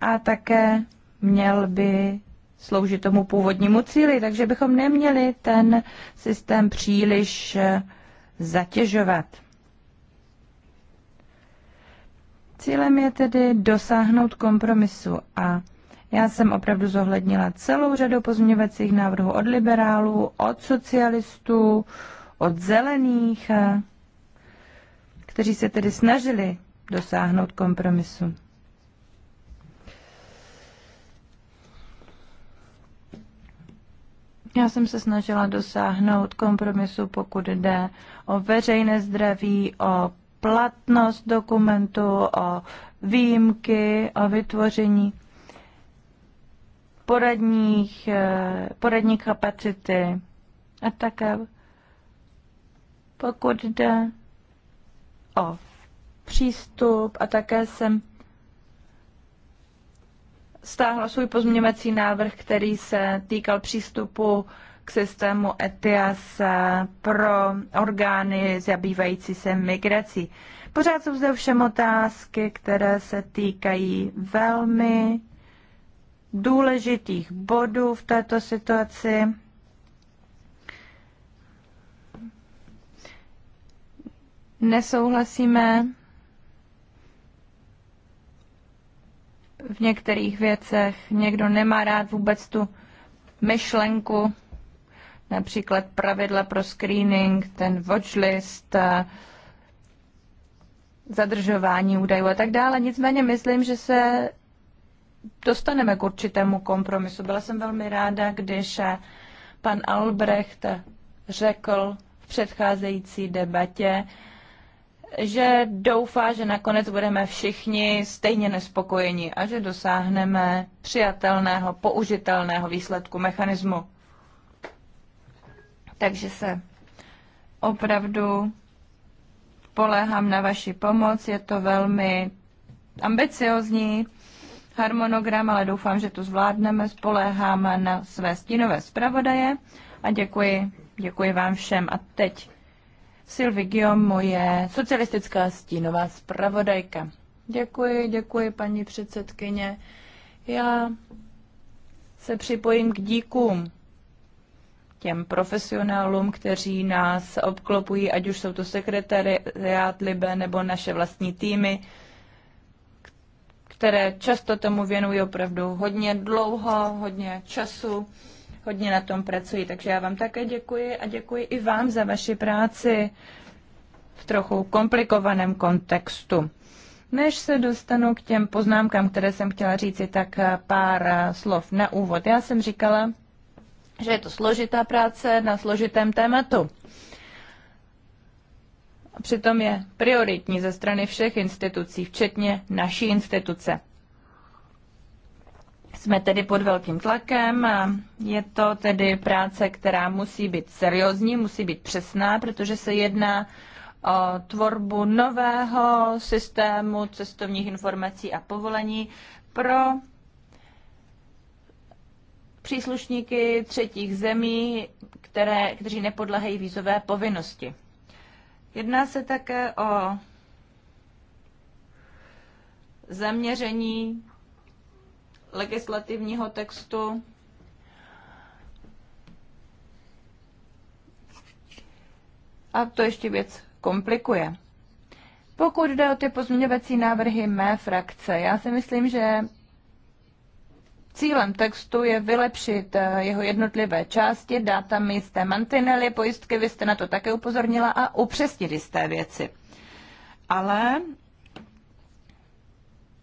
a také měl by sloužit tomu původnímu cíli, takže bychom neměli ten systém příliš zatěžovat. Cílem je tedy dosáhnout kompromisu a já jsem opravdu zohlednila celou řadu pozměňovacích návrhů od liberálů, od socialistů, od zelených, eh, kteří se tedy snažili dosáhnout kompromisu. Já jsem se snažila dosáhnout kompromisu, pokud jde o veřejné zdraví, o platnost dokumentu, o výjimky, o vytvoření poradních, eh, poradní kapacity a také pokud jde o přístup a také jsem stáhla svůj pozměňovací návrh, který se týkal přístupu k systému ETIAS eh, pro orgány zabývající se migrací. Pořád jsou zde všem otázky, které se týkají velmi důležitých bodů v této situaci. Nesouhlasíme v některých věcech. Někdo nemá rád vůbec tu myšlenku například pravidla pro screening, ten watchlist, eh, zadržování údajů a tak dále. Nicméně myslím, že se dostaneme k určitému kompromisu. Byla jsem velmi ráda, když eh, pan Albrecht řekl v předcházející debatě, že doufá, že nakonec budeme všichni stejně nespokojeni a že dosáhneme přijatelného, použitelného výsledku mechanismu takže se opravdu poléhám na vaši pomoc. Je to velmi ambiciozní harmonogram, ale doufám, že to zvládneme. Spoléháme na své stínové zpravodaje a děkuji, děkuji vám všem. A teď Sylvie Guillaume, moje socialistická stínová zpravodajka. Děkuji, děkuji paní předsedkyně. Já se připojím k díkům těm profesionálům, kteří nás obklopují, ať už jsou to sekretariát Libe nebo naše vlastní týmy, které často tomu věnují opravdu hodně dlouho, hodně času, hodně na tom pracují. Takže já vám také děkuji a děkuji i vám za vaši práci v trochu komplikovaném kontextu. Než se dostanu k těm poznámkám, které jsem chtěla říci, tak pár slov na úvod. Já jsem říkala, že je to složitá práce na složitém tématu. A přitom je prioritní ze strany všech institucí, včetně naší instituce. Jsme tedy pod velkým tlakem a je to tedy práce, která musí být seriózní, musí být přesná, protože se jedná o tvorbu nového systému cestovních informací a povolení pro příslušníky třetích zemí, které, kteří nepodlehají vízové povinnosti. Jedná se také o zaměření legislativního textu a to ještě věc komplikuje. Pokud jde o ty pozměňovací návrhy mé frakce, já si myslím, že Cílem textu je vylepšit eh, jeho jednotlivé části, dát tam jisté mantinely, pojistky, vy jste na to také upozornila, a upřesnit jisté věci. Ale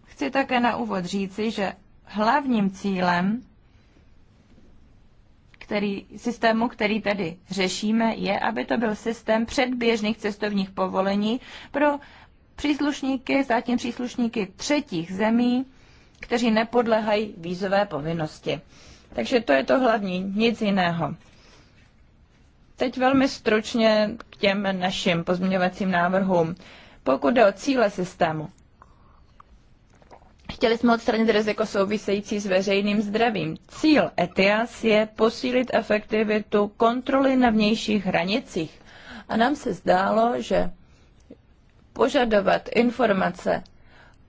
chci také na úvod říci, že hlavním cílem který, systému, který tady řešíme, je, aby to byl systém předběžných cestovních povolení pro příslušníky, státní příslušníky třetích zemí, kteří nepodlehají vízové povinnosti. Takže to je to hlavní, nic jiného. Teď velmi stručně k těm našim pozměňovacím návrhům. Pokud jde o cíle systému, Chtěli jsme odstranit riziko související s veřejným zdravím. Cíl ETIAS je posílit efektivitu kontroly na vnějších hranicích. A nám se zdálo, že požadovat informace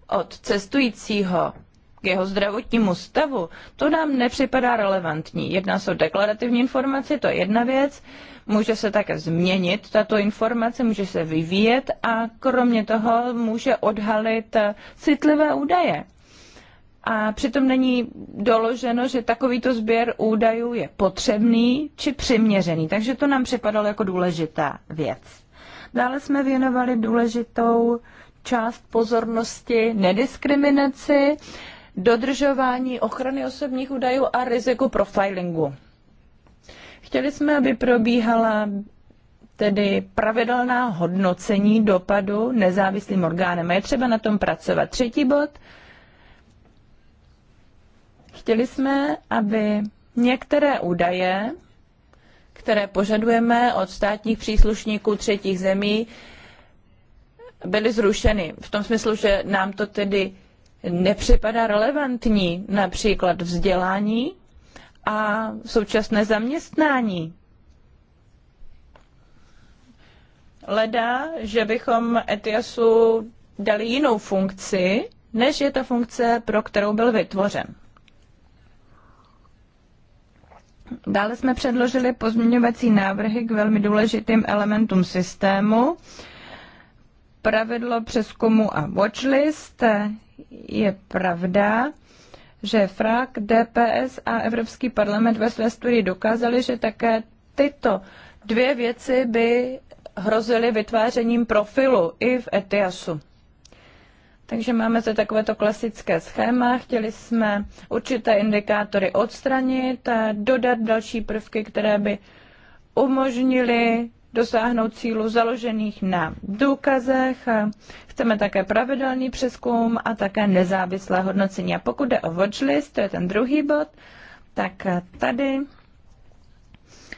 od cestujícího k jeho zdravotnímu stavu, to nám nepřipadá relevantní. Jedná se o deklarativní informaci, to je jedna věc. Může se také změnit tato informace, může se vyvíjet a kromě toho může odhalit eh, citlivé údaje. A přitom není doloženo, že takovýto sběr údajů je potřebný či přiměřený. Takže to nám připadalo jako důležitá věc. Dále jsme věnovali důležitou část pozornosti nediskriminaci dodržování ochrany osobních údajů a riziku profilingu. Chtěli jsme, aby probíhala tedy pravidelná hodnocení dopadu nezávislým orgánem a je třeba na tom pracovat. Třetí bod. Chtěli jsme, aby některé údaje, které požadujeme od státních příslušníků třetích zemí, byly zrušeny. V tom smyslu, že nám to tedy nepřipadá relevantní, například vzdělání a současné zaměstnání. Leda, že bychom Etiasu dali jinou funkci, než je ta funkce, pro kterou byl vytvořen. Dále jsme předložili pozměňovací návrhy k velmi důležitým elementům systému. Pravidlo přeskumu a watchlist je pravda, že FRAK, DPS a Evropský parlament ve své studii dokázali, že také tyto dvě věci by hrozily vytvářením profilu i v ETIASu. Takže máme zde takovéto klasické schéma. Chtěli jsme určité indikátory odstranit a dodat další prvky, které by umožnili dosáhnout cílu založených na důkazech. Chceme také pravidelný přeskum a také nezávislé hodnocení. A pokud jde o watchlist, to je ten druhý bod, tak tady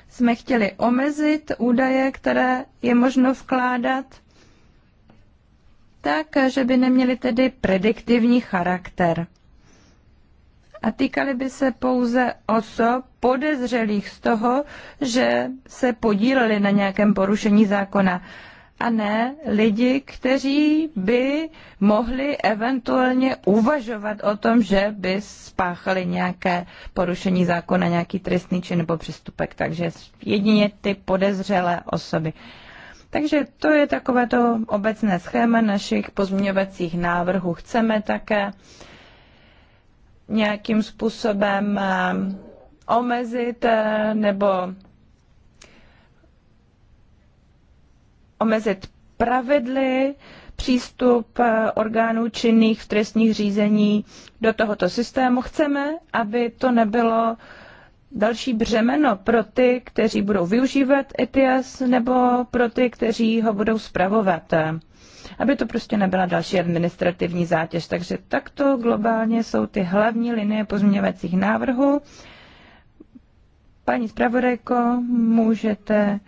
jsme chtěli omezit údaje, které je možno vkládat tak, že by neměly tedy prediktivní charakter a týkaly by se pouze osob podezřelých z toho, že se podíleli na nějakém porušení zákona a ne lidi, kteří by mohli eventuálně uvažovat o tom, že by spáchali nějaké porušení zákona, nějaký trestný čin nebo přestupek. Takže jedině ty podezřelé osoby. Takže to je takové to obecné schéma našich pozměňovacích návrhů. Chceme také uh, nějakým způsobem ehm, omezit eh, nebo omezit pravidly přístup eh, orgánů činných v trestních řízení do tohoto systému. Chceme, aby to nebylo další břemeno pro ty, kteří budou využívat ETIAS nebo pro ty, kteří ho budou spravovat aby to prostě nebyla další administrativní zátěž. Takže takto globálně jsou ty hlavní linie pozměňovacích návrhů. Paní zpravodajko, můžete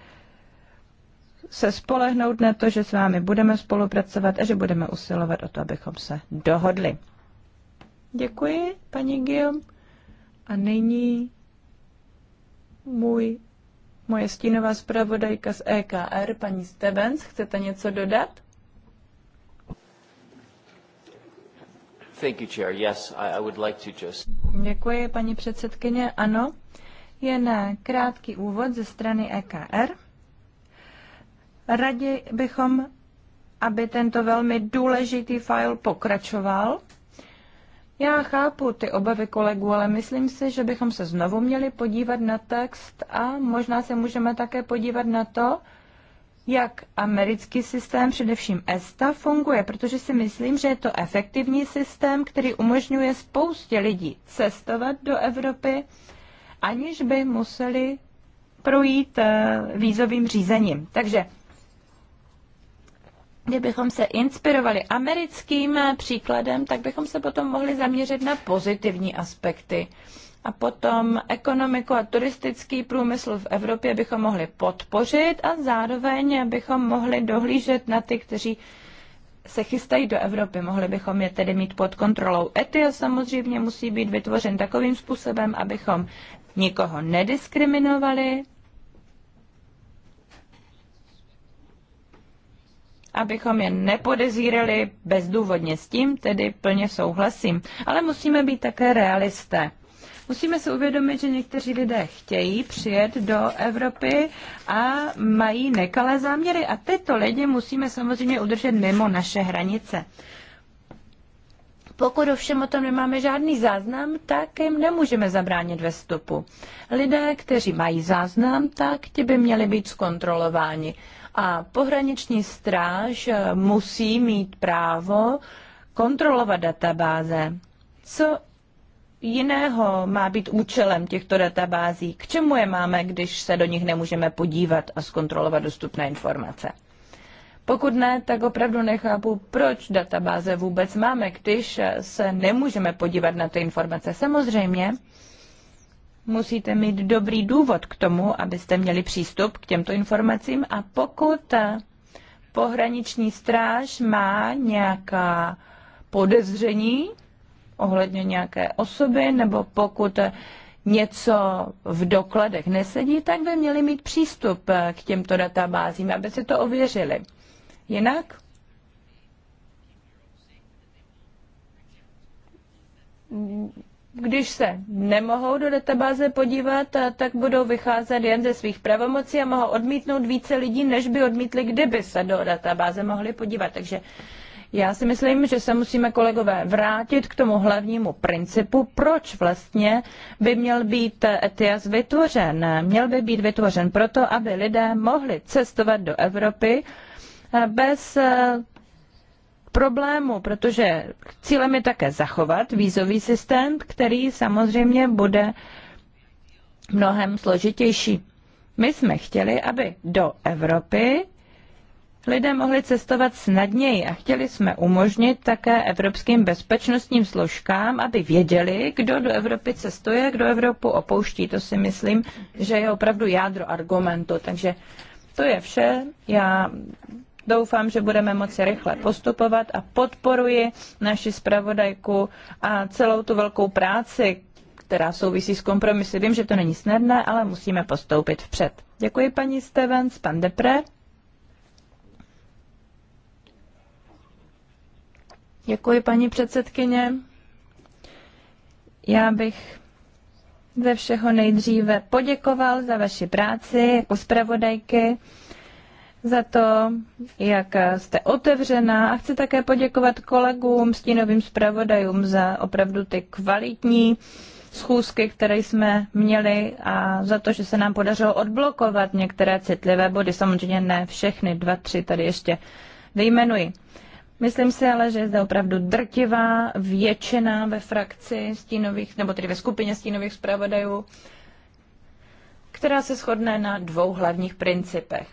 se spolehnout na to, že s vámi budeme spolupracovat a že budeme usilovat o to, abychom se dohodli. Děkuji, paní Gil. A nyní můj, moje stínová zpravodajka z EKR, paní Stevens, chcete něco dodat? Děkuji, paní předsedkyně. Ano, jen krátký úvod ze strany EKR. Radi bychom, aby tento velmi důležitý file pokračoval. Já chápu ty obavy kolegů, ale myslím si, že bychom se znovu měli podívat na text a možná se můžeme také podívat na to, jak americký systém, především ESTA, funguje, protože si myslím, že je to efektivní systém, který umožňuje spoustě lidí cestovat do Evropy, aniž by museli projít eh, vízovým řízením. Takže kdybychom se inspirovali americkým eh, příkladem, tak bychom se potom mohli zaměřit na pozitivní aspekty a potom ekonomiku a turistický průmysl v Evropě bychom mohli podpořit a zároveň bychom mohli dohlížet na ty, kteří se chystají do Evropy. Mohli bychom je tedy mít pod kontrolou. Etios samozřejmě musí být vytvořen takovým způsobem, abychom nikoho nediskriminovali, abychom je nepodezírali bezdůvodně. S tím tedy plně souhlasím. Ale musíme být také realisté. Musíme si uvědomit, že někteří lidé chtějí přijet do Evropy a mají nekalé záměry a tyto lidi musíme samozřejmě udržet mimo naše hranice. Pokud ovšem o tom nemáme žádný záznam, tak jim nemůžeme zabránit ve stopu. Lidé, kteří mají záznam, tak ti by měli být zkontrolováni. A pohraniční stráž eh, musí mít právo kontrolovat databáze. Co jiného má být účelem těchto databází? K čemu je máme, když se do nich nemůžeme podívat a zkontrolovat dostupné informace? Pokud ne, tak opravdu nechápu, proč databáze vůbec máme, když se nemůžeme podívat na ty informace. Samozřejmě musíte mít dobrý důvod k tomu, abyste měli přístup k těmto informacím a pokud pohraniční stráž má nějaká podezření, ohledně nějaké osoby, nebo pokud něco v dokladech nesedí, tak by měli mít přístup k těmto databázím, aby si to ověřili. Jinak když se nemohou do databáze podívat, tak budou vycházet jen ze svých pravomocí a mohou odmítnout více lidí, než by odmítli, kdyby se do databáze mohli podívat. Takže já si myslím, že se musíme, kolegové, vrátit k tomu hlavnímu principu, proč vlastně by měl být ETIAS vytvořen. Měl by být vytvořen proto, aby lidé mohli cestovat do Evropy eh, bez eh, problému, protože cílem je také zachovat vízový systém, který samozřejmě bude mnohem složitější. My jsme chtěli, aby do Evropy lidé mohli cestovat snadněji a chtěli jsme umožnit také evropským bezpečnostním složkám, aby věděli, kdo do Evropy cestuje, kdo Evropu opouští. To si myslím, že je opravdu jádro argumentu. Takže to je vše. Já Doufám, že budeme moci rychle postupovat a podporuji naši zpravodajku a celou tu velkou práci, která souvisí s kompromisy. Vím, že to není snadné, ale musíme postoupit vpřed. Děkuji paní Stevens, pan Depre. Děkuji, paní předsedkyně. Já bych ze všeho nejdříve poděkoval za vaši práci jako zpravodajky, za to, jak jste otevřená a chci také poděkovat kolegům, stínovým zpravodajům za opravdu ty kvalitní schůzky, které jsme měli a za to, že se nám podařilo odblokovat některé citlivé body, samozřejmě ne všechny, dva, tři tady ještě vyjmenuji. Myslím si ale, že je zde opravdu drtivá většina ve frakci stínových, nebo tedy ve skupině stínových zpravodajů, která se shodne na dvou hlavních principech.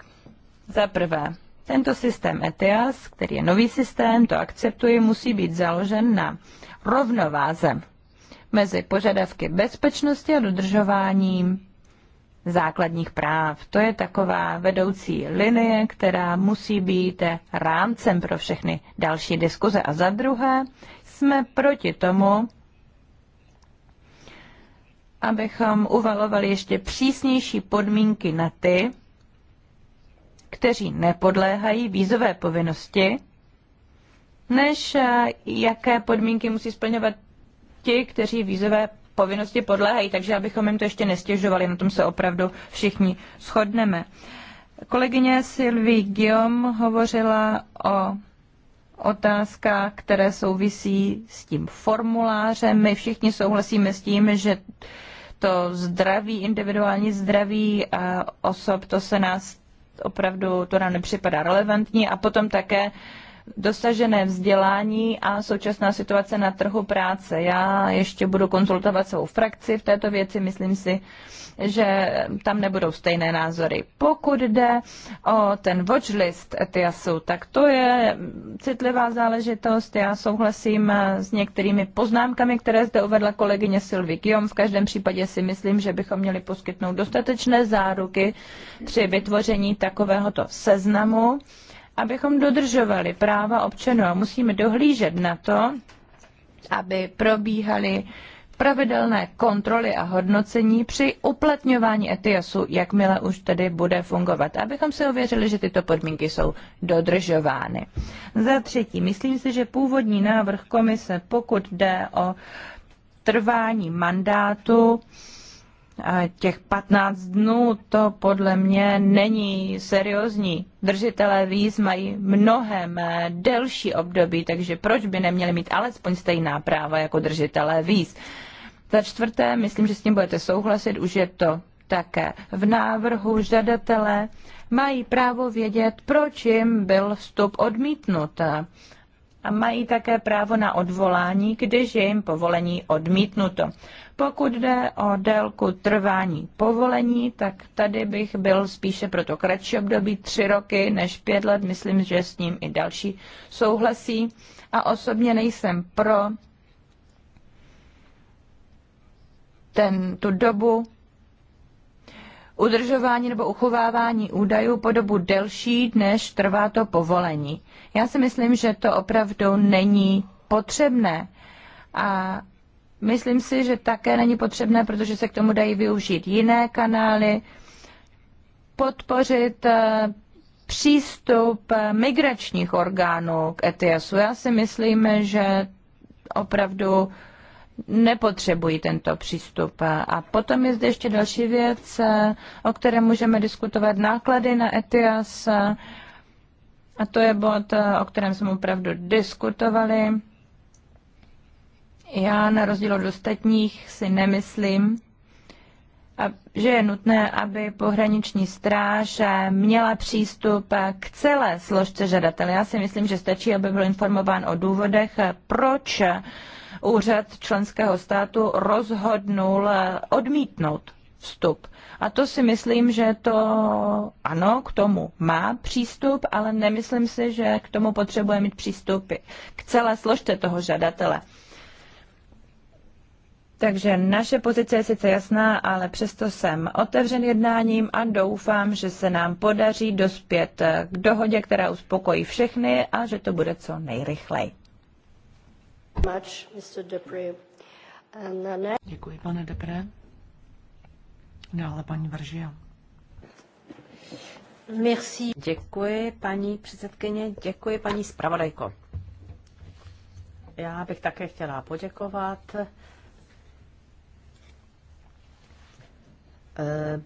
Za prvé, tento systém ETIAS, který je nový systém, to akceptuji, musí být založen na rovnováze mezi požadavky bezpečnosti a dodržováním základních práv. To je taková vedoucí linie, která musí být rámcem pro všechny další diskuze. A za druhé, jsme proti tomu, abychom uvalovali ještě přísnější podmínky na ty, kteří nepodléhají vízové povinnosti, než eh, jaké podmínky musí splňovat ti, kteří vízové povinnosti podléhají, takže abychom jim to ještě nestěžovali, na tom se opravdu všichni shodneme. Kolegyně Sylvie Guillaume hovořila o otázkách, které souvisí s tím formulářem. My všichni souhlasíme s tím, že to zdraví, individuální zdraví a osob, to se nás opravdu, to nám nepřipadá relevantní. A potom také dosažené vzdělání a současná situace na trhu práce. Já ještě budu konzultovat svou frakci v této věci, myslím si, že tam nebudou stejné názory. Pokud jde o ten watchlist ETIASu, tak to je citlivá záležitost. Já souhlasím s některými poznámkami, které zde uvedla kolegyně Sylvie Kion. V každém případě si myslím, že bychom měli poskytnout dostatečné záruky při vytvoření takovéhoto seznamu abychom dodržovali práva občanů a musíme dohlížet na to, aby probíhaly pravidelné kontroly a hodnocení při uplatňování ETIASu, jakmile už tedy bude fungovat, abychom se ověřili, že tyto podmínky jsou dodržovány. Za třetí, myslím si, že původní návrh komise, pokud jde o trvání mandátu, těch 15 dnů to podle mě není seriózní. Držitelé víz mají mnohem delší období, takže proč by neměli mít alespoň stejná práva jako držitelé víz? Za čtvrté, myslím, že s tím budete souhlasit, už je to také v návrhu žadatele mají právo vědět, proč jim byl vstup odmítnut a mají také právo na odvolání, když je jim povolení odmítnuto. Pokud jde o délku trvání povolení, tak tady bych byl spíše pro to kratší období tři roky než pět let. Myslím, že s ním i další souhlasí. A osobně nejsem pro ten, tu dobu udržování nebo uchovávání údajů po dobu delší, než trvá to povolení. Já si myslím, že to opravdu není potřebné. A myslím si, že také není potřebné, protože se k tomu dají využít jiné kanály, podpořit eh, přístup eh, migračních orgánů k ETIASu. Já si myslím, že opravdu nepotřebují tento přístup. A potom je zde ještě další věc, o které můžeme diskutovat náklady na ETIAS. A to je bod, o kterém jsme opravdu diskutovali. Já na rozdíl od ostatních si nemyslím, že je nutné, aby pohraniční stráž měla přístup k celé složce žadatele. Já si myslím, že stačí, aby byl informován o důvodech, proč úřad členského státu rozhodnul eh, odmítnout vstup. A to si myslím, že to ano, k tomu má přístup, ale nemyslím si, že k tomu potřebuje mít přístupy k celé složce toho žadatele. Takže naše pozice je sice jasná, ale přesto jsem otevřen jednáním a doufám, že se nám podaří dospět eh, k dohodě, která uspokojí všechny a že to bude co nejrychleji. Děkuji, pane Depré. Dále paní Vržia. Merci. Děkuji, paní předsedkyně, děkuji, paní zpravodajko. Já bych také chtěla poděkovat eh,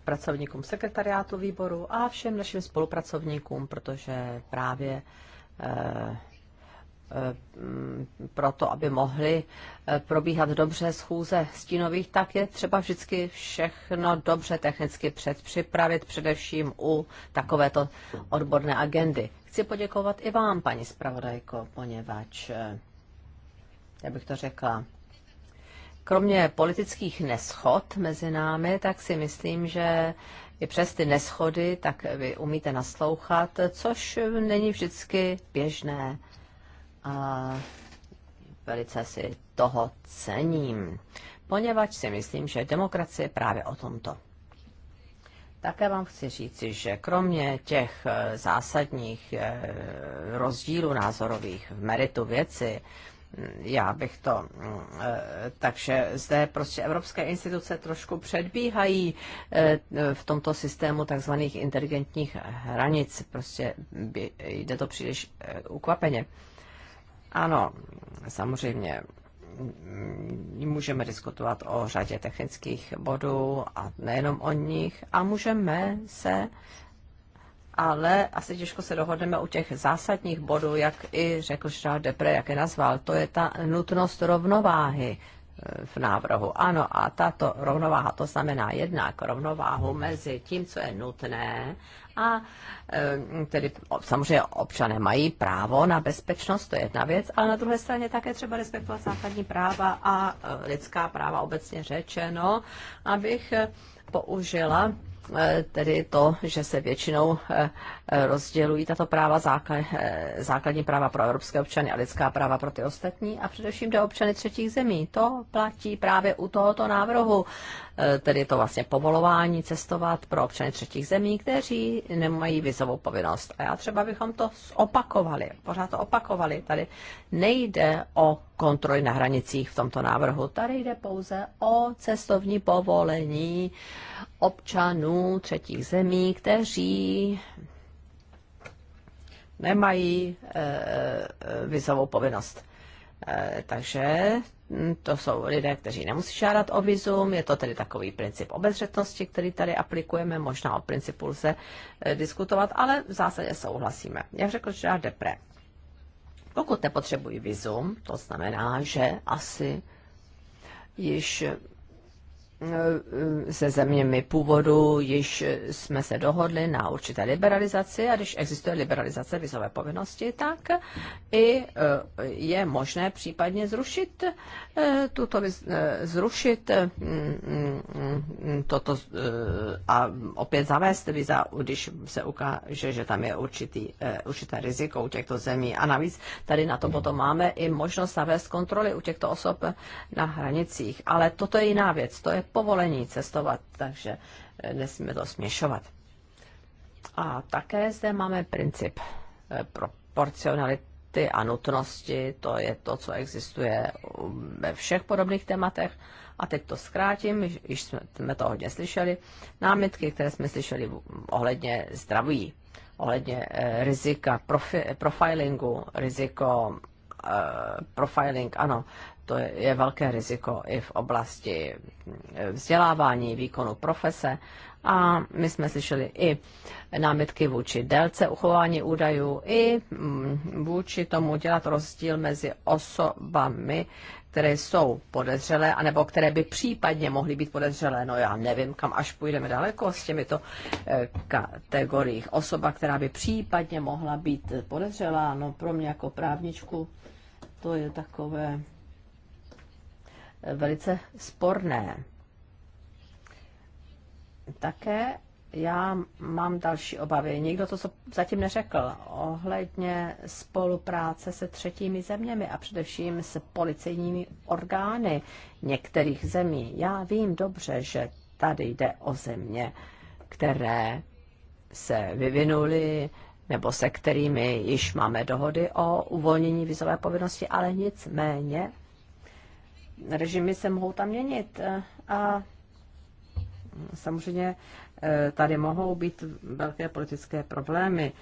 pracovníkům sekretariátu výboru a všem našim spolupracovníkům, protože právě eh, Eh, proto, aby mohly eh, probíhat dobře schůze stínových, tak je třeba vždycky všechno dobře technicky předpřipravit, především u takovéto odborné agendy. Chci poděkovat i vám, paní zpravodajko, poněvadž, eh, já bych to řekla, kromě politických neschod mezi námi, tak si myslím, že i přes ty neschody, tak vy umíte naslouchat, což není vždycky běžné a velice si toho cením, poněvadž si myslím, že demokracie je právě o tomto. Také vám chci říci, že kromě těch eh, zásadních eh, rozdílů názorových v meritu věci, mm, já bych to. Mm, eh, takže zde prostě evropské instituce trošku předbíhají v tomto systému takzvaných inteligentních hranic. Prostě jde to příliš ukvapeně. Ano, samozřejmě mm, můžeme diskutovat o řadě technických bodů a nejenom o nich a můžeme se ale asi těžko se dohodneme u těch zásadních bodů, jak i řekl Charles Depre, jak je nazval, to je ta nutnost rovnováhy e, v návrhu. Ano, a tato rovnováha, to znamená jednak rovnováhu mezi tím, co je nutné a e, tedy samozřejmě občané mají právo na bezpečnost, to je jedna věc, ale na druhé straně také třeba respektovat základní práva a e, lidská práva obecně řečeno, abych e, použila tedy to, že se většinou rozdělují tato práva, základní práva pro evropské občany a lidská práva pro ty ostatní a především do občany třetích zemí. To platí právě u tohoto návrhu Eh, tedy to vlastně povolování cestovat pro občany třetích zemí, kteří nemají vizovou povinnost. A já třeba bychom to opakovali, pořád to opakovali. Tady nejde o kontroly na hranicích v tomto návrhu. Tady jde pouze o cestovní povolení občanů třetích zemí, kteří nemají e, vizovou povinnost. E, takže to jsou lidé, kteří nemusí žádat o vizum, je to tedy takový princip obezřetnosti, který tady aplikujeme, možná o principu lze eh, diskutovat, ale v zásadě souhlasíme. Já řekl že já Depre, pokud nepotřebují vizum, to znamená, že asi již se zeměmi původu již jsme se dohodli na určité liberalizaci a když existuje liberalizace vizové povinnosti, tak i eh, je možné případně zrušit eh, tuto, eh, zrušit mm, mm, mm, toto a opět zavést viza, když se ukáže, že tam je určitý, určité riziko u těchto zemí. A navíc tady na to potom máme i možnost zavést kontroly u těchto osob na hranicích. Ale toto je jiná věc, to je povolení cestovat, takže eh, nesmíme to směšovat. A také zde máme princip eh, proporcionality a nutnosti, to je to, co existuje um, ve všech podobných tématech. A teď to zkrátím, již jsme to hodně slyšeli, námitky, které jsme slyšeli ohledně zdraví, ohledně eh, rizika profi, profilingu, riziko profiling, ano, to je, je velké riziko i v oblasti vzdělávání, výkonu profese. A my jsme slyšeli i námitky vůči délce uchování údajů, i mm, vůči tomu dělat rozdíl mezi osobami, které jsou podezřelé, anebo které by případně mohly být podezřelé. No já nevím, kam až půjdeme daleko s těmito eh, kategoriích. Osoba, která by případně mohla být podezřelá, no pro mě jako právničku to je takové velice sporné. Také já mám další obavy. Někdo to co zatím neřekl ohledně spolupráce se třetími zeměmi a především s policejními orgány některých zemí. Já vím dobře, že tady jde o země, které se vyvinuly nebo se kterými již máme dohody o uvolnění vizové povinnosti, ale nicméně režimy se mohou tam měnit eh, a samozřejmě eh, tady mohou být velké politické problémy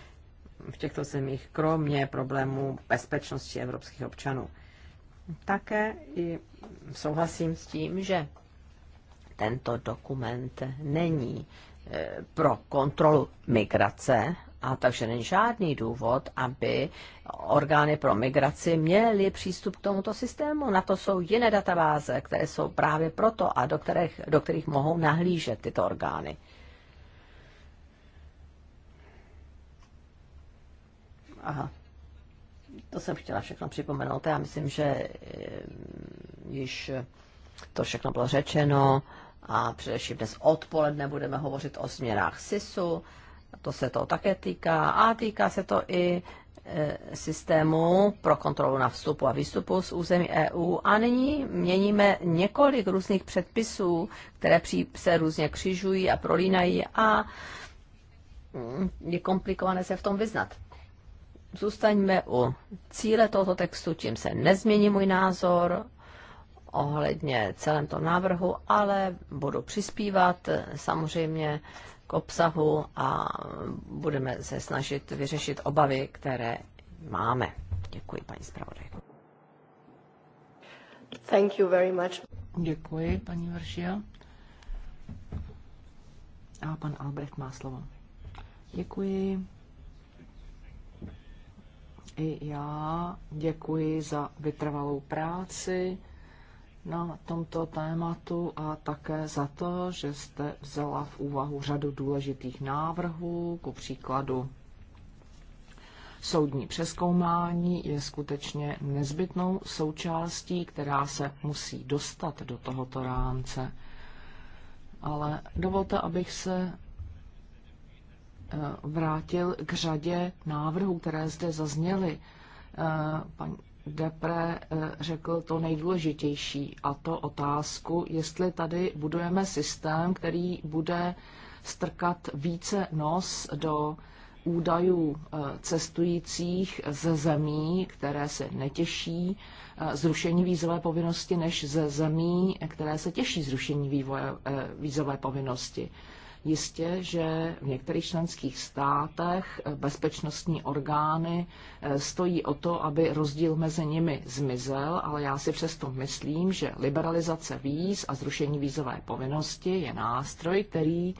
v těchto zemích, kromě problémů bezpečnosti evropských občanů. Také i souhlasím s tím, že tento dokument není eh, pro kontrolu migrace, a takže není žádný důvod, aby orgány pro migraci měly přístup k tomuto systému. Na to jsou jiné databáze, které jsou právě proto a do kterých, do kterých mohou nahlížet tyto orgány. Aha. To jsem chtěla všechno připomenout. Já myslím, že eh, již to všechno bylo řečeno a především dnes odpoledne budeme hovořit o změnách SISu to se to také týká, a týká se to i e, systému pro kontrolu na vstupu a výstupu z území EU a nyní měníme několik různých předpisů, které se různě křižují a prolínají a mm, je komplikované se v tom vyznat. Zůstaňme u cíle tohoto textu, tím se nezmění můj názor ohledně celém tom návrhu, ale budu přispívat samozřejmě k obsahu a budeme se snažit vyřešit obavy, které máme. Děkuji, paní zpravodajko. Thank you very much. Děkuji, paní varšia. A pan Albrecht má slovo. Děkuji. I já děkuji za vytrvalou práci na tomto tématu a také za to, že jste vzala v úvahu řadu důležitých návrhů, ku příkladu Soudní přeskoumání je skutečně nezbytnou součástí, která se musí dostat do tohoto rámce. Ale dovolte, abych se e, vrátil k řadě návrhů, které zde zazněly. E, Depre eh, řekl to nejdůležitější, a to otázku, jestli tady budujeme systém, který bude strkat více nos do údajů eh, cestujících ze zemí, které se netěší eh, zrušení vízové povinnosti, než ze zemí, které se těší zrušení vývoje, vízové povinnosti. Jistě, že v některých členských státech eh, bezpečnostní orgány eh, stojí o to, aby rozdíl mezi nimi zmizel, ale já si přesto myslím, že liberalizace víz a zrušení vízové povinnosti je nástroj, který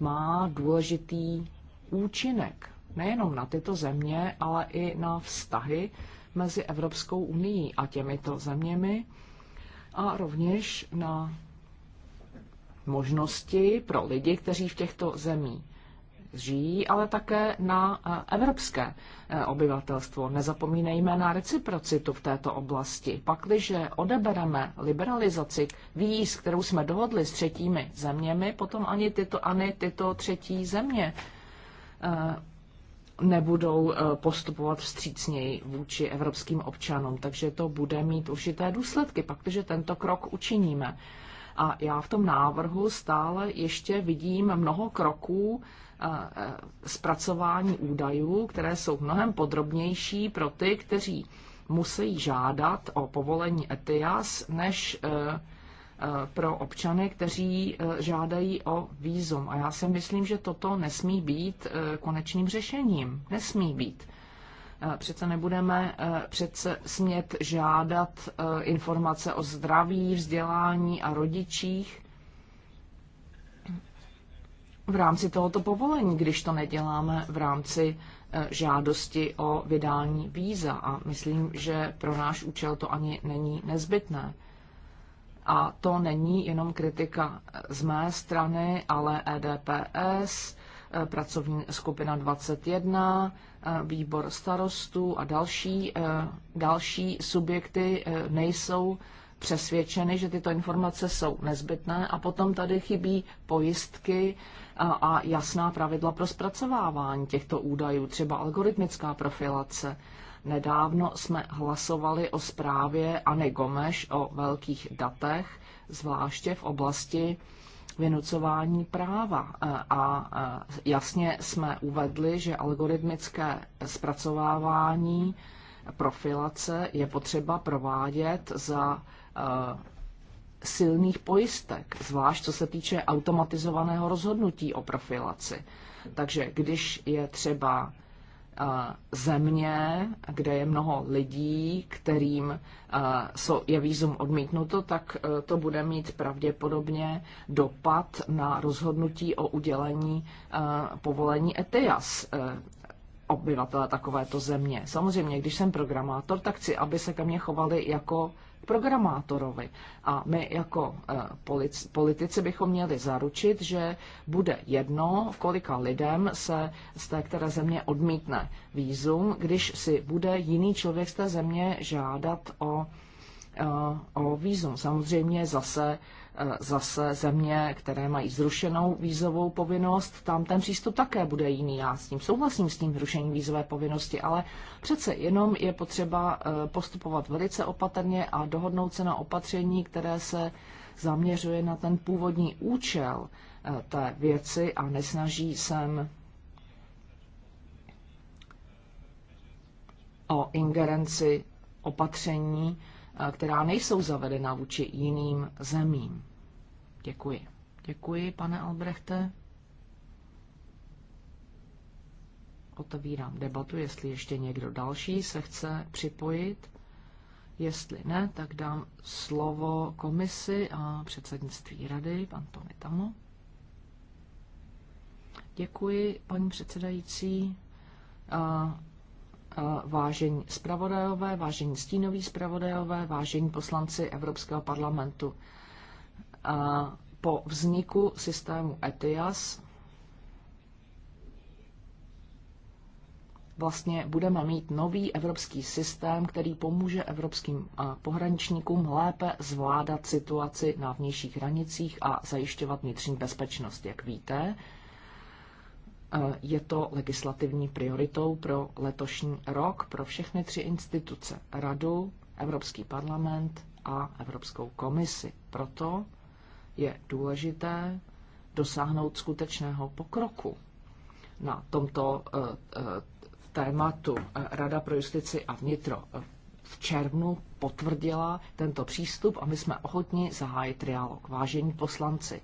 má důležitý účinek nejenom na tyto země, ale i na vztahy mezi Evropskou unii a těmito zeměmi a rovněž na možnosti pro lidi, kteří v těchto zemích žijí, ale také na eh, evropské eh, obyvatelstvo. Nezapomínejme na reciprocitu v této oblasti. Pak, když odebereme liberalizaci víz, kterou jsme dohodli s třetími zeměmi, potom ani tyto, ani tyto třetí země eh, nebudou postupovat vstřícněji vůči evropským občanům, takže to bude mít určité důsledky, když tento krok učiníme. A já v tom návrhu stále ještě vidím mnoho kroků eh, eh, zpracování údajů, které jsou mnohem podrobnější pro ty, kteří musí žádat o povolení ETIAS, než eh, pro občany, kteří žádají o výzum. A já si myslím, že toto nesmí být konečným řešením. Nesmí být. Eh, přece nebudeme eh, přece smět žádat eh, informace o zdraví, vzdělání a rodičích v rámci tohoto povolení, když to neděláme v rámci žádosti o vydání víza. A myslím, že pro náš účel to ani není nezbytné. A to není jenom kritika z mé strany, ale EDPS, pracovní skupina 21, výbor starostů a další, eh, další subjekty eh, nejsou přesvědčeny, že tyto informace jsou nezbytné a potom tady chybí pojistky a, a jasná pravidla pro zpracovávání těchto údajů, třeba algoritmická profilace. Nedávno jsme hlasovali o zprávě Anny Gomeš o velkých datech, zvláště v oblasti vynucování práva. E, a e, jasně jsme uvedli, že algoritmické zpracovávání profilace je potřeba provádět za e, silných pojistek, zvlášť co se týče automatizovaného rozhodnutí o profilaci. Takže když je třeba země, kde je mnoho lidí, kterým je výzum odmítnuto, tak e, to bude mít pravděpodobně dopad na rozhodnutí o udělení e, povolení ETIAS e, obyvatele takovéto země. Samozřejmě, když jsem programátor, tak chci, aby se ke mně chovali jako programátorovi. A my jako eh, politici bychom měli zaručit, že bude jedno, kolika lidem se z té které země odmítne výzum, když si bude jiný člověk z té země žádat o, eh, o výzum. Samozřejmě zase Eh, zase země, které mají zrušenou vízovou povinnost, tam ten přístup také bude jiný. Já s tím souhlasím s tím zrušením vízové povinnosti, ale přece jenom je potřeba eh, postupovat velice opatrně a dohodnout se na opatření, které se zaměřuje na ten původní účel eh, té věci a nesnaží sem o ingerenci opatření, Eh, která nejsou zavedena vůči jiným zemím. Děkuji. Děkuji, pane Albrechte. Otevírám debatu, jestli ještě někdo další se chce připojit. Jestli ne, tak dám slovo komisi a předsednictví rady, pan Tony Tamo. Děkuji, paní předsedající. Eh, vážení zpravodajové, vážení stínoví zpravodajové, vážení poslanci Evropského parlamentu. Po vzniku systému ETIAS vlastně budeme mít nový evropský systém, který pomůže evropským pohraničníkům lépe zvládat situaci na vnějších hranicích a zajišťovat vnitřní bezpečnost. Jak víte, je to legislativní prioritou pro letošní rok pro všechny tři instituce Radu, Evropský parlament a Evropskou komisi. Proto je důležité dosáhnout skutečného pokroku na tomto eh, eh, tématu. Rada pro justici a vnitro eh, v červnu potvrdila tento přístup a my jsme ochotni zahájit trialog. Vážení poslanci,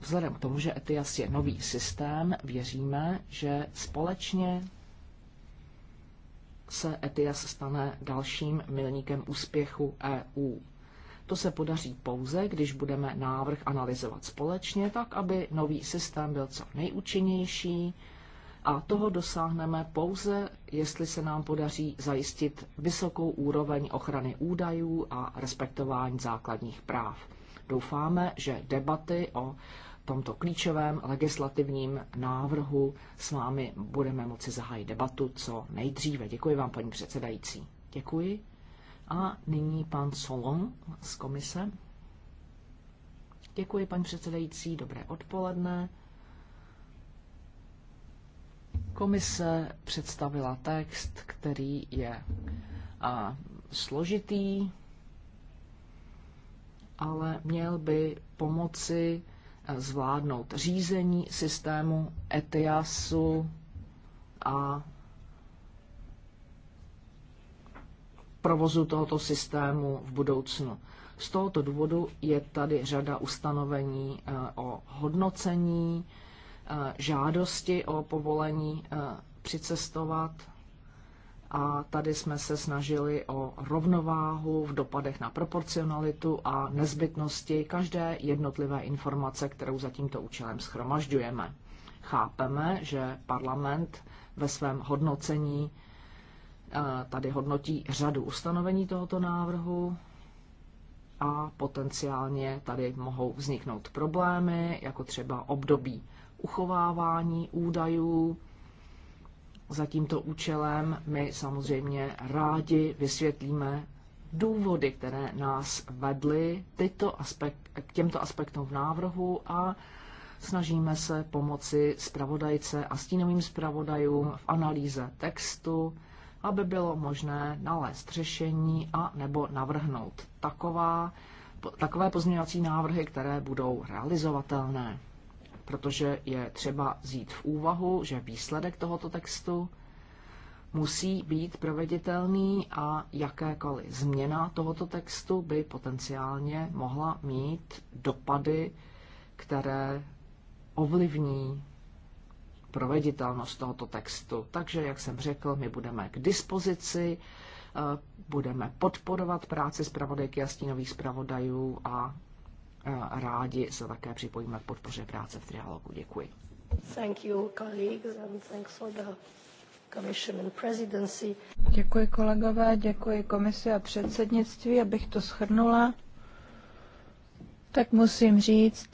Vzhledem k tomu, že ETIAS je nový systém, věříme, že společně se ETIAS stane dalším milníkem úspěchu EU. To se podaří pouze, když budeme návrh analyzovat společně, tak aby nový systém byl co nejúčinnější a toho dosáhneme pouze, jestli se nám podaří zajistit vysokou úroveň ochrany údajů a respektování základních práv. Doufáme, že debaty o tomto klíčovém legislativním návrhu s vámi budeme moci zahájit debatu co nejdříve. Děkuji vám, paní předsedající. Děkuji. A nyní pan Solon z komise. Děkuji, paní předsedající. Dobré odpoledne. Komise představila text, který je a, složitý, ale měl by pomoci zvládnout řízení systému ETIASu a provozu tohoto systému v budoucnu. Z tohoto důvodu je tady řada ustanovení eh, o hodnocení, eh, žádosti o povolení eh, přicestovat a tady jsme se snažili o rovnováhu v dopadech na proporcionalitu a nezbytnosti každé jednotlivé informace, kterou za tímto účelem schromažďujeme. Chápeme, že parlament ve svém hodnocení eh, tady hodnotí řadu ustanovení tohoto návrhu a potenciálně tady mohou vzniknout problémy, jako třeba období uchovávání údajů, za tímto účelem my samozřejmě rádi vysvětlíme důvody, které nás vedly tyto aspekt, k těmto aspektům v návrhu a snažíme se pomoci zpravodajce a stínovým zpravodajům v analýze textu, aby bylo možné nalézt řešení a nebo navrhnout taková, takové pozměňovací návrhy, které budou realizovatelné protože je třeba vzít v úvahu, že výsledek tohoto textu musí být proveditelný a jakékoliv změna tohoto textu by potenciálně mohla mít dopady, které ovlivní proveditelnost tohoto textu. Takže, jak jsem řekl, my budeme k dispozici, eh, budeme podporovat práci zpravodajky a stínových zpravodajů a rádi se také připojíme k podpoře práce v trialogu. Děkuji. Thank you, colleagues, and thanks for the Děkuji kolegové, děkuji komisi a předsednictví. Abych to shrnula, tak musím říct,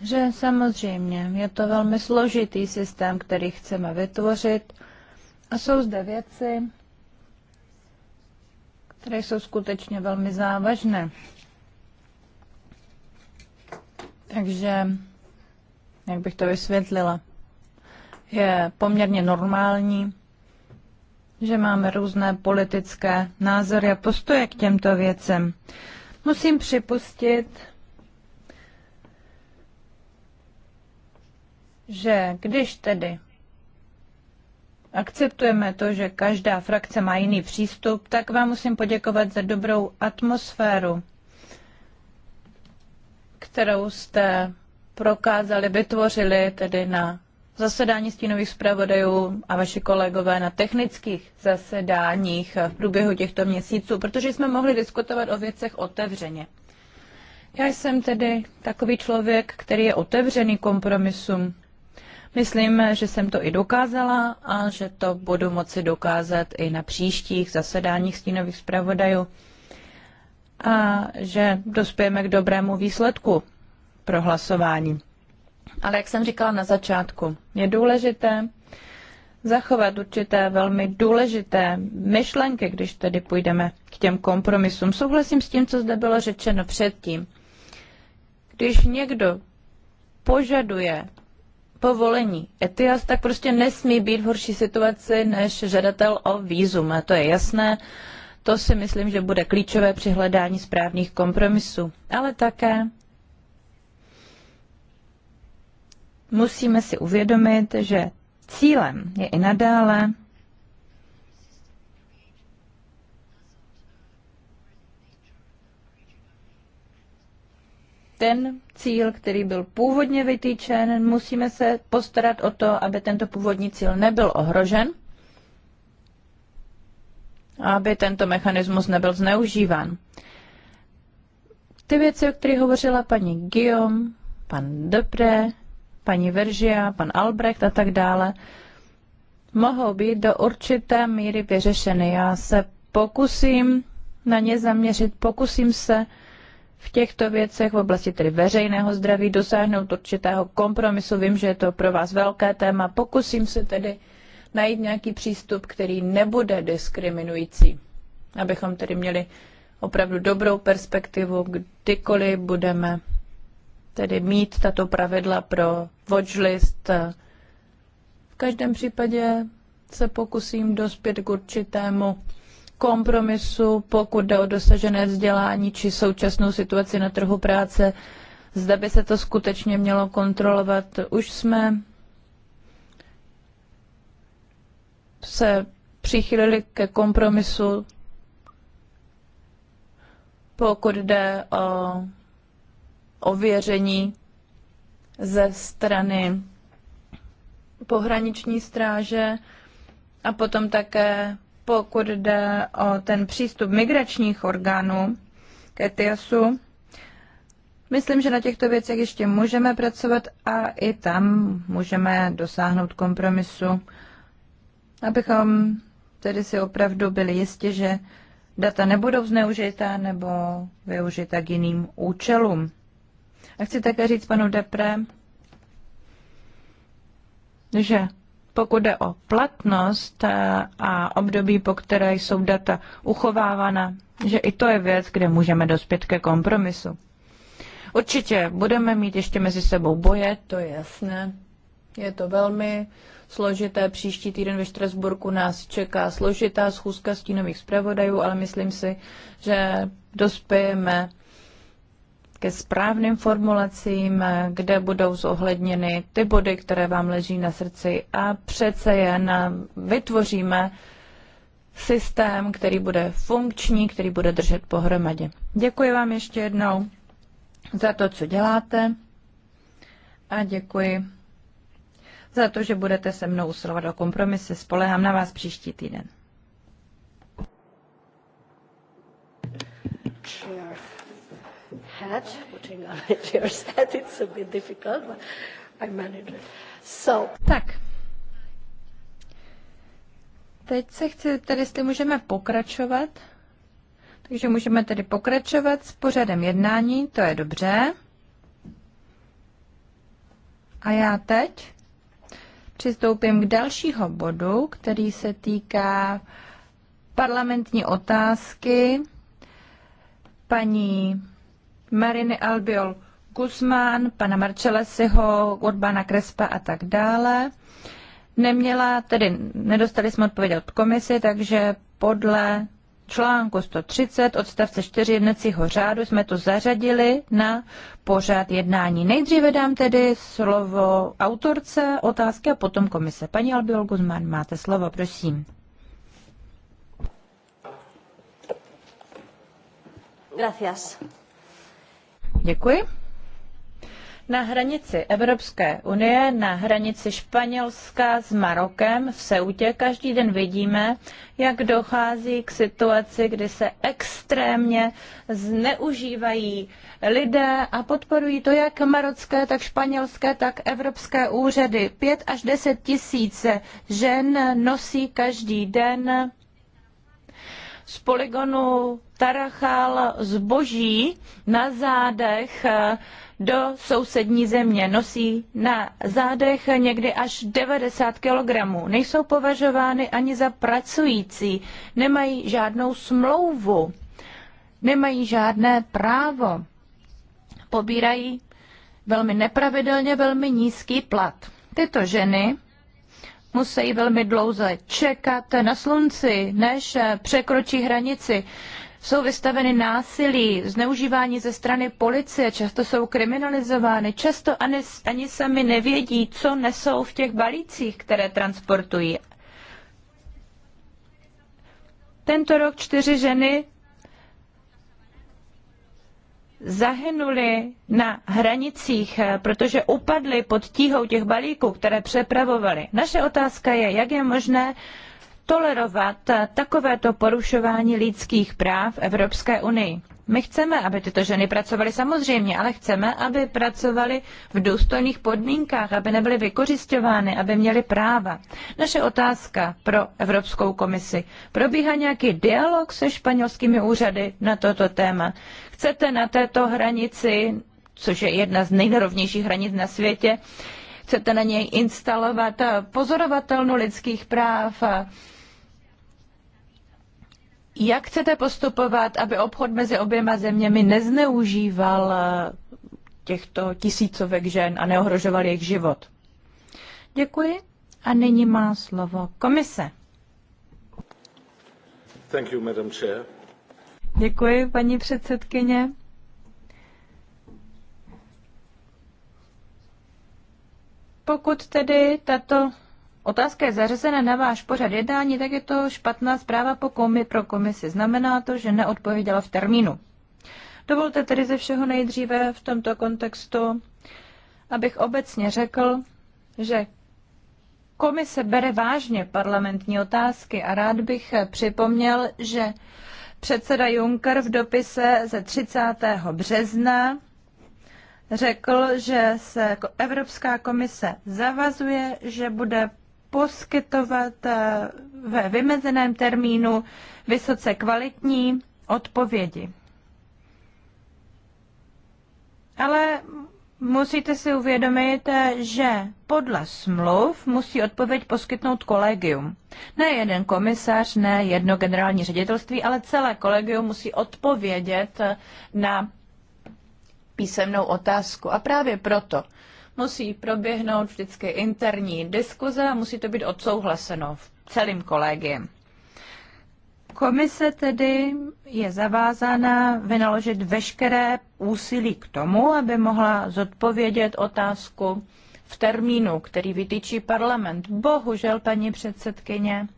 že samozřejmě je to velmi složitý systém, který chceme vytvořit a jsou zde věci, které jsou skutečně velmi závažné. Takže, jak bych to vysvětlila, je poměrně normální, že máme různé politické názory a postoje k těmto věcem. Musím připustit, že když tedy akceptujeme to, že každá frakce má jiný přístup, tak vám musím poděkovat za dobrou atmosféru, kterou jste prokázali, vytvořili tedy na zasedání stínových zpravodajů a vaši kolegové na technických zasedáních v průběhu těchto měsíců, protože jsme mohli diskutovat o věcech otevřeně. Já jsem tedy takový člověk, který je otevřený kompromisům. Myslím, že jsem to i dokázala a že to budu moci dokázat i na příštích zasedáních stínových zpravodajů a že dospějeme k dobrému výsledku pro hlasování. Ale jak jsem říkala na začátku, je důležité zachovat určité velmi důležité myšlenky, když tedy půjdeme k těm kompromisům. Souhlasím s tím, co zde bylo řečeno předtím. Když někdo požaduje povolení ETIAS, tak prostě nesmí být v horší situaci než žadatel o výzum. A to je jasné. To si myslím, že bude klíčové při hledání správných kompromisů. Ale také musíme si uvědomit, že cílem je i nadále ten cíl, který byl původně vytýčen, musíme se postarat o to, aby tento původní cíl nebyl ohrožen aby tento mechanismus nebyl zneužíván. Ty věci, o kterých hovořila paní Guillaume, pan Depré, paní Veržia, pan Albrecht a tak dále, mohou být do určité míry vyřešeny. Já se pokusím na ně zaměřit, pokusím se v těchto věcech v oblasti tedy veřejného zdraví dosáhnout určitého kompromisu. Vím, že je to pro vás velké téma. Pokusím se tedy najít nějaký přístup, který nebude diskriminující, abychom tedy měli opravdu dobrou perspektivu, kdykoliv budeme tedy mít tato pravidla pro watchlist. V každém případě se pokusím dospět k určitému kompromisu, pokud jde o dosažené vzdělání či současnou situaci na trhu práce. Zda by se to skutečně mělo kontrolovat. Už jsme se přichylili ke kompromisu, pokud jde o ověření ze strany pohraniční stráže a potom také pokud jde o ten přístup migračních orgánů k ETIASu. Myslím, že na těchto věcech ještě můžeme pracovat a i tam můžeme dosáhnout kompromisu abychom tedy si opravdu byli jistí, že data nebudou zneužita nebo využita k jiným účelům. A chci také říct panu Depre, že pokud jde o platnost a období, po které jsou data uchovávána, že i to je věc, kde můžeme dospět ke kompromisu. Určitě budeme mít ještě mezi sebou boje, to je jasné. Je to velmi složité. Příští týden ve Štrasburku nás čeká složitá schůzka stínových zpravodajů, ale myslím si, že dospějeme ke správným formulacím, kde budou zohledněny ty body, které vám leží na srdci a přece jen vytvoříme systém, který bude funkční, který bude držet pohromadě. Děkuji vám ještě jednou za to, co děláte a děkuji za to, že budete se mnou usilovat o kompromisy. Spolehám na vás příští týden. Hat, putting on a chair's hat, it's a bit difficult, but I managed it. So. Tak. Teď se chci tedy, jestli můžeme pokračovat. Takže můžeme tedy pokračovat s pořadem jednání, to je dobře. A já teď přistoupím k dalšího bodu, který se týká parlamentní otázky paní Mariny Albiol Guzmán, pana Siho, Urbana Krespa a tak dále. Neměla, tedy nedostali jsme odpověď od komisy, takže podle článku 130 odstavce 4 jednacího řádu jsme to zařadili na pořád jednání. Nejdříve dám tedy slovo autorce otázky a potom komise. Paní Albiol Guzman, máte slovo, prosím. Gracias. Děkuji. Na hranici Evropské unie, na hranici Španělska s Marokem v Seutě každý den vidíme, jak dochází k situaci, kdy se extrémně zneužívají lidé a podporují to jak marocké, tak španělské, tak evropské úřady. Pět až deset tisíc žen nosí každý den z poligonu Tarachal zboží na zádech do sousední země. Nosí na zádech někdy až 90 kg. Nejsou považovány ani za pracující, nemají žádnou smlouvu, nemají žádné právo. Pobírají velmi nepravidelně velmi nízký plat. Tyto ženy musí velmi dlouze čekat na slunci, než překročí hranici jsou vystaveny násilí, zneužívání ze strany policie, často jsou kriminalizovány, často ani, ani sami nevědí, co nesou v těch balících, které transportují. Tento rok čtyři ženy zahynuly na hranicích, protože upadly pod tíhou těch balíků, které přepravovali. Naše otázka je, jak je možné, tolerovat takovéto porušování lidských práv Evropské unii. My chceme, aby tyto ženy pracovaly samozřejmě, ale chceme, aby pracovaly v důstojných podmínkách, aby nebyly vykořišťovány, aby měly práva. Naše otázka pro Evropskou komisi. Probíhá nějaký dialog se španělskými úřady na toto téma? Chcete na této hranici, což je jedna z nejnerovnějších hranic na světě, chcete na něj instalovat pozorovatelnu lidských práv? Jak chcete postupovat, aby obchod mezi oběma zeměmi nezneužíval eh, těchto tisícovek žen a neohrožoval jejich život? Děkuji. A nyní má slovo komise. Thank you, Madam Chair. Děkuji, paní předsedkyně. Pokud tedy tato otázka je zařazena na váš pořad jednání, tak je to špatná zpráva po komi pro komisi. Znamená to, že neodpověděla v termínu. Dovolte tedy ze všeho nejdříve v tomto kontextu, abych obecně řekl, že komise bere vážně parlamentní otázky a rád bych připomněl, že předseda Juncker v dopise ze 30. března řekl, že se Evropská komise zavazuje, že bude poskytovat eh, ve vymezeném termínu vysoce kvalitní odpovědi. Ale musíte si uvědomit, eh, že podle smluv musí odpověď poskytnout kolegium. Ne jeden komisař, ne jedno generální ředitelství, ale celé kolegium musí odpovědět eh, na písemnou otázku. A právě proto musí proběhnout vždycky interní diskuze a musí to být odsouhlaseno v celým kolegiem. Komise tedy je zavázána vynaložit veškeré úsilí k tomu, aby mohla zodpovědět otázku v termínu, který vytýčí parlament. Bohužel, paní předsedkyně,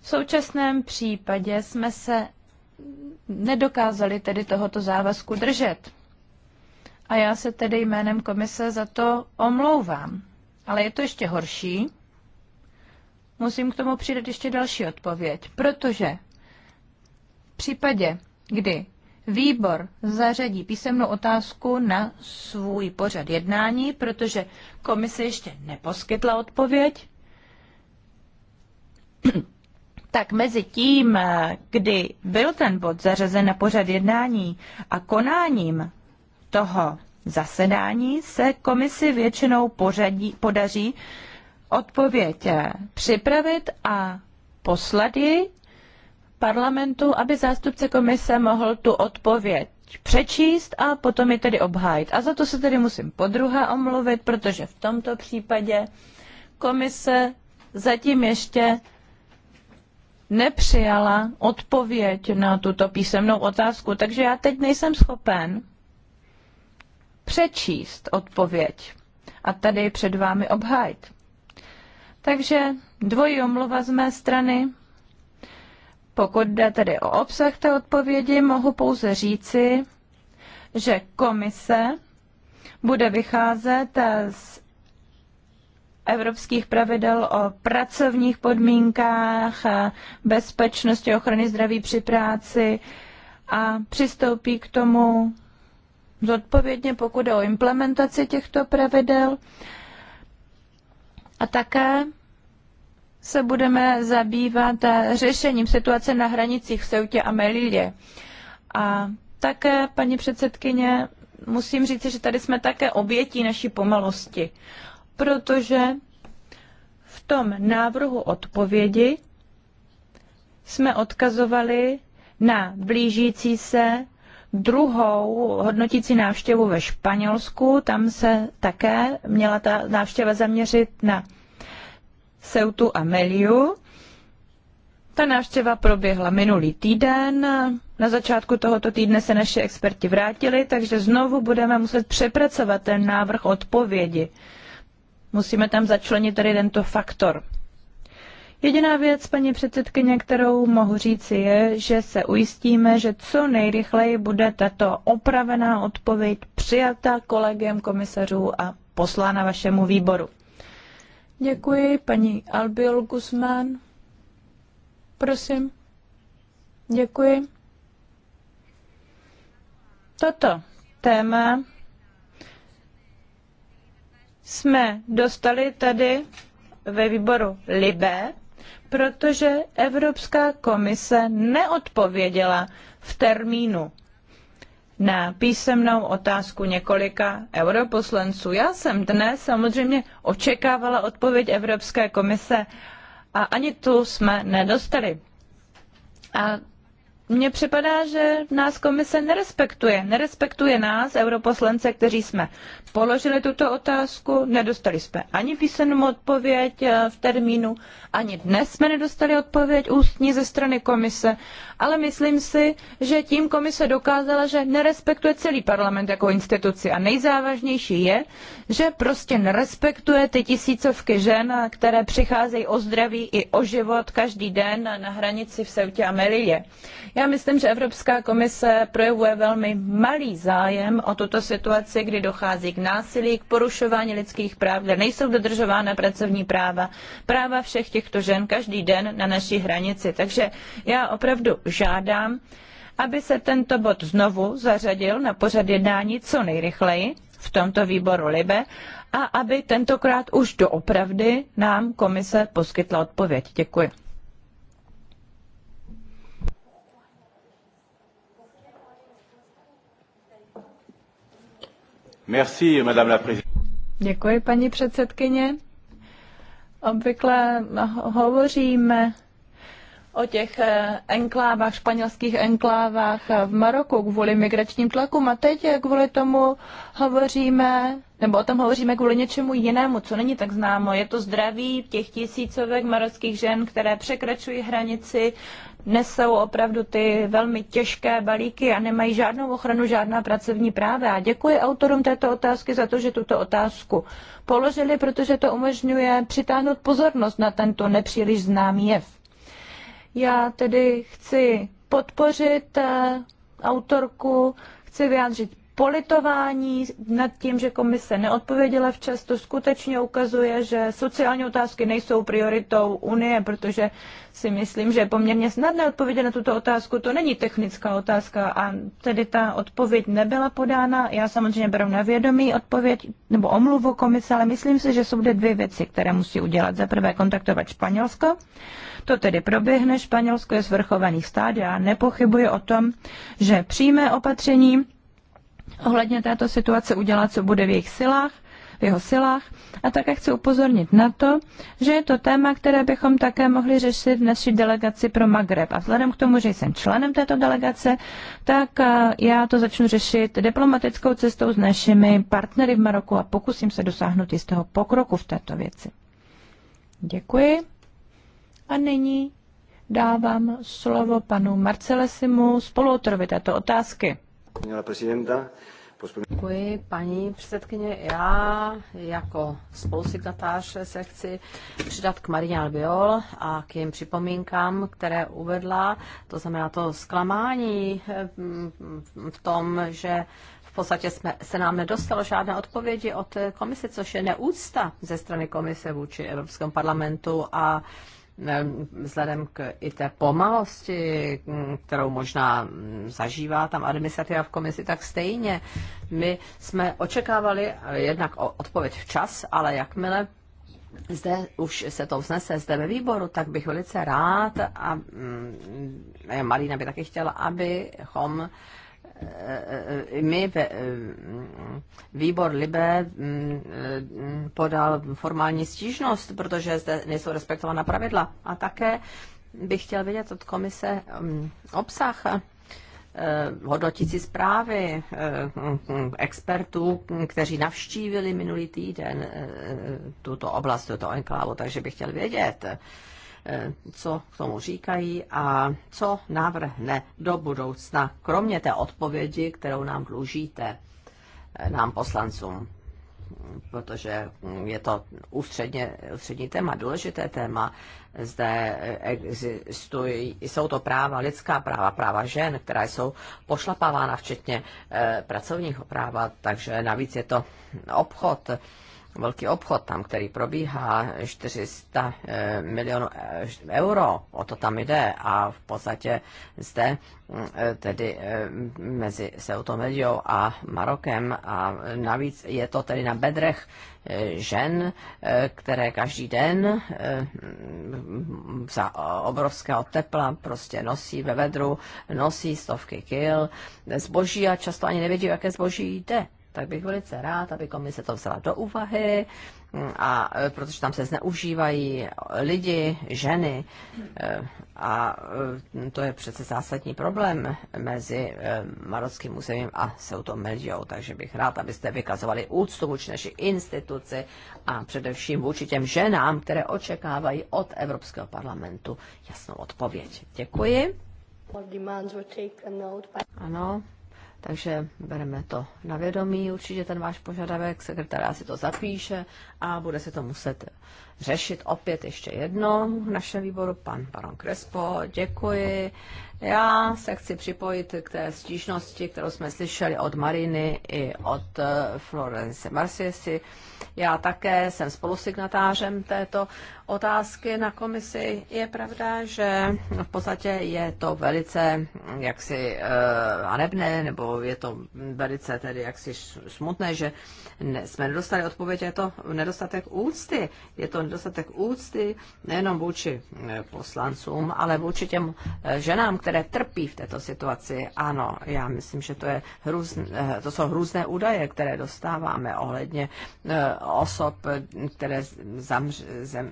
v současném případě jsme se nedokázali tedy tohoto závazku držet a já se tedy jménem komise za to omlouvám. Ale je to ještě horší. Musím k tomu přidat ještě další odpověď, protože v případě, kdy výbor zařadí písemnou otázku na svůj pořad jednání, protože komise ještě neposkytla odpověď, tak mezi tím, eh, kdy byl ten bod zařazen na pořad jednání a konáním toho zasedání se komisi většinou pořadí, podaří odpověď připravit a poslat ji parlamentu, aby zástupce komise mohl tu odpověď přečíst a potom ji tedy obhájit. A za to se tedy musím podruhé omluvit, protože v tomto případě komise zatím ještě nepřijala odpověď na tuto písemnou otázku, takže já teď nejsem schopen přečíst odpověď a tady před vámi obhájit. Takže dvojí omluva z mé strany. Pokud jde tedy o obsah té odpovědi, mohu pouze říci, že komise bude vycházet z evropských pravidel o pracovních podmínkách, bezpečnosti ochrany zdraví při práci a přistoupí k tomu zodpovědně, pokud jde o implementaci těchto pravidel. A také se budeme zabývat řešením situace na hranicích v Seutě a Melilě. A také, paní předsedkyně, musím říct, že tady jsme také obětí naší pomalosti, protože v tom návrhu odpovědi jsme odkazovali na blížící se druhou hodnotící návštěvu ve Španělsku. Tam se také měla ta návštěva zaměřit na Ceutu a Meliu. Ta návštěva proběhla minulý týden. Na začátku tohoto týdne se naši experti vrátili, takže znovu budeme muset přepracovat ten návrh odpovědi. Musíme tam začlenit tady tento faktor. Jediná věc, paní předsedkyně, kterou mohu říci, je, že se ujistíme, že co nejrychleji bude tato opravená odpověď přijata kolegem komisařů a poslána vašemu výboru. Děkuji, paní Albiol Guzmán. Prosím. Děkuji. Toto téma jsme dostali tady ve výboru Libe protože Evropská komise neodpověděla v termínu na písemnou otázku několika europoslanců. Já jsem dnes samozřejmě očekávala odpověď Evropské komise a ani tu jsme nedostali. A mně připadá, že nás komise nerespektuje. Nerespektuje nás, europoslance, kteří jsme položili tuto otázku, nedostali jsme ani písemnou odpověď eh, v termínu, ani dnes jsme nedostali odpověď ústní ze strany komise, ale myslím si, že tím komise dokázala, že nerespektuje celý parlament jako instituci a nejzávažnější je, že prostě nerespektuje ty tisícovky žen, které přicházejí o zdraví i o život každý den na hranici v Seutě a Melilě. Já myslím, že Evropská komise projevuje velmi malý zájem o tuto situaci, kdy dochází k násilí, k porušování lidských práv, kde nejsou dodržována pracovní práva, práva všech těchto žen každý den na naší hranici. Takže já opravdu žádám, aby se tento bod znovu zařadil na pořad jednání co nejrychleji v tomto výboru Libe a aby tentokrát už doopravdy nám komise poskytla odpověď. Děkuji. Děkuji, paní předsedkyně. Obvykle hovoříme o těch eh, enklávách, španělských enklávách eh, v Maroku kvůli migračním tlakům a teď eh, kvůli tomu hovoříme, nebo o tom hovoříme kvůli něčemu jinému, co není tak známo. Je to zdraví těch tisícovek marockých žen, které překračují hranici, nesou opravdu ty velmi těžké balíky a nemají žádnou ochranu, žádná pracovní práva. A děkuji autorům této otázky za to, že tuto otázku položili, protože to umožňuje přitáhnout pozornost na tento nepříliš známý jev. Já tedy chci podpořit eh, autorku, chci vyjádřit politování nad tím, že komise neodpověděla včas, to skutečně ukazuje, že sociální otázky nejsou prioritou Unie, protože si myslím, že je poměrně snadné odpovědět na tuto otázku. To není technická otázka a tedy ta odpověď nebyla podána. Já samozřejmě beru na vědomí odpověď nebo omluvu komise, ale myslím si, že jsou zde dvě věci, které musí udělat. Za prvé kontaktovat Španělsko. To tedy proběhne. Španělsko je svrchovaný stát. Já nepochybuji o tom, že přijme opatření ohledně této situace udělat, co bude v jejich silách, v jeho silách. A také chci upozornit na to, že je to téma, které bychom také mohli řešit v naší delegaci pro Magreb. A vzhledem k tomu, že jsem členem této delegace, tak eh, já to začnu řešit diplomatickou cestou s našimi partnery v Maroku a pokusím se dosáhnout jistého pokroku v této věci. Děkuji. A nyní dávám slovo panu Marcelesimu, spoluautorovi této otázky. Děkuji, paní předsedkyně. Já jako spolusignatář se chci přidat k Marině Albiol a k jejím připomínkám, které uvedla, to znamená to zklamání hm, v tom, že v podstatě jsme, se nám nedostalo žádné odpovědi od komise, což je neúcta ze strany komise vůči Evropskému parlamentu a Eh, vzhledem k i té pomalosti, kterou možná zažívá tam administrativa v komisi, tak stejně my jsme očekávali jednak odpověď včas, ale jakmile zde už se to vznese zde ve výboru, tak bych velice rád a mm, Marina by taky chtěla, abychom E, e, e, my, výbor Libe podal formální stížnost, protože zde nejsou respektována pravidla. A také bych chtěl vědět od komise obsah hodnotící zprávy expertů, kteří navštívili minulý týden tuto oblast, tuto enklávu, takže bych chtěl vědět, Eh, co k tomu říkají a co navrhne do budoucna, kromě té odpovědi, kterou nám dlužíte, eh, nám poslancům protože mm, je to ústředně, ústřední téma, důležité téma. Zde eh, existují, jsou to práva, lidská práva, práva žen, která jsou pošlapávána, včetně pracovních pracovního práva, takže navíc je to obchod velký obchod tam, který probíhá 400 eh, milionů eh, euro, o to tam jde a v podstatě zde mm, eh, tedy mezi Seutomediou a Marokem a navíc je to tedy na bedrech žen, které každý den mm, za obrovského tepla prostě nosí ve vedru, nosí stovky kil zboží a často ani nevědí, jaké zboží jde tak bych velice rád, aby komise to vzala do úvahy, mm, a, e, protože tam se zneužívají lidi, ženy e, a e, to je přece zásadní problém mezi marockým územím a Soutom Meldiou, takže bych rád, abyste vykazovali úctu vůči naší instituci a především vůči těm ženám, které očekávají od Evropského parlamentu jasnou odpověď. Děkuji. Ano, takže bereme to na vědomí, určitě ten váš požadavek, sekretář si to zapíše a bude se to muset řešit opět ještě jednou v našem výboru. Pan baron Krespo, děkuji. Já se chci připojit k té stížnosti, kterou jsme slyšeli od Mariny i od eh, Florence Marciesi. Já také jsem spolusignatářem této otázky na komisi. Je pravda, že v podstatě je to velice hm, jaksi eh, anebné, nebo je to velice tedy jaksi smutné, že jsme nedostali odpověď, je to nedostatek úcty. Je to dostatek úcty nejenom vůči eh, poslancům, ale vůči těm eh, ženám, které trpí v této situaci. Ano, já myslím, že to, je hruz, eh, to jsou hrůzné údaje, které dostáváme ohledně osob, které zamř, zem,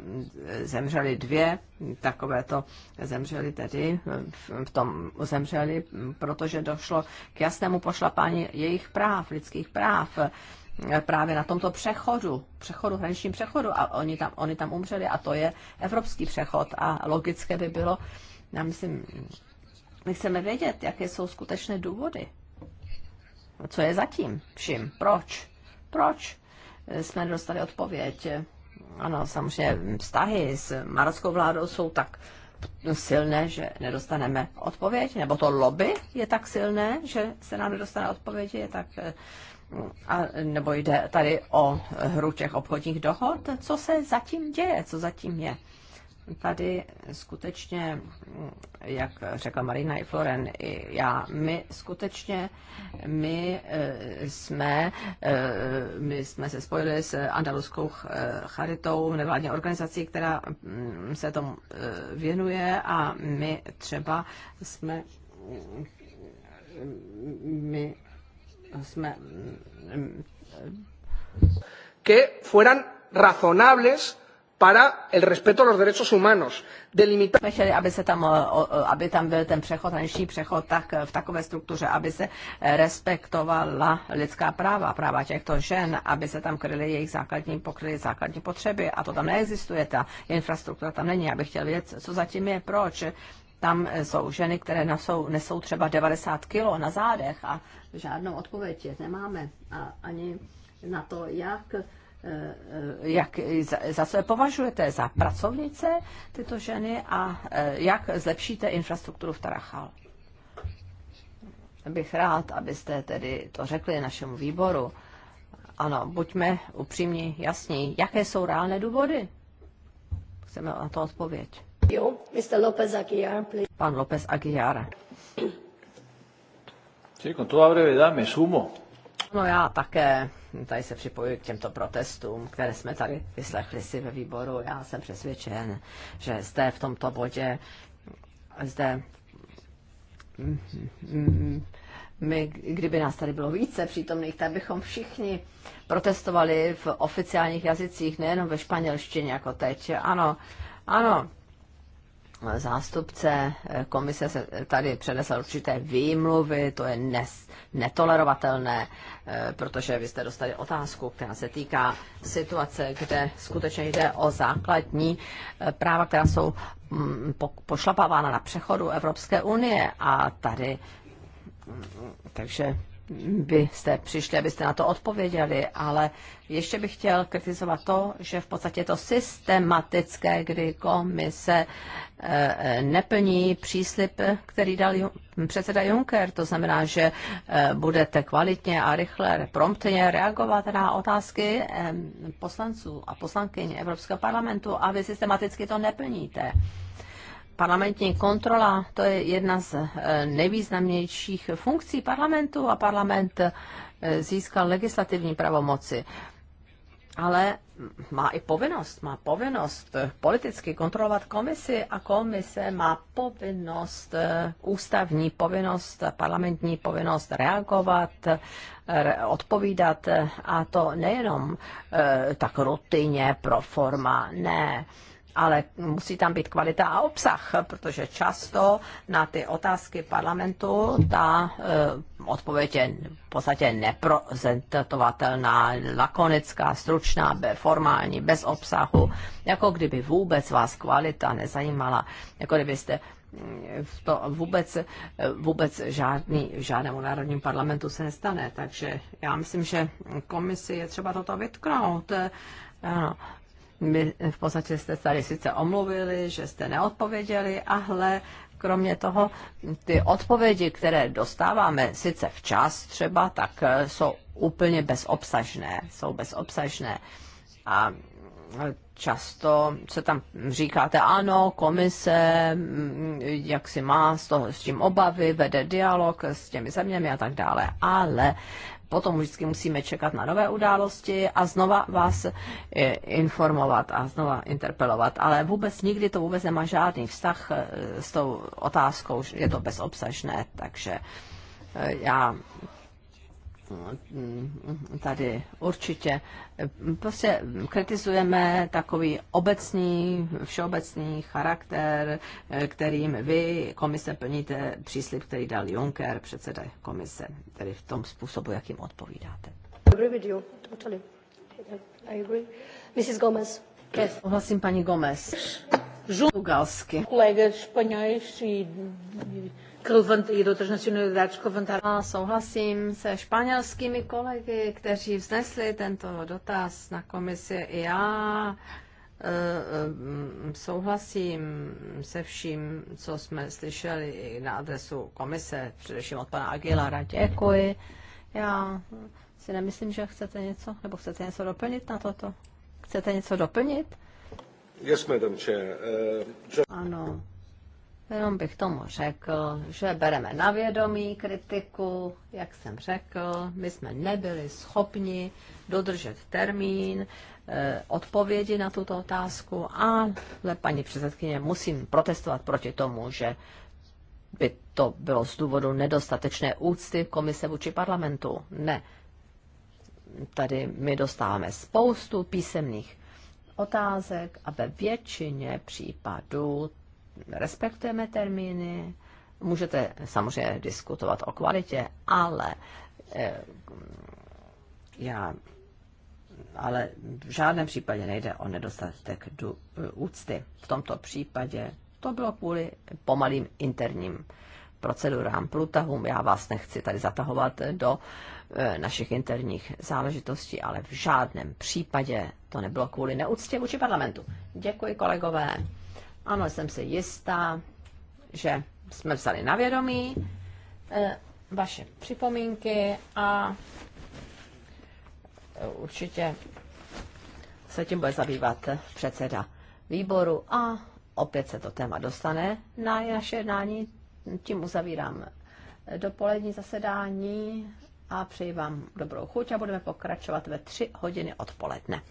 zemřely dvě, to zemřeli tedy, v tom zemřeli, protože došlo k jasnému pošlapání jejich práv, lidských práv. Eh, právě na tomto přechodu, přechodu, hraničním přechodu a oni tam, oni tam umřeli a to je evropský přechod a logické by bylo, já myslím, my chceme vědět, jaké jsou skutečné důvody. Co je zatím vším? Proč? Proč jsme nedostali odpověď? Ano, samozřejmě vztahy s marockou vládou jsou tak silné, že nedostaneme odpověď, nebo to lobby je tak silné, že se nám nedostane odpověď, je tak eh, a, nebo jde tady o hru těch obchodních dohod, co se zatím děje, co zatím je. Tady skutečně, jak řekla Marina i Floren, i já, my skutečně, my eh, jsme, eh, my jsme se spojili s andaluskou eh, charitou, nevládní organizací, která mm, se tomu věnuje a my třeba jsme mm, my jsme que fueran razonables para el respeto a los derechos humanos. Delimitar... chtěli, aby, se tam, aby tam byl ten přechod, hraniční přechod tak, v takové struktuře, aby se respektovala lidská práva, práva těchto žen, aby se tam kryly jejich základní, pokryly základní potřeby. A to tam neexistuje, ta infrastruktura tam není. Já bych chtěl vědět, co zatím je, proč tam eh, jsou ženy, které nasou, nesou třeba 90 kg na zádech a žádnou odpověď nemáme a ani na to, jak eh, eh, jak za sebe považujete za pracovnice tyto ženy a jak zlepšíte infrastrukturu v Tarachal? Bych rád, abyste tedy to řekli našemu výboru. Ano, buďme upřímní, jasní. Jaké jsou reálné důvody? Chceme na to odpověď. López Pan López Aguiar. Sí, con toda brevedad me sumo. No já také tady se připojuji k těmto protestům, které jsme tady vyslechli si ve výboru. Já jsem přesvědčen, že zde v tomto bodě, zde my, kdyby nás tady bylo více přítomných, tak bychom všichni protestovali v oficiálních jazycích, nejenom ve španělštině jako teď. Ano, ano, zástupce eh, komise se tady přenesl určité výmluvy, to je nes, netolerovatelné, eh, protože vy jste dostali otázku, která se týká situace, kde skutečně jde o základní eh, práva, která jsou mm, pošlapávána na přechodu Evropské unie a tady mm, takže Byste přišli, abyste na to odpověděli, ale ještě bych chtěl kritizovat to, že v podstatě je to systematické, kdy komise eh, neplní příslip, který dal předseda Juncker. To znamená, že eh, budete kvalitně a rychle, promptně reagovat na otázky eh, poslanců a poslankyň Evropského parlamentu a vy systematicky to neplníte parlamentní kontrola, to je jedna z eh, nejvýznamnějších funkcí parlamentu a parlament eh, získal legislativní pravomoci. Ale má i povinnost, má povinnost eh, politicky kontrolovat komisi a komise má povinnost, ústavní povinnost, parlamentní povinnost reagovat, odpovídat a to nejenom tak rutině pro forma, ne ale musí tam být kvalita a obsah, protože často na ty otázky parlamentu ta e, odpověď je v podstatě neprezentovatelná, lakonická, stručná, formální, bez obsahu, jako kdyby vůbec vás kvalita nezajímala, jako kdybyste mm, to vůbec, eh, vůbec žádný, žádnému národním parlamentu se nestane. Takže já myslím, že komisi je třeba toto vytknout. Eh, ano, my v podstatě jste tady sice omluvili, že jste neodpověděli, a hle, kromě toho ty odpovědi, které dostáváme sice včas třeba, tak eh, jsou úplně bezobsažné, jsou bezobsažné. A eh, často se tam říkáte, ano, komise, mm, jak si má s, toho, s tím obavy, vede dialog s těmi zeměmi a tak dále, ale potom vždycky musíme čekat na nové události a znova vás eh, informovat a znova interpelovat. Ale vůbec nikdy to vůbec nemá žádný vztah eh, s tou otázkou, je to bezobsažné, takže eh, já tady určitě. Prostě kritizujeme takový obecný, všeobecný charakter, kterým vy, komise, plníte příslip, který dal Juncker, předseda komise, tedy v tom způsobu, jakým odpovídáte. Ohlasím paní Gomez. Portugalsky. Kolega španělští a souhlasím se španělskými kolegy, kteří vznesli tento dotaz na komisi. I já eh, eh, souhlasím se vším, co jsme slyšeli na adresu komise, především od pana Aguilara. Děkuji. Já si nemyslím, že chcete něco, nebo chcete něco doplnit na toto. Chcete něco doplnit? Yes, madam chair. Uh, eh, just... Ano Jenom bych tomu řekl, že bereme na vědomí kritiku, jak jsem řekl, my jsme nebyli schopni dodržet termín e, odpovědi na tuto otázku a paní předsedkyně musím protestovat proti tomu, že by to bylo z důvodu nedostatečné úcty komise vůči parlamentu. Ne. Tady my dostáváme spoustu písemných otázek a ve většině případů respektujeme termíny, můžete samozřejmě diskutovat o kvalitě, ale eh, já ale v žádném případě nejde o nedostatek du, eh, úcty. V tomto případě to bylo kvůli pomalým interním procedurám, průtahům. Já vás nechci tady zatahovat do e, našich interních záležitostí, ale v žádném případě to nebylo kvůli neúctě vůči parlamentu. Děkuji, kolegové. Ano, jsem si jistá, že jsme vzali na vědomí eh, vaše připomínky a eh, určitě se tím bude zabývat eh, předseda výboru a opět se to téma dostane na naše jednání. Tím uzavírám dopolední zasedání a přeji vám dobrou chuť a budeme pokračovat ve tři hodiny odpoledne.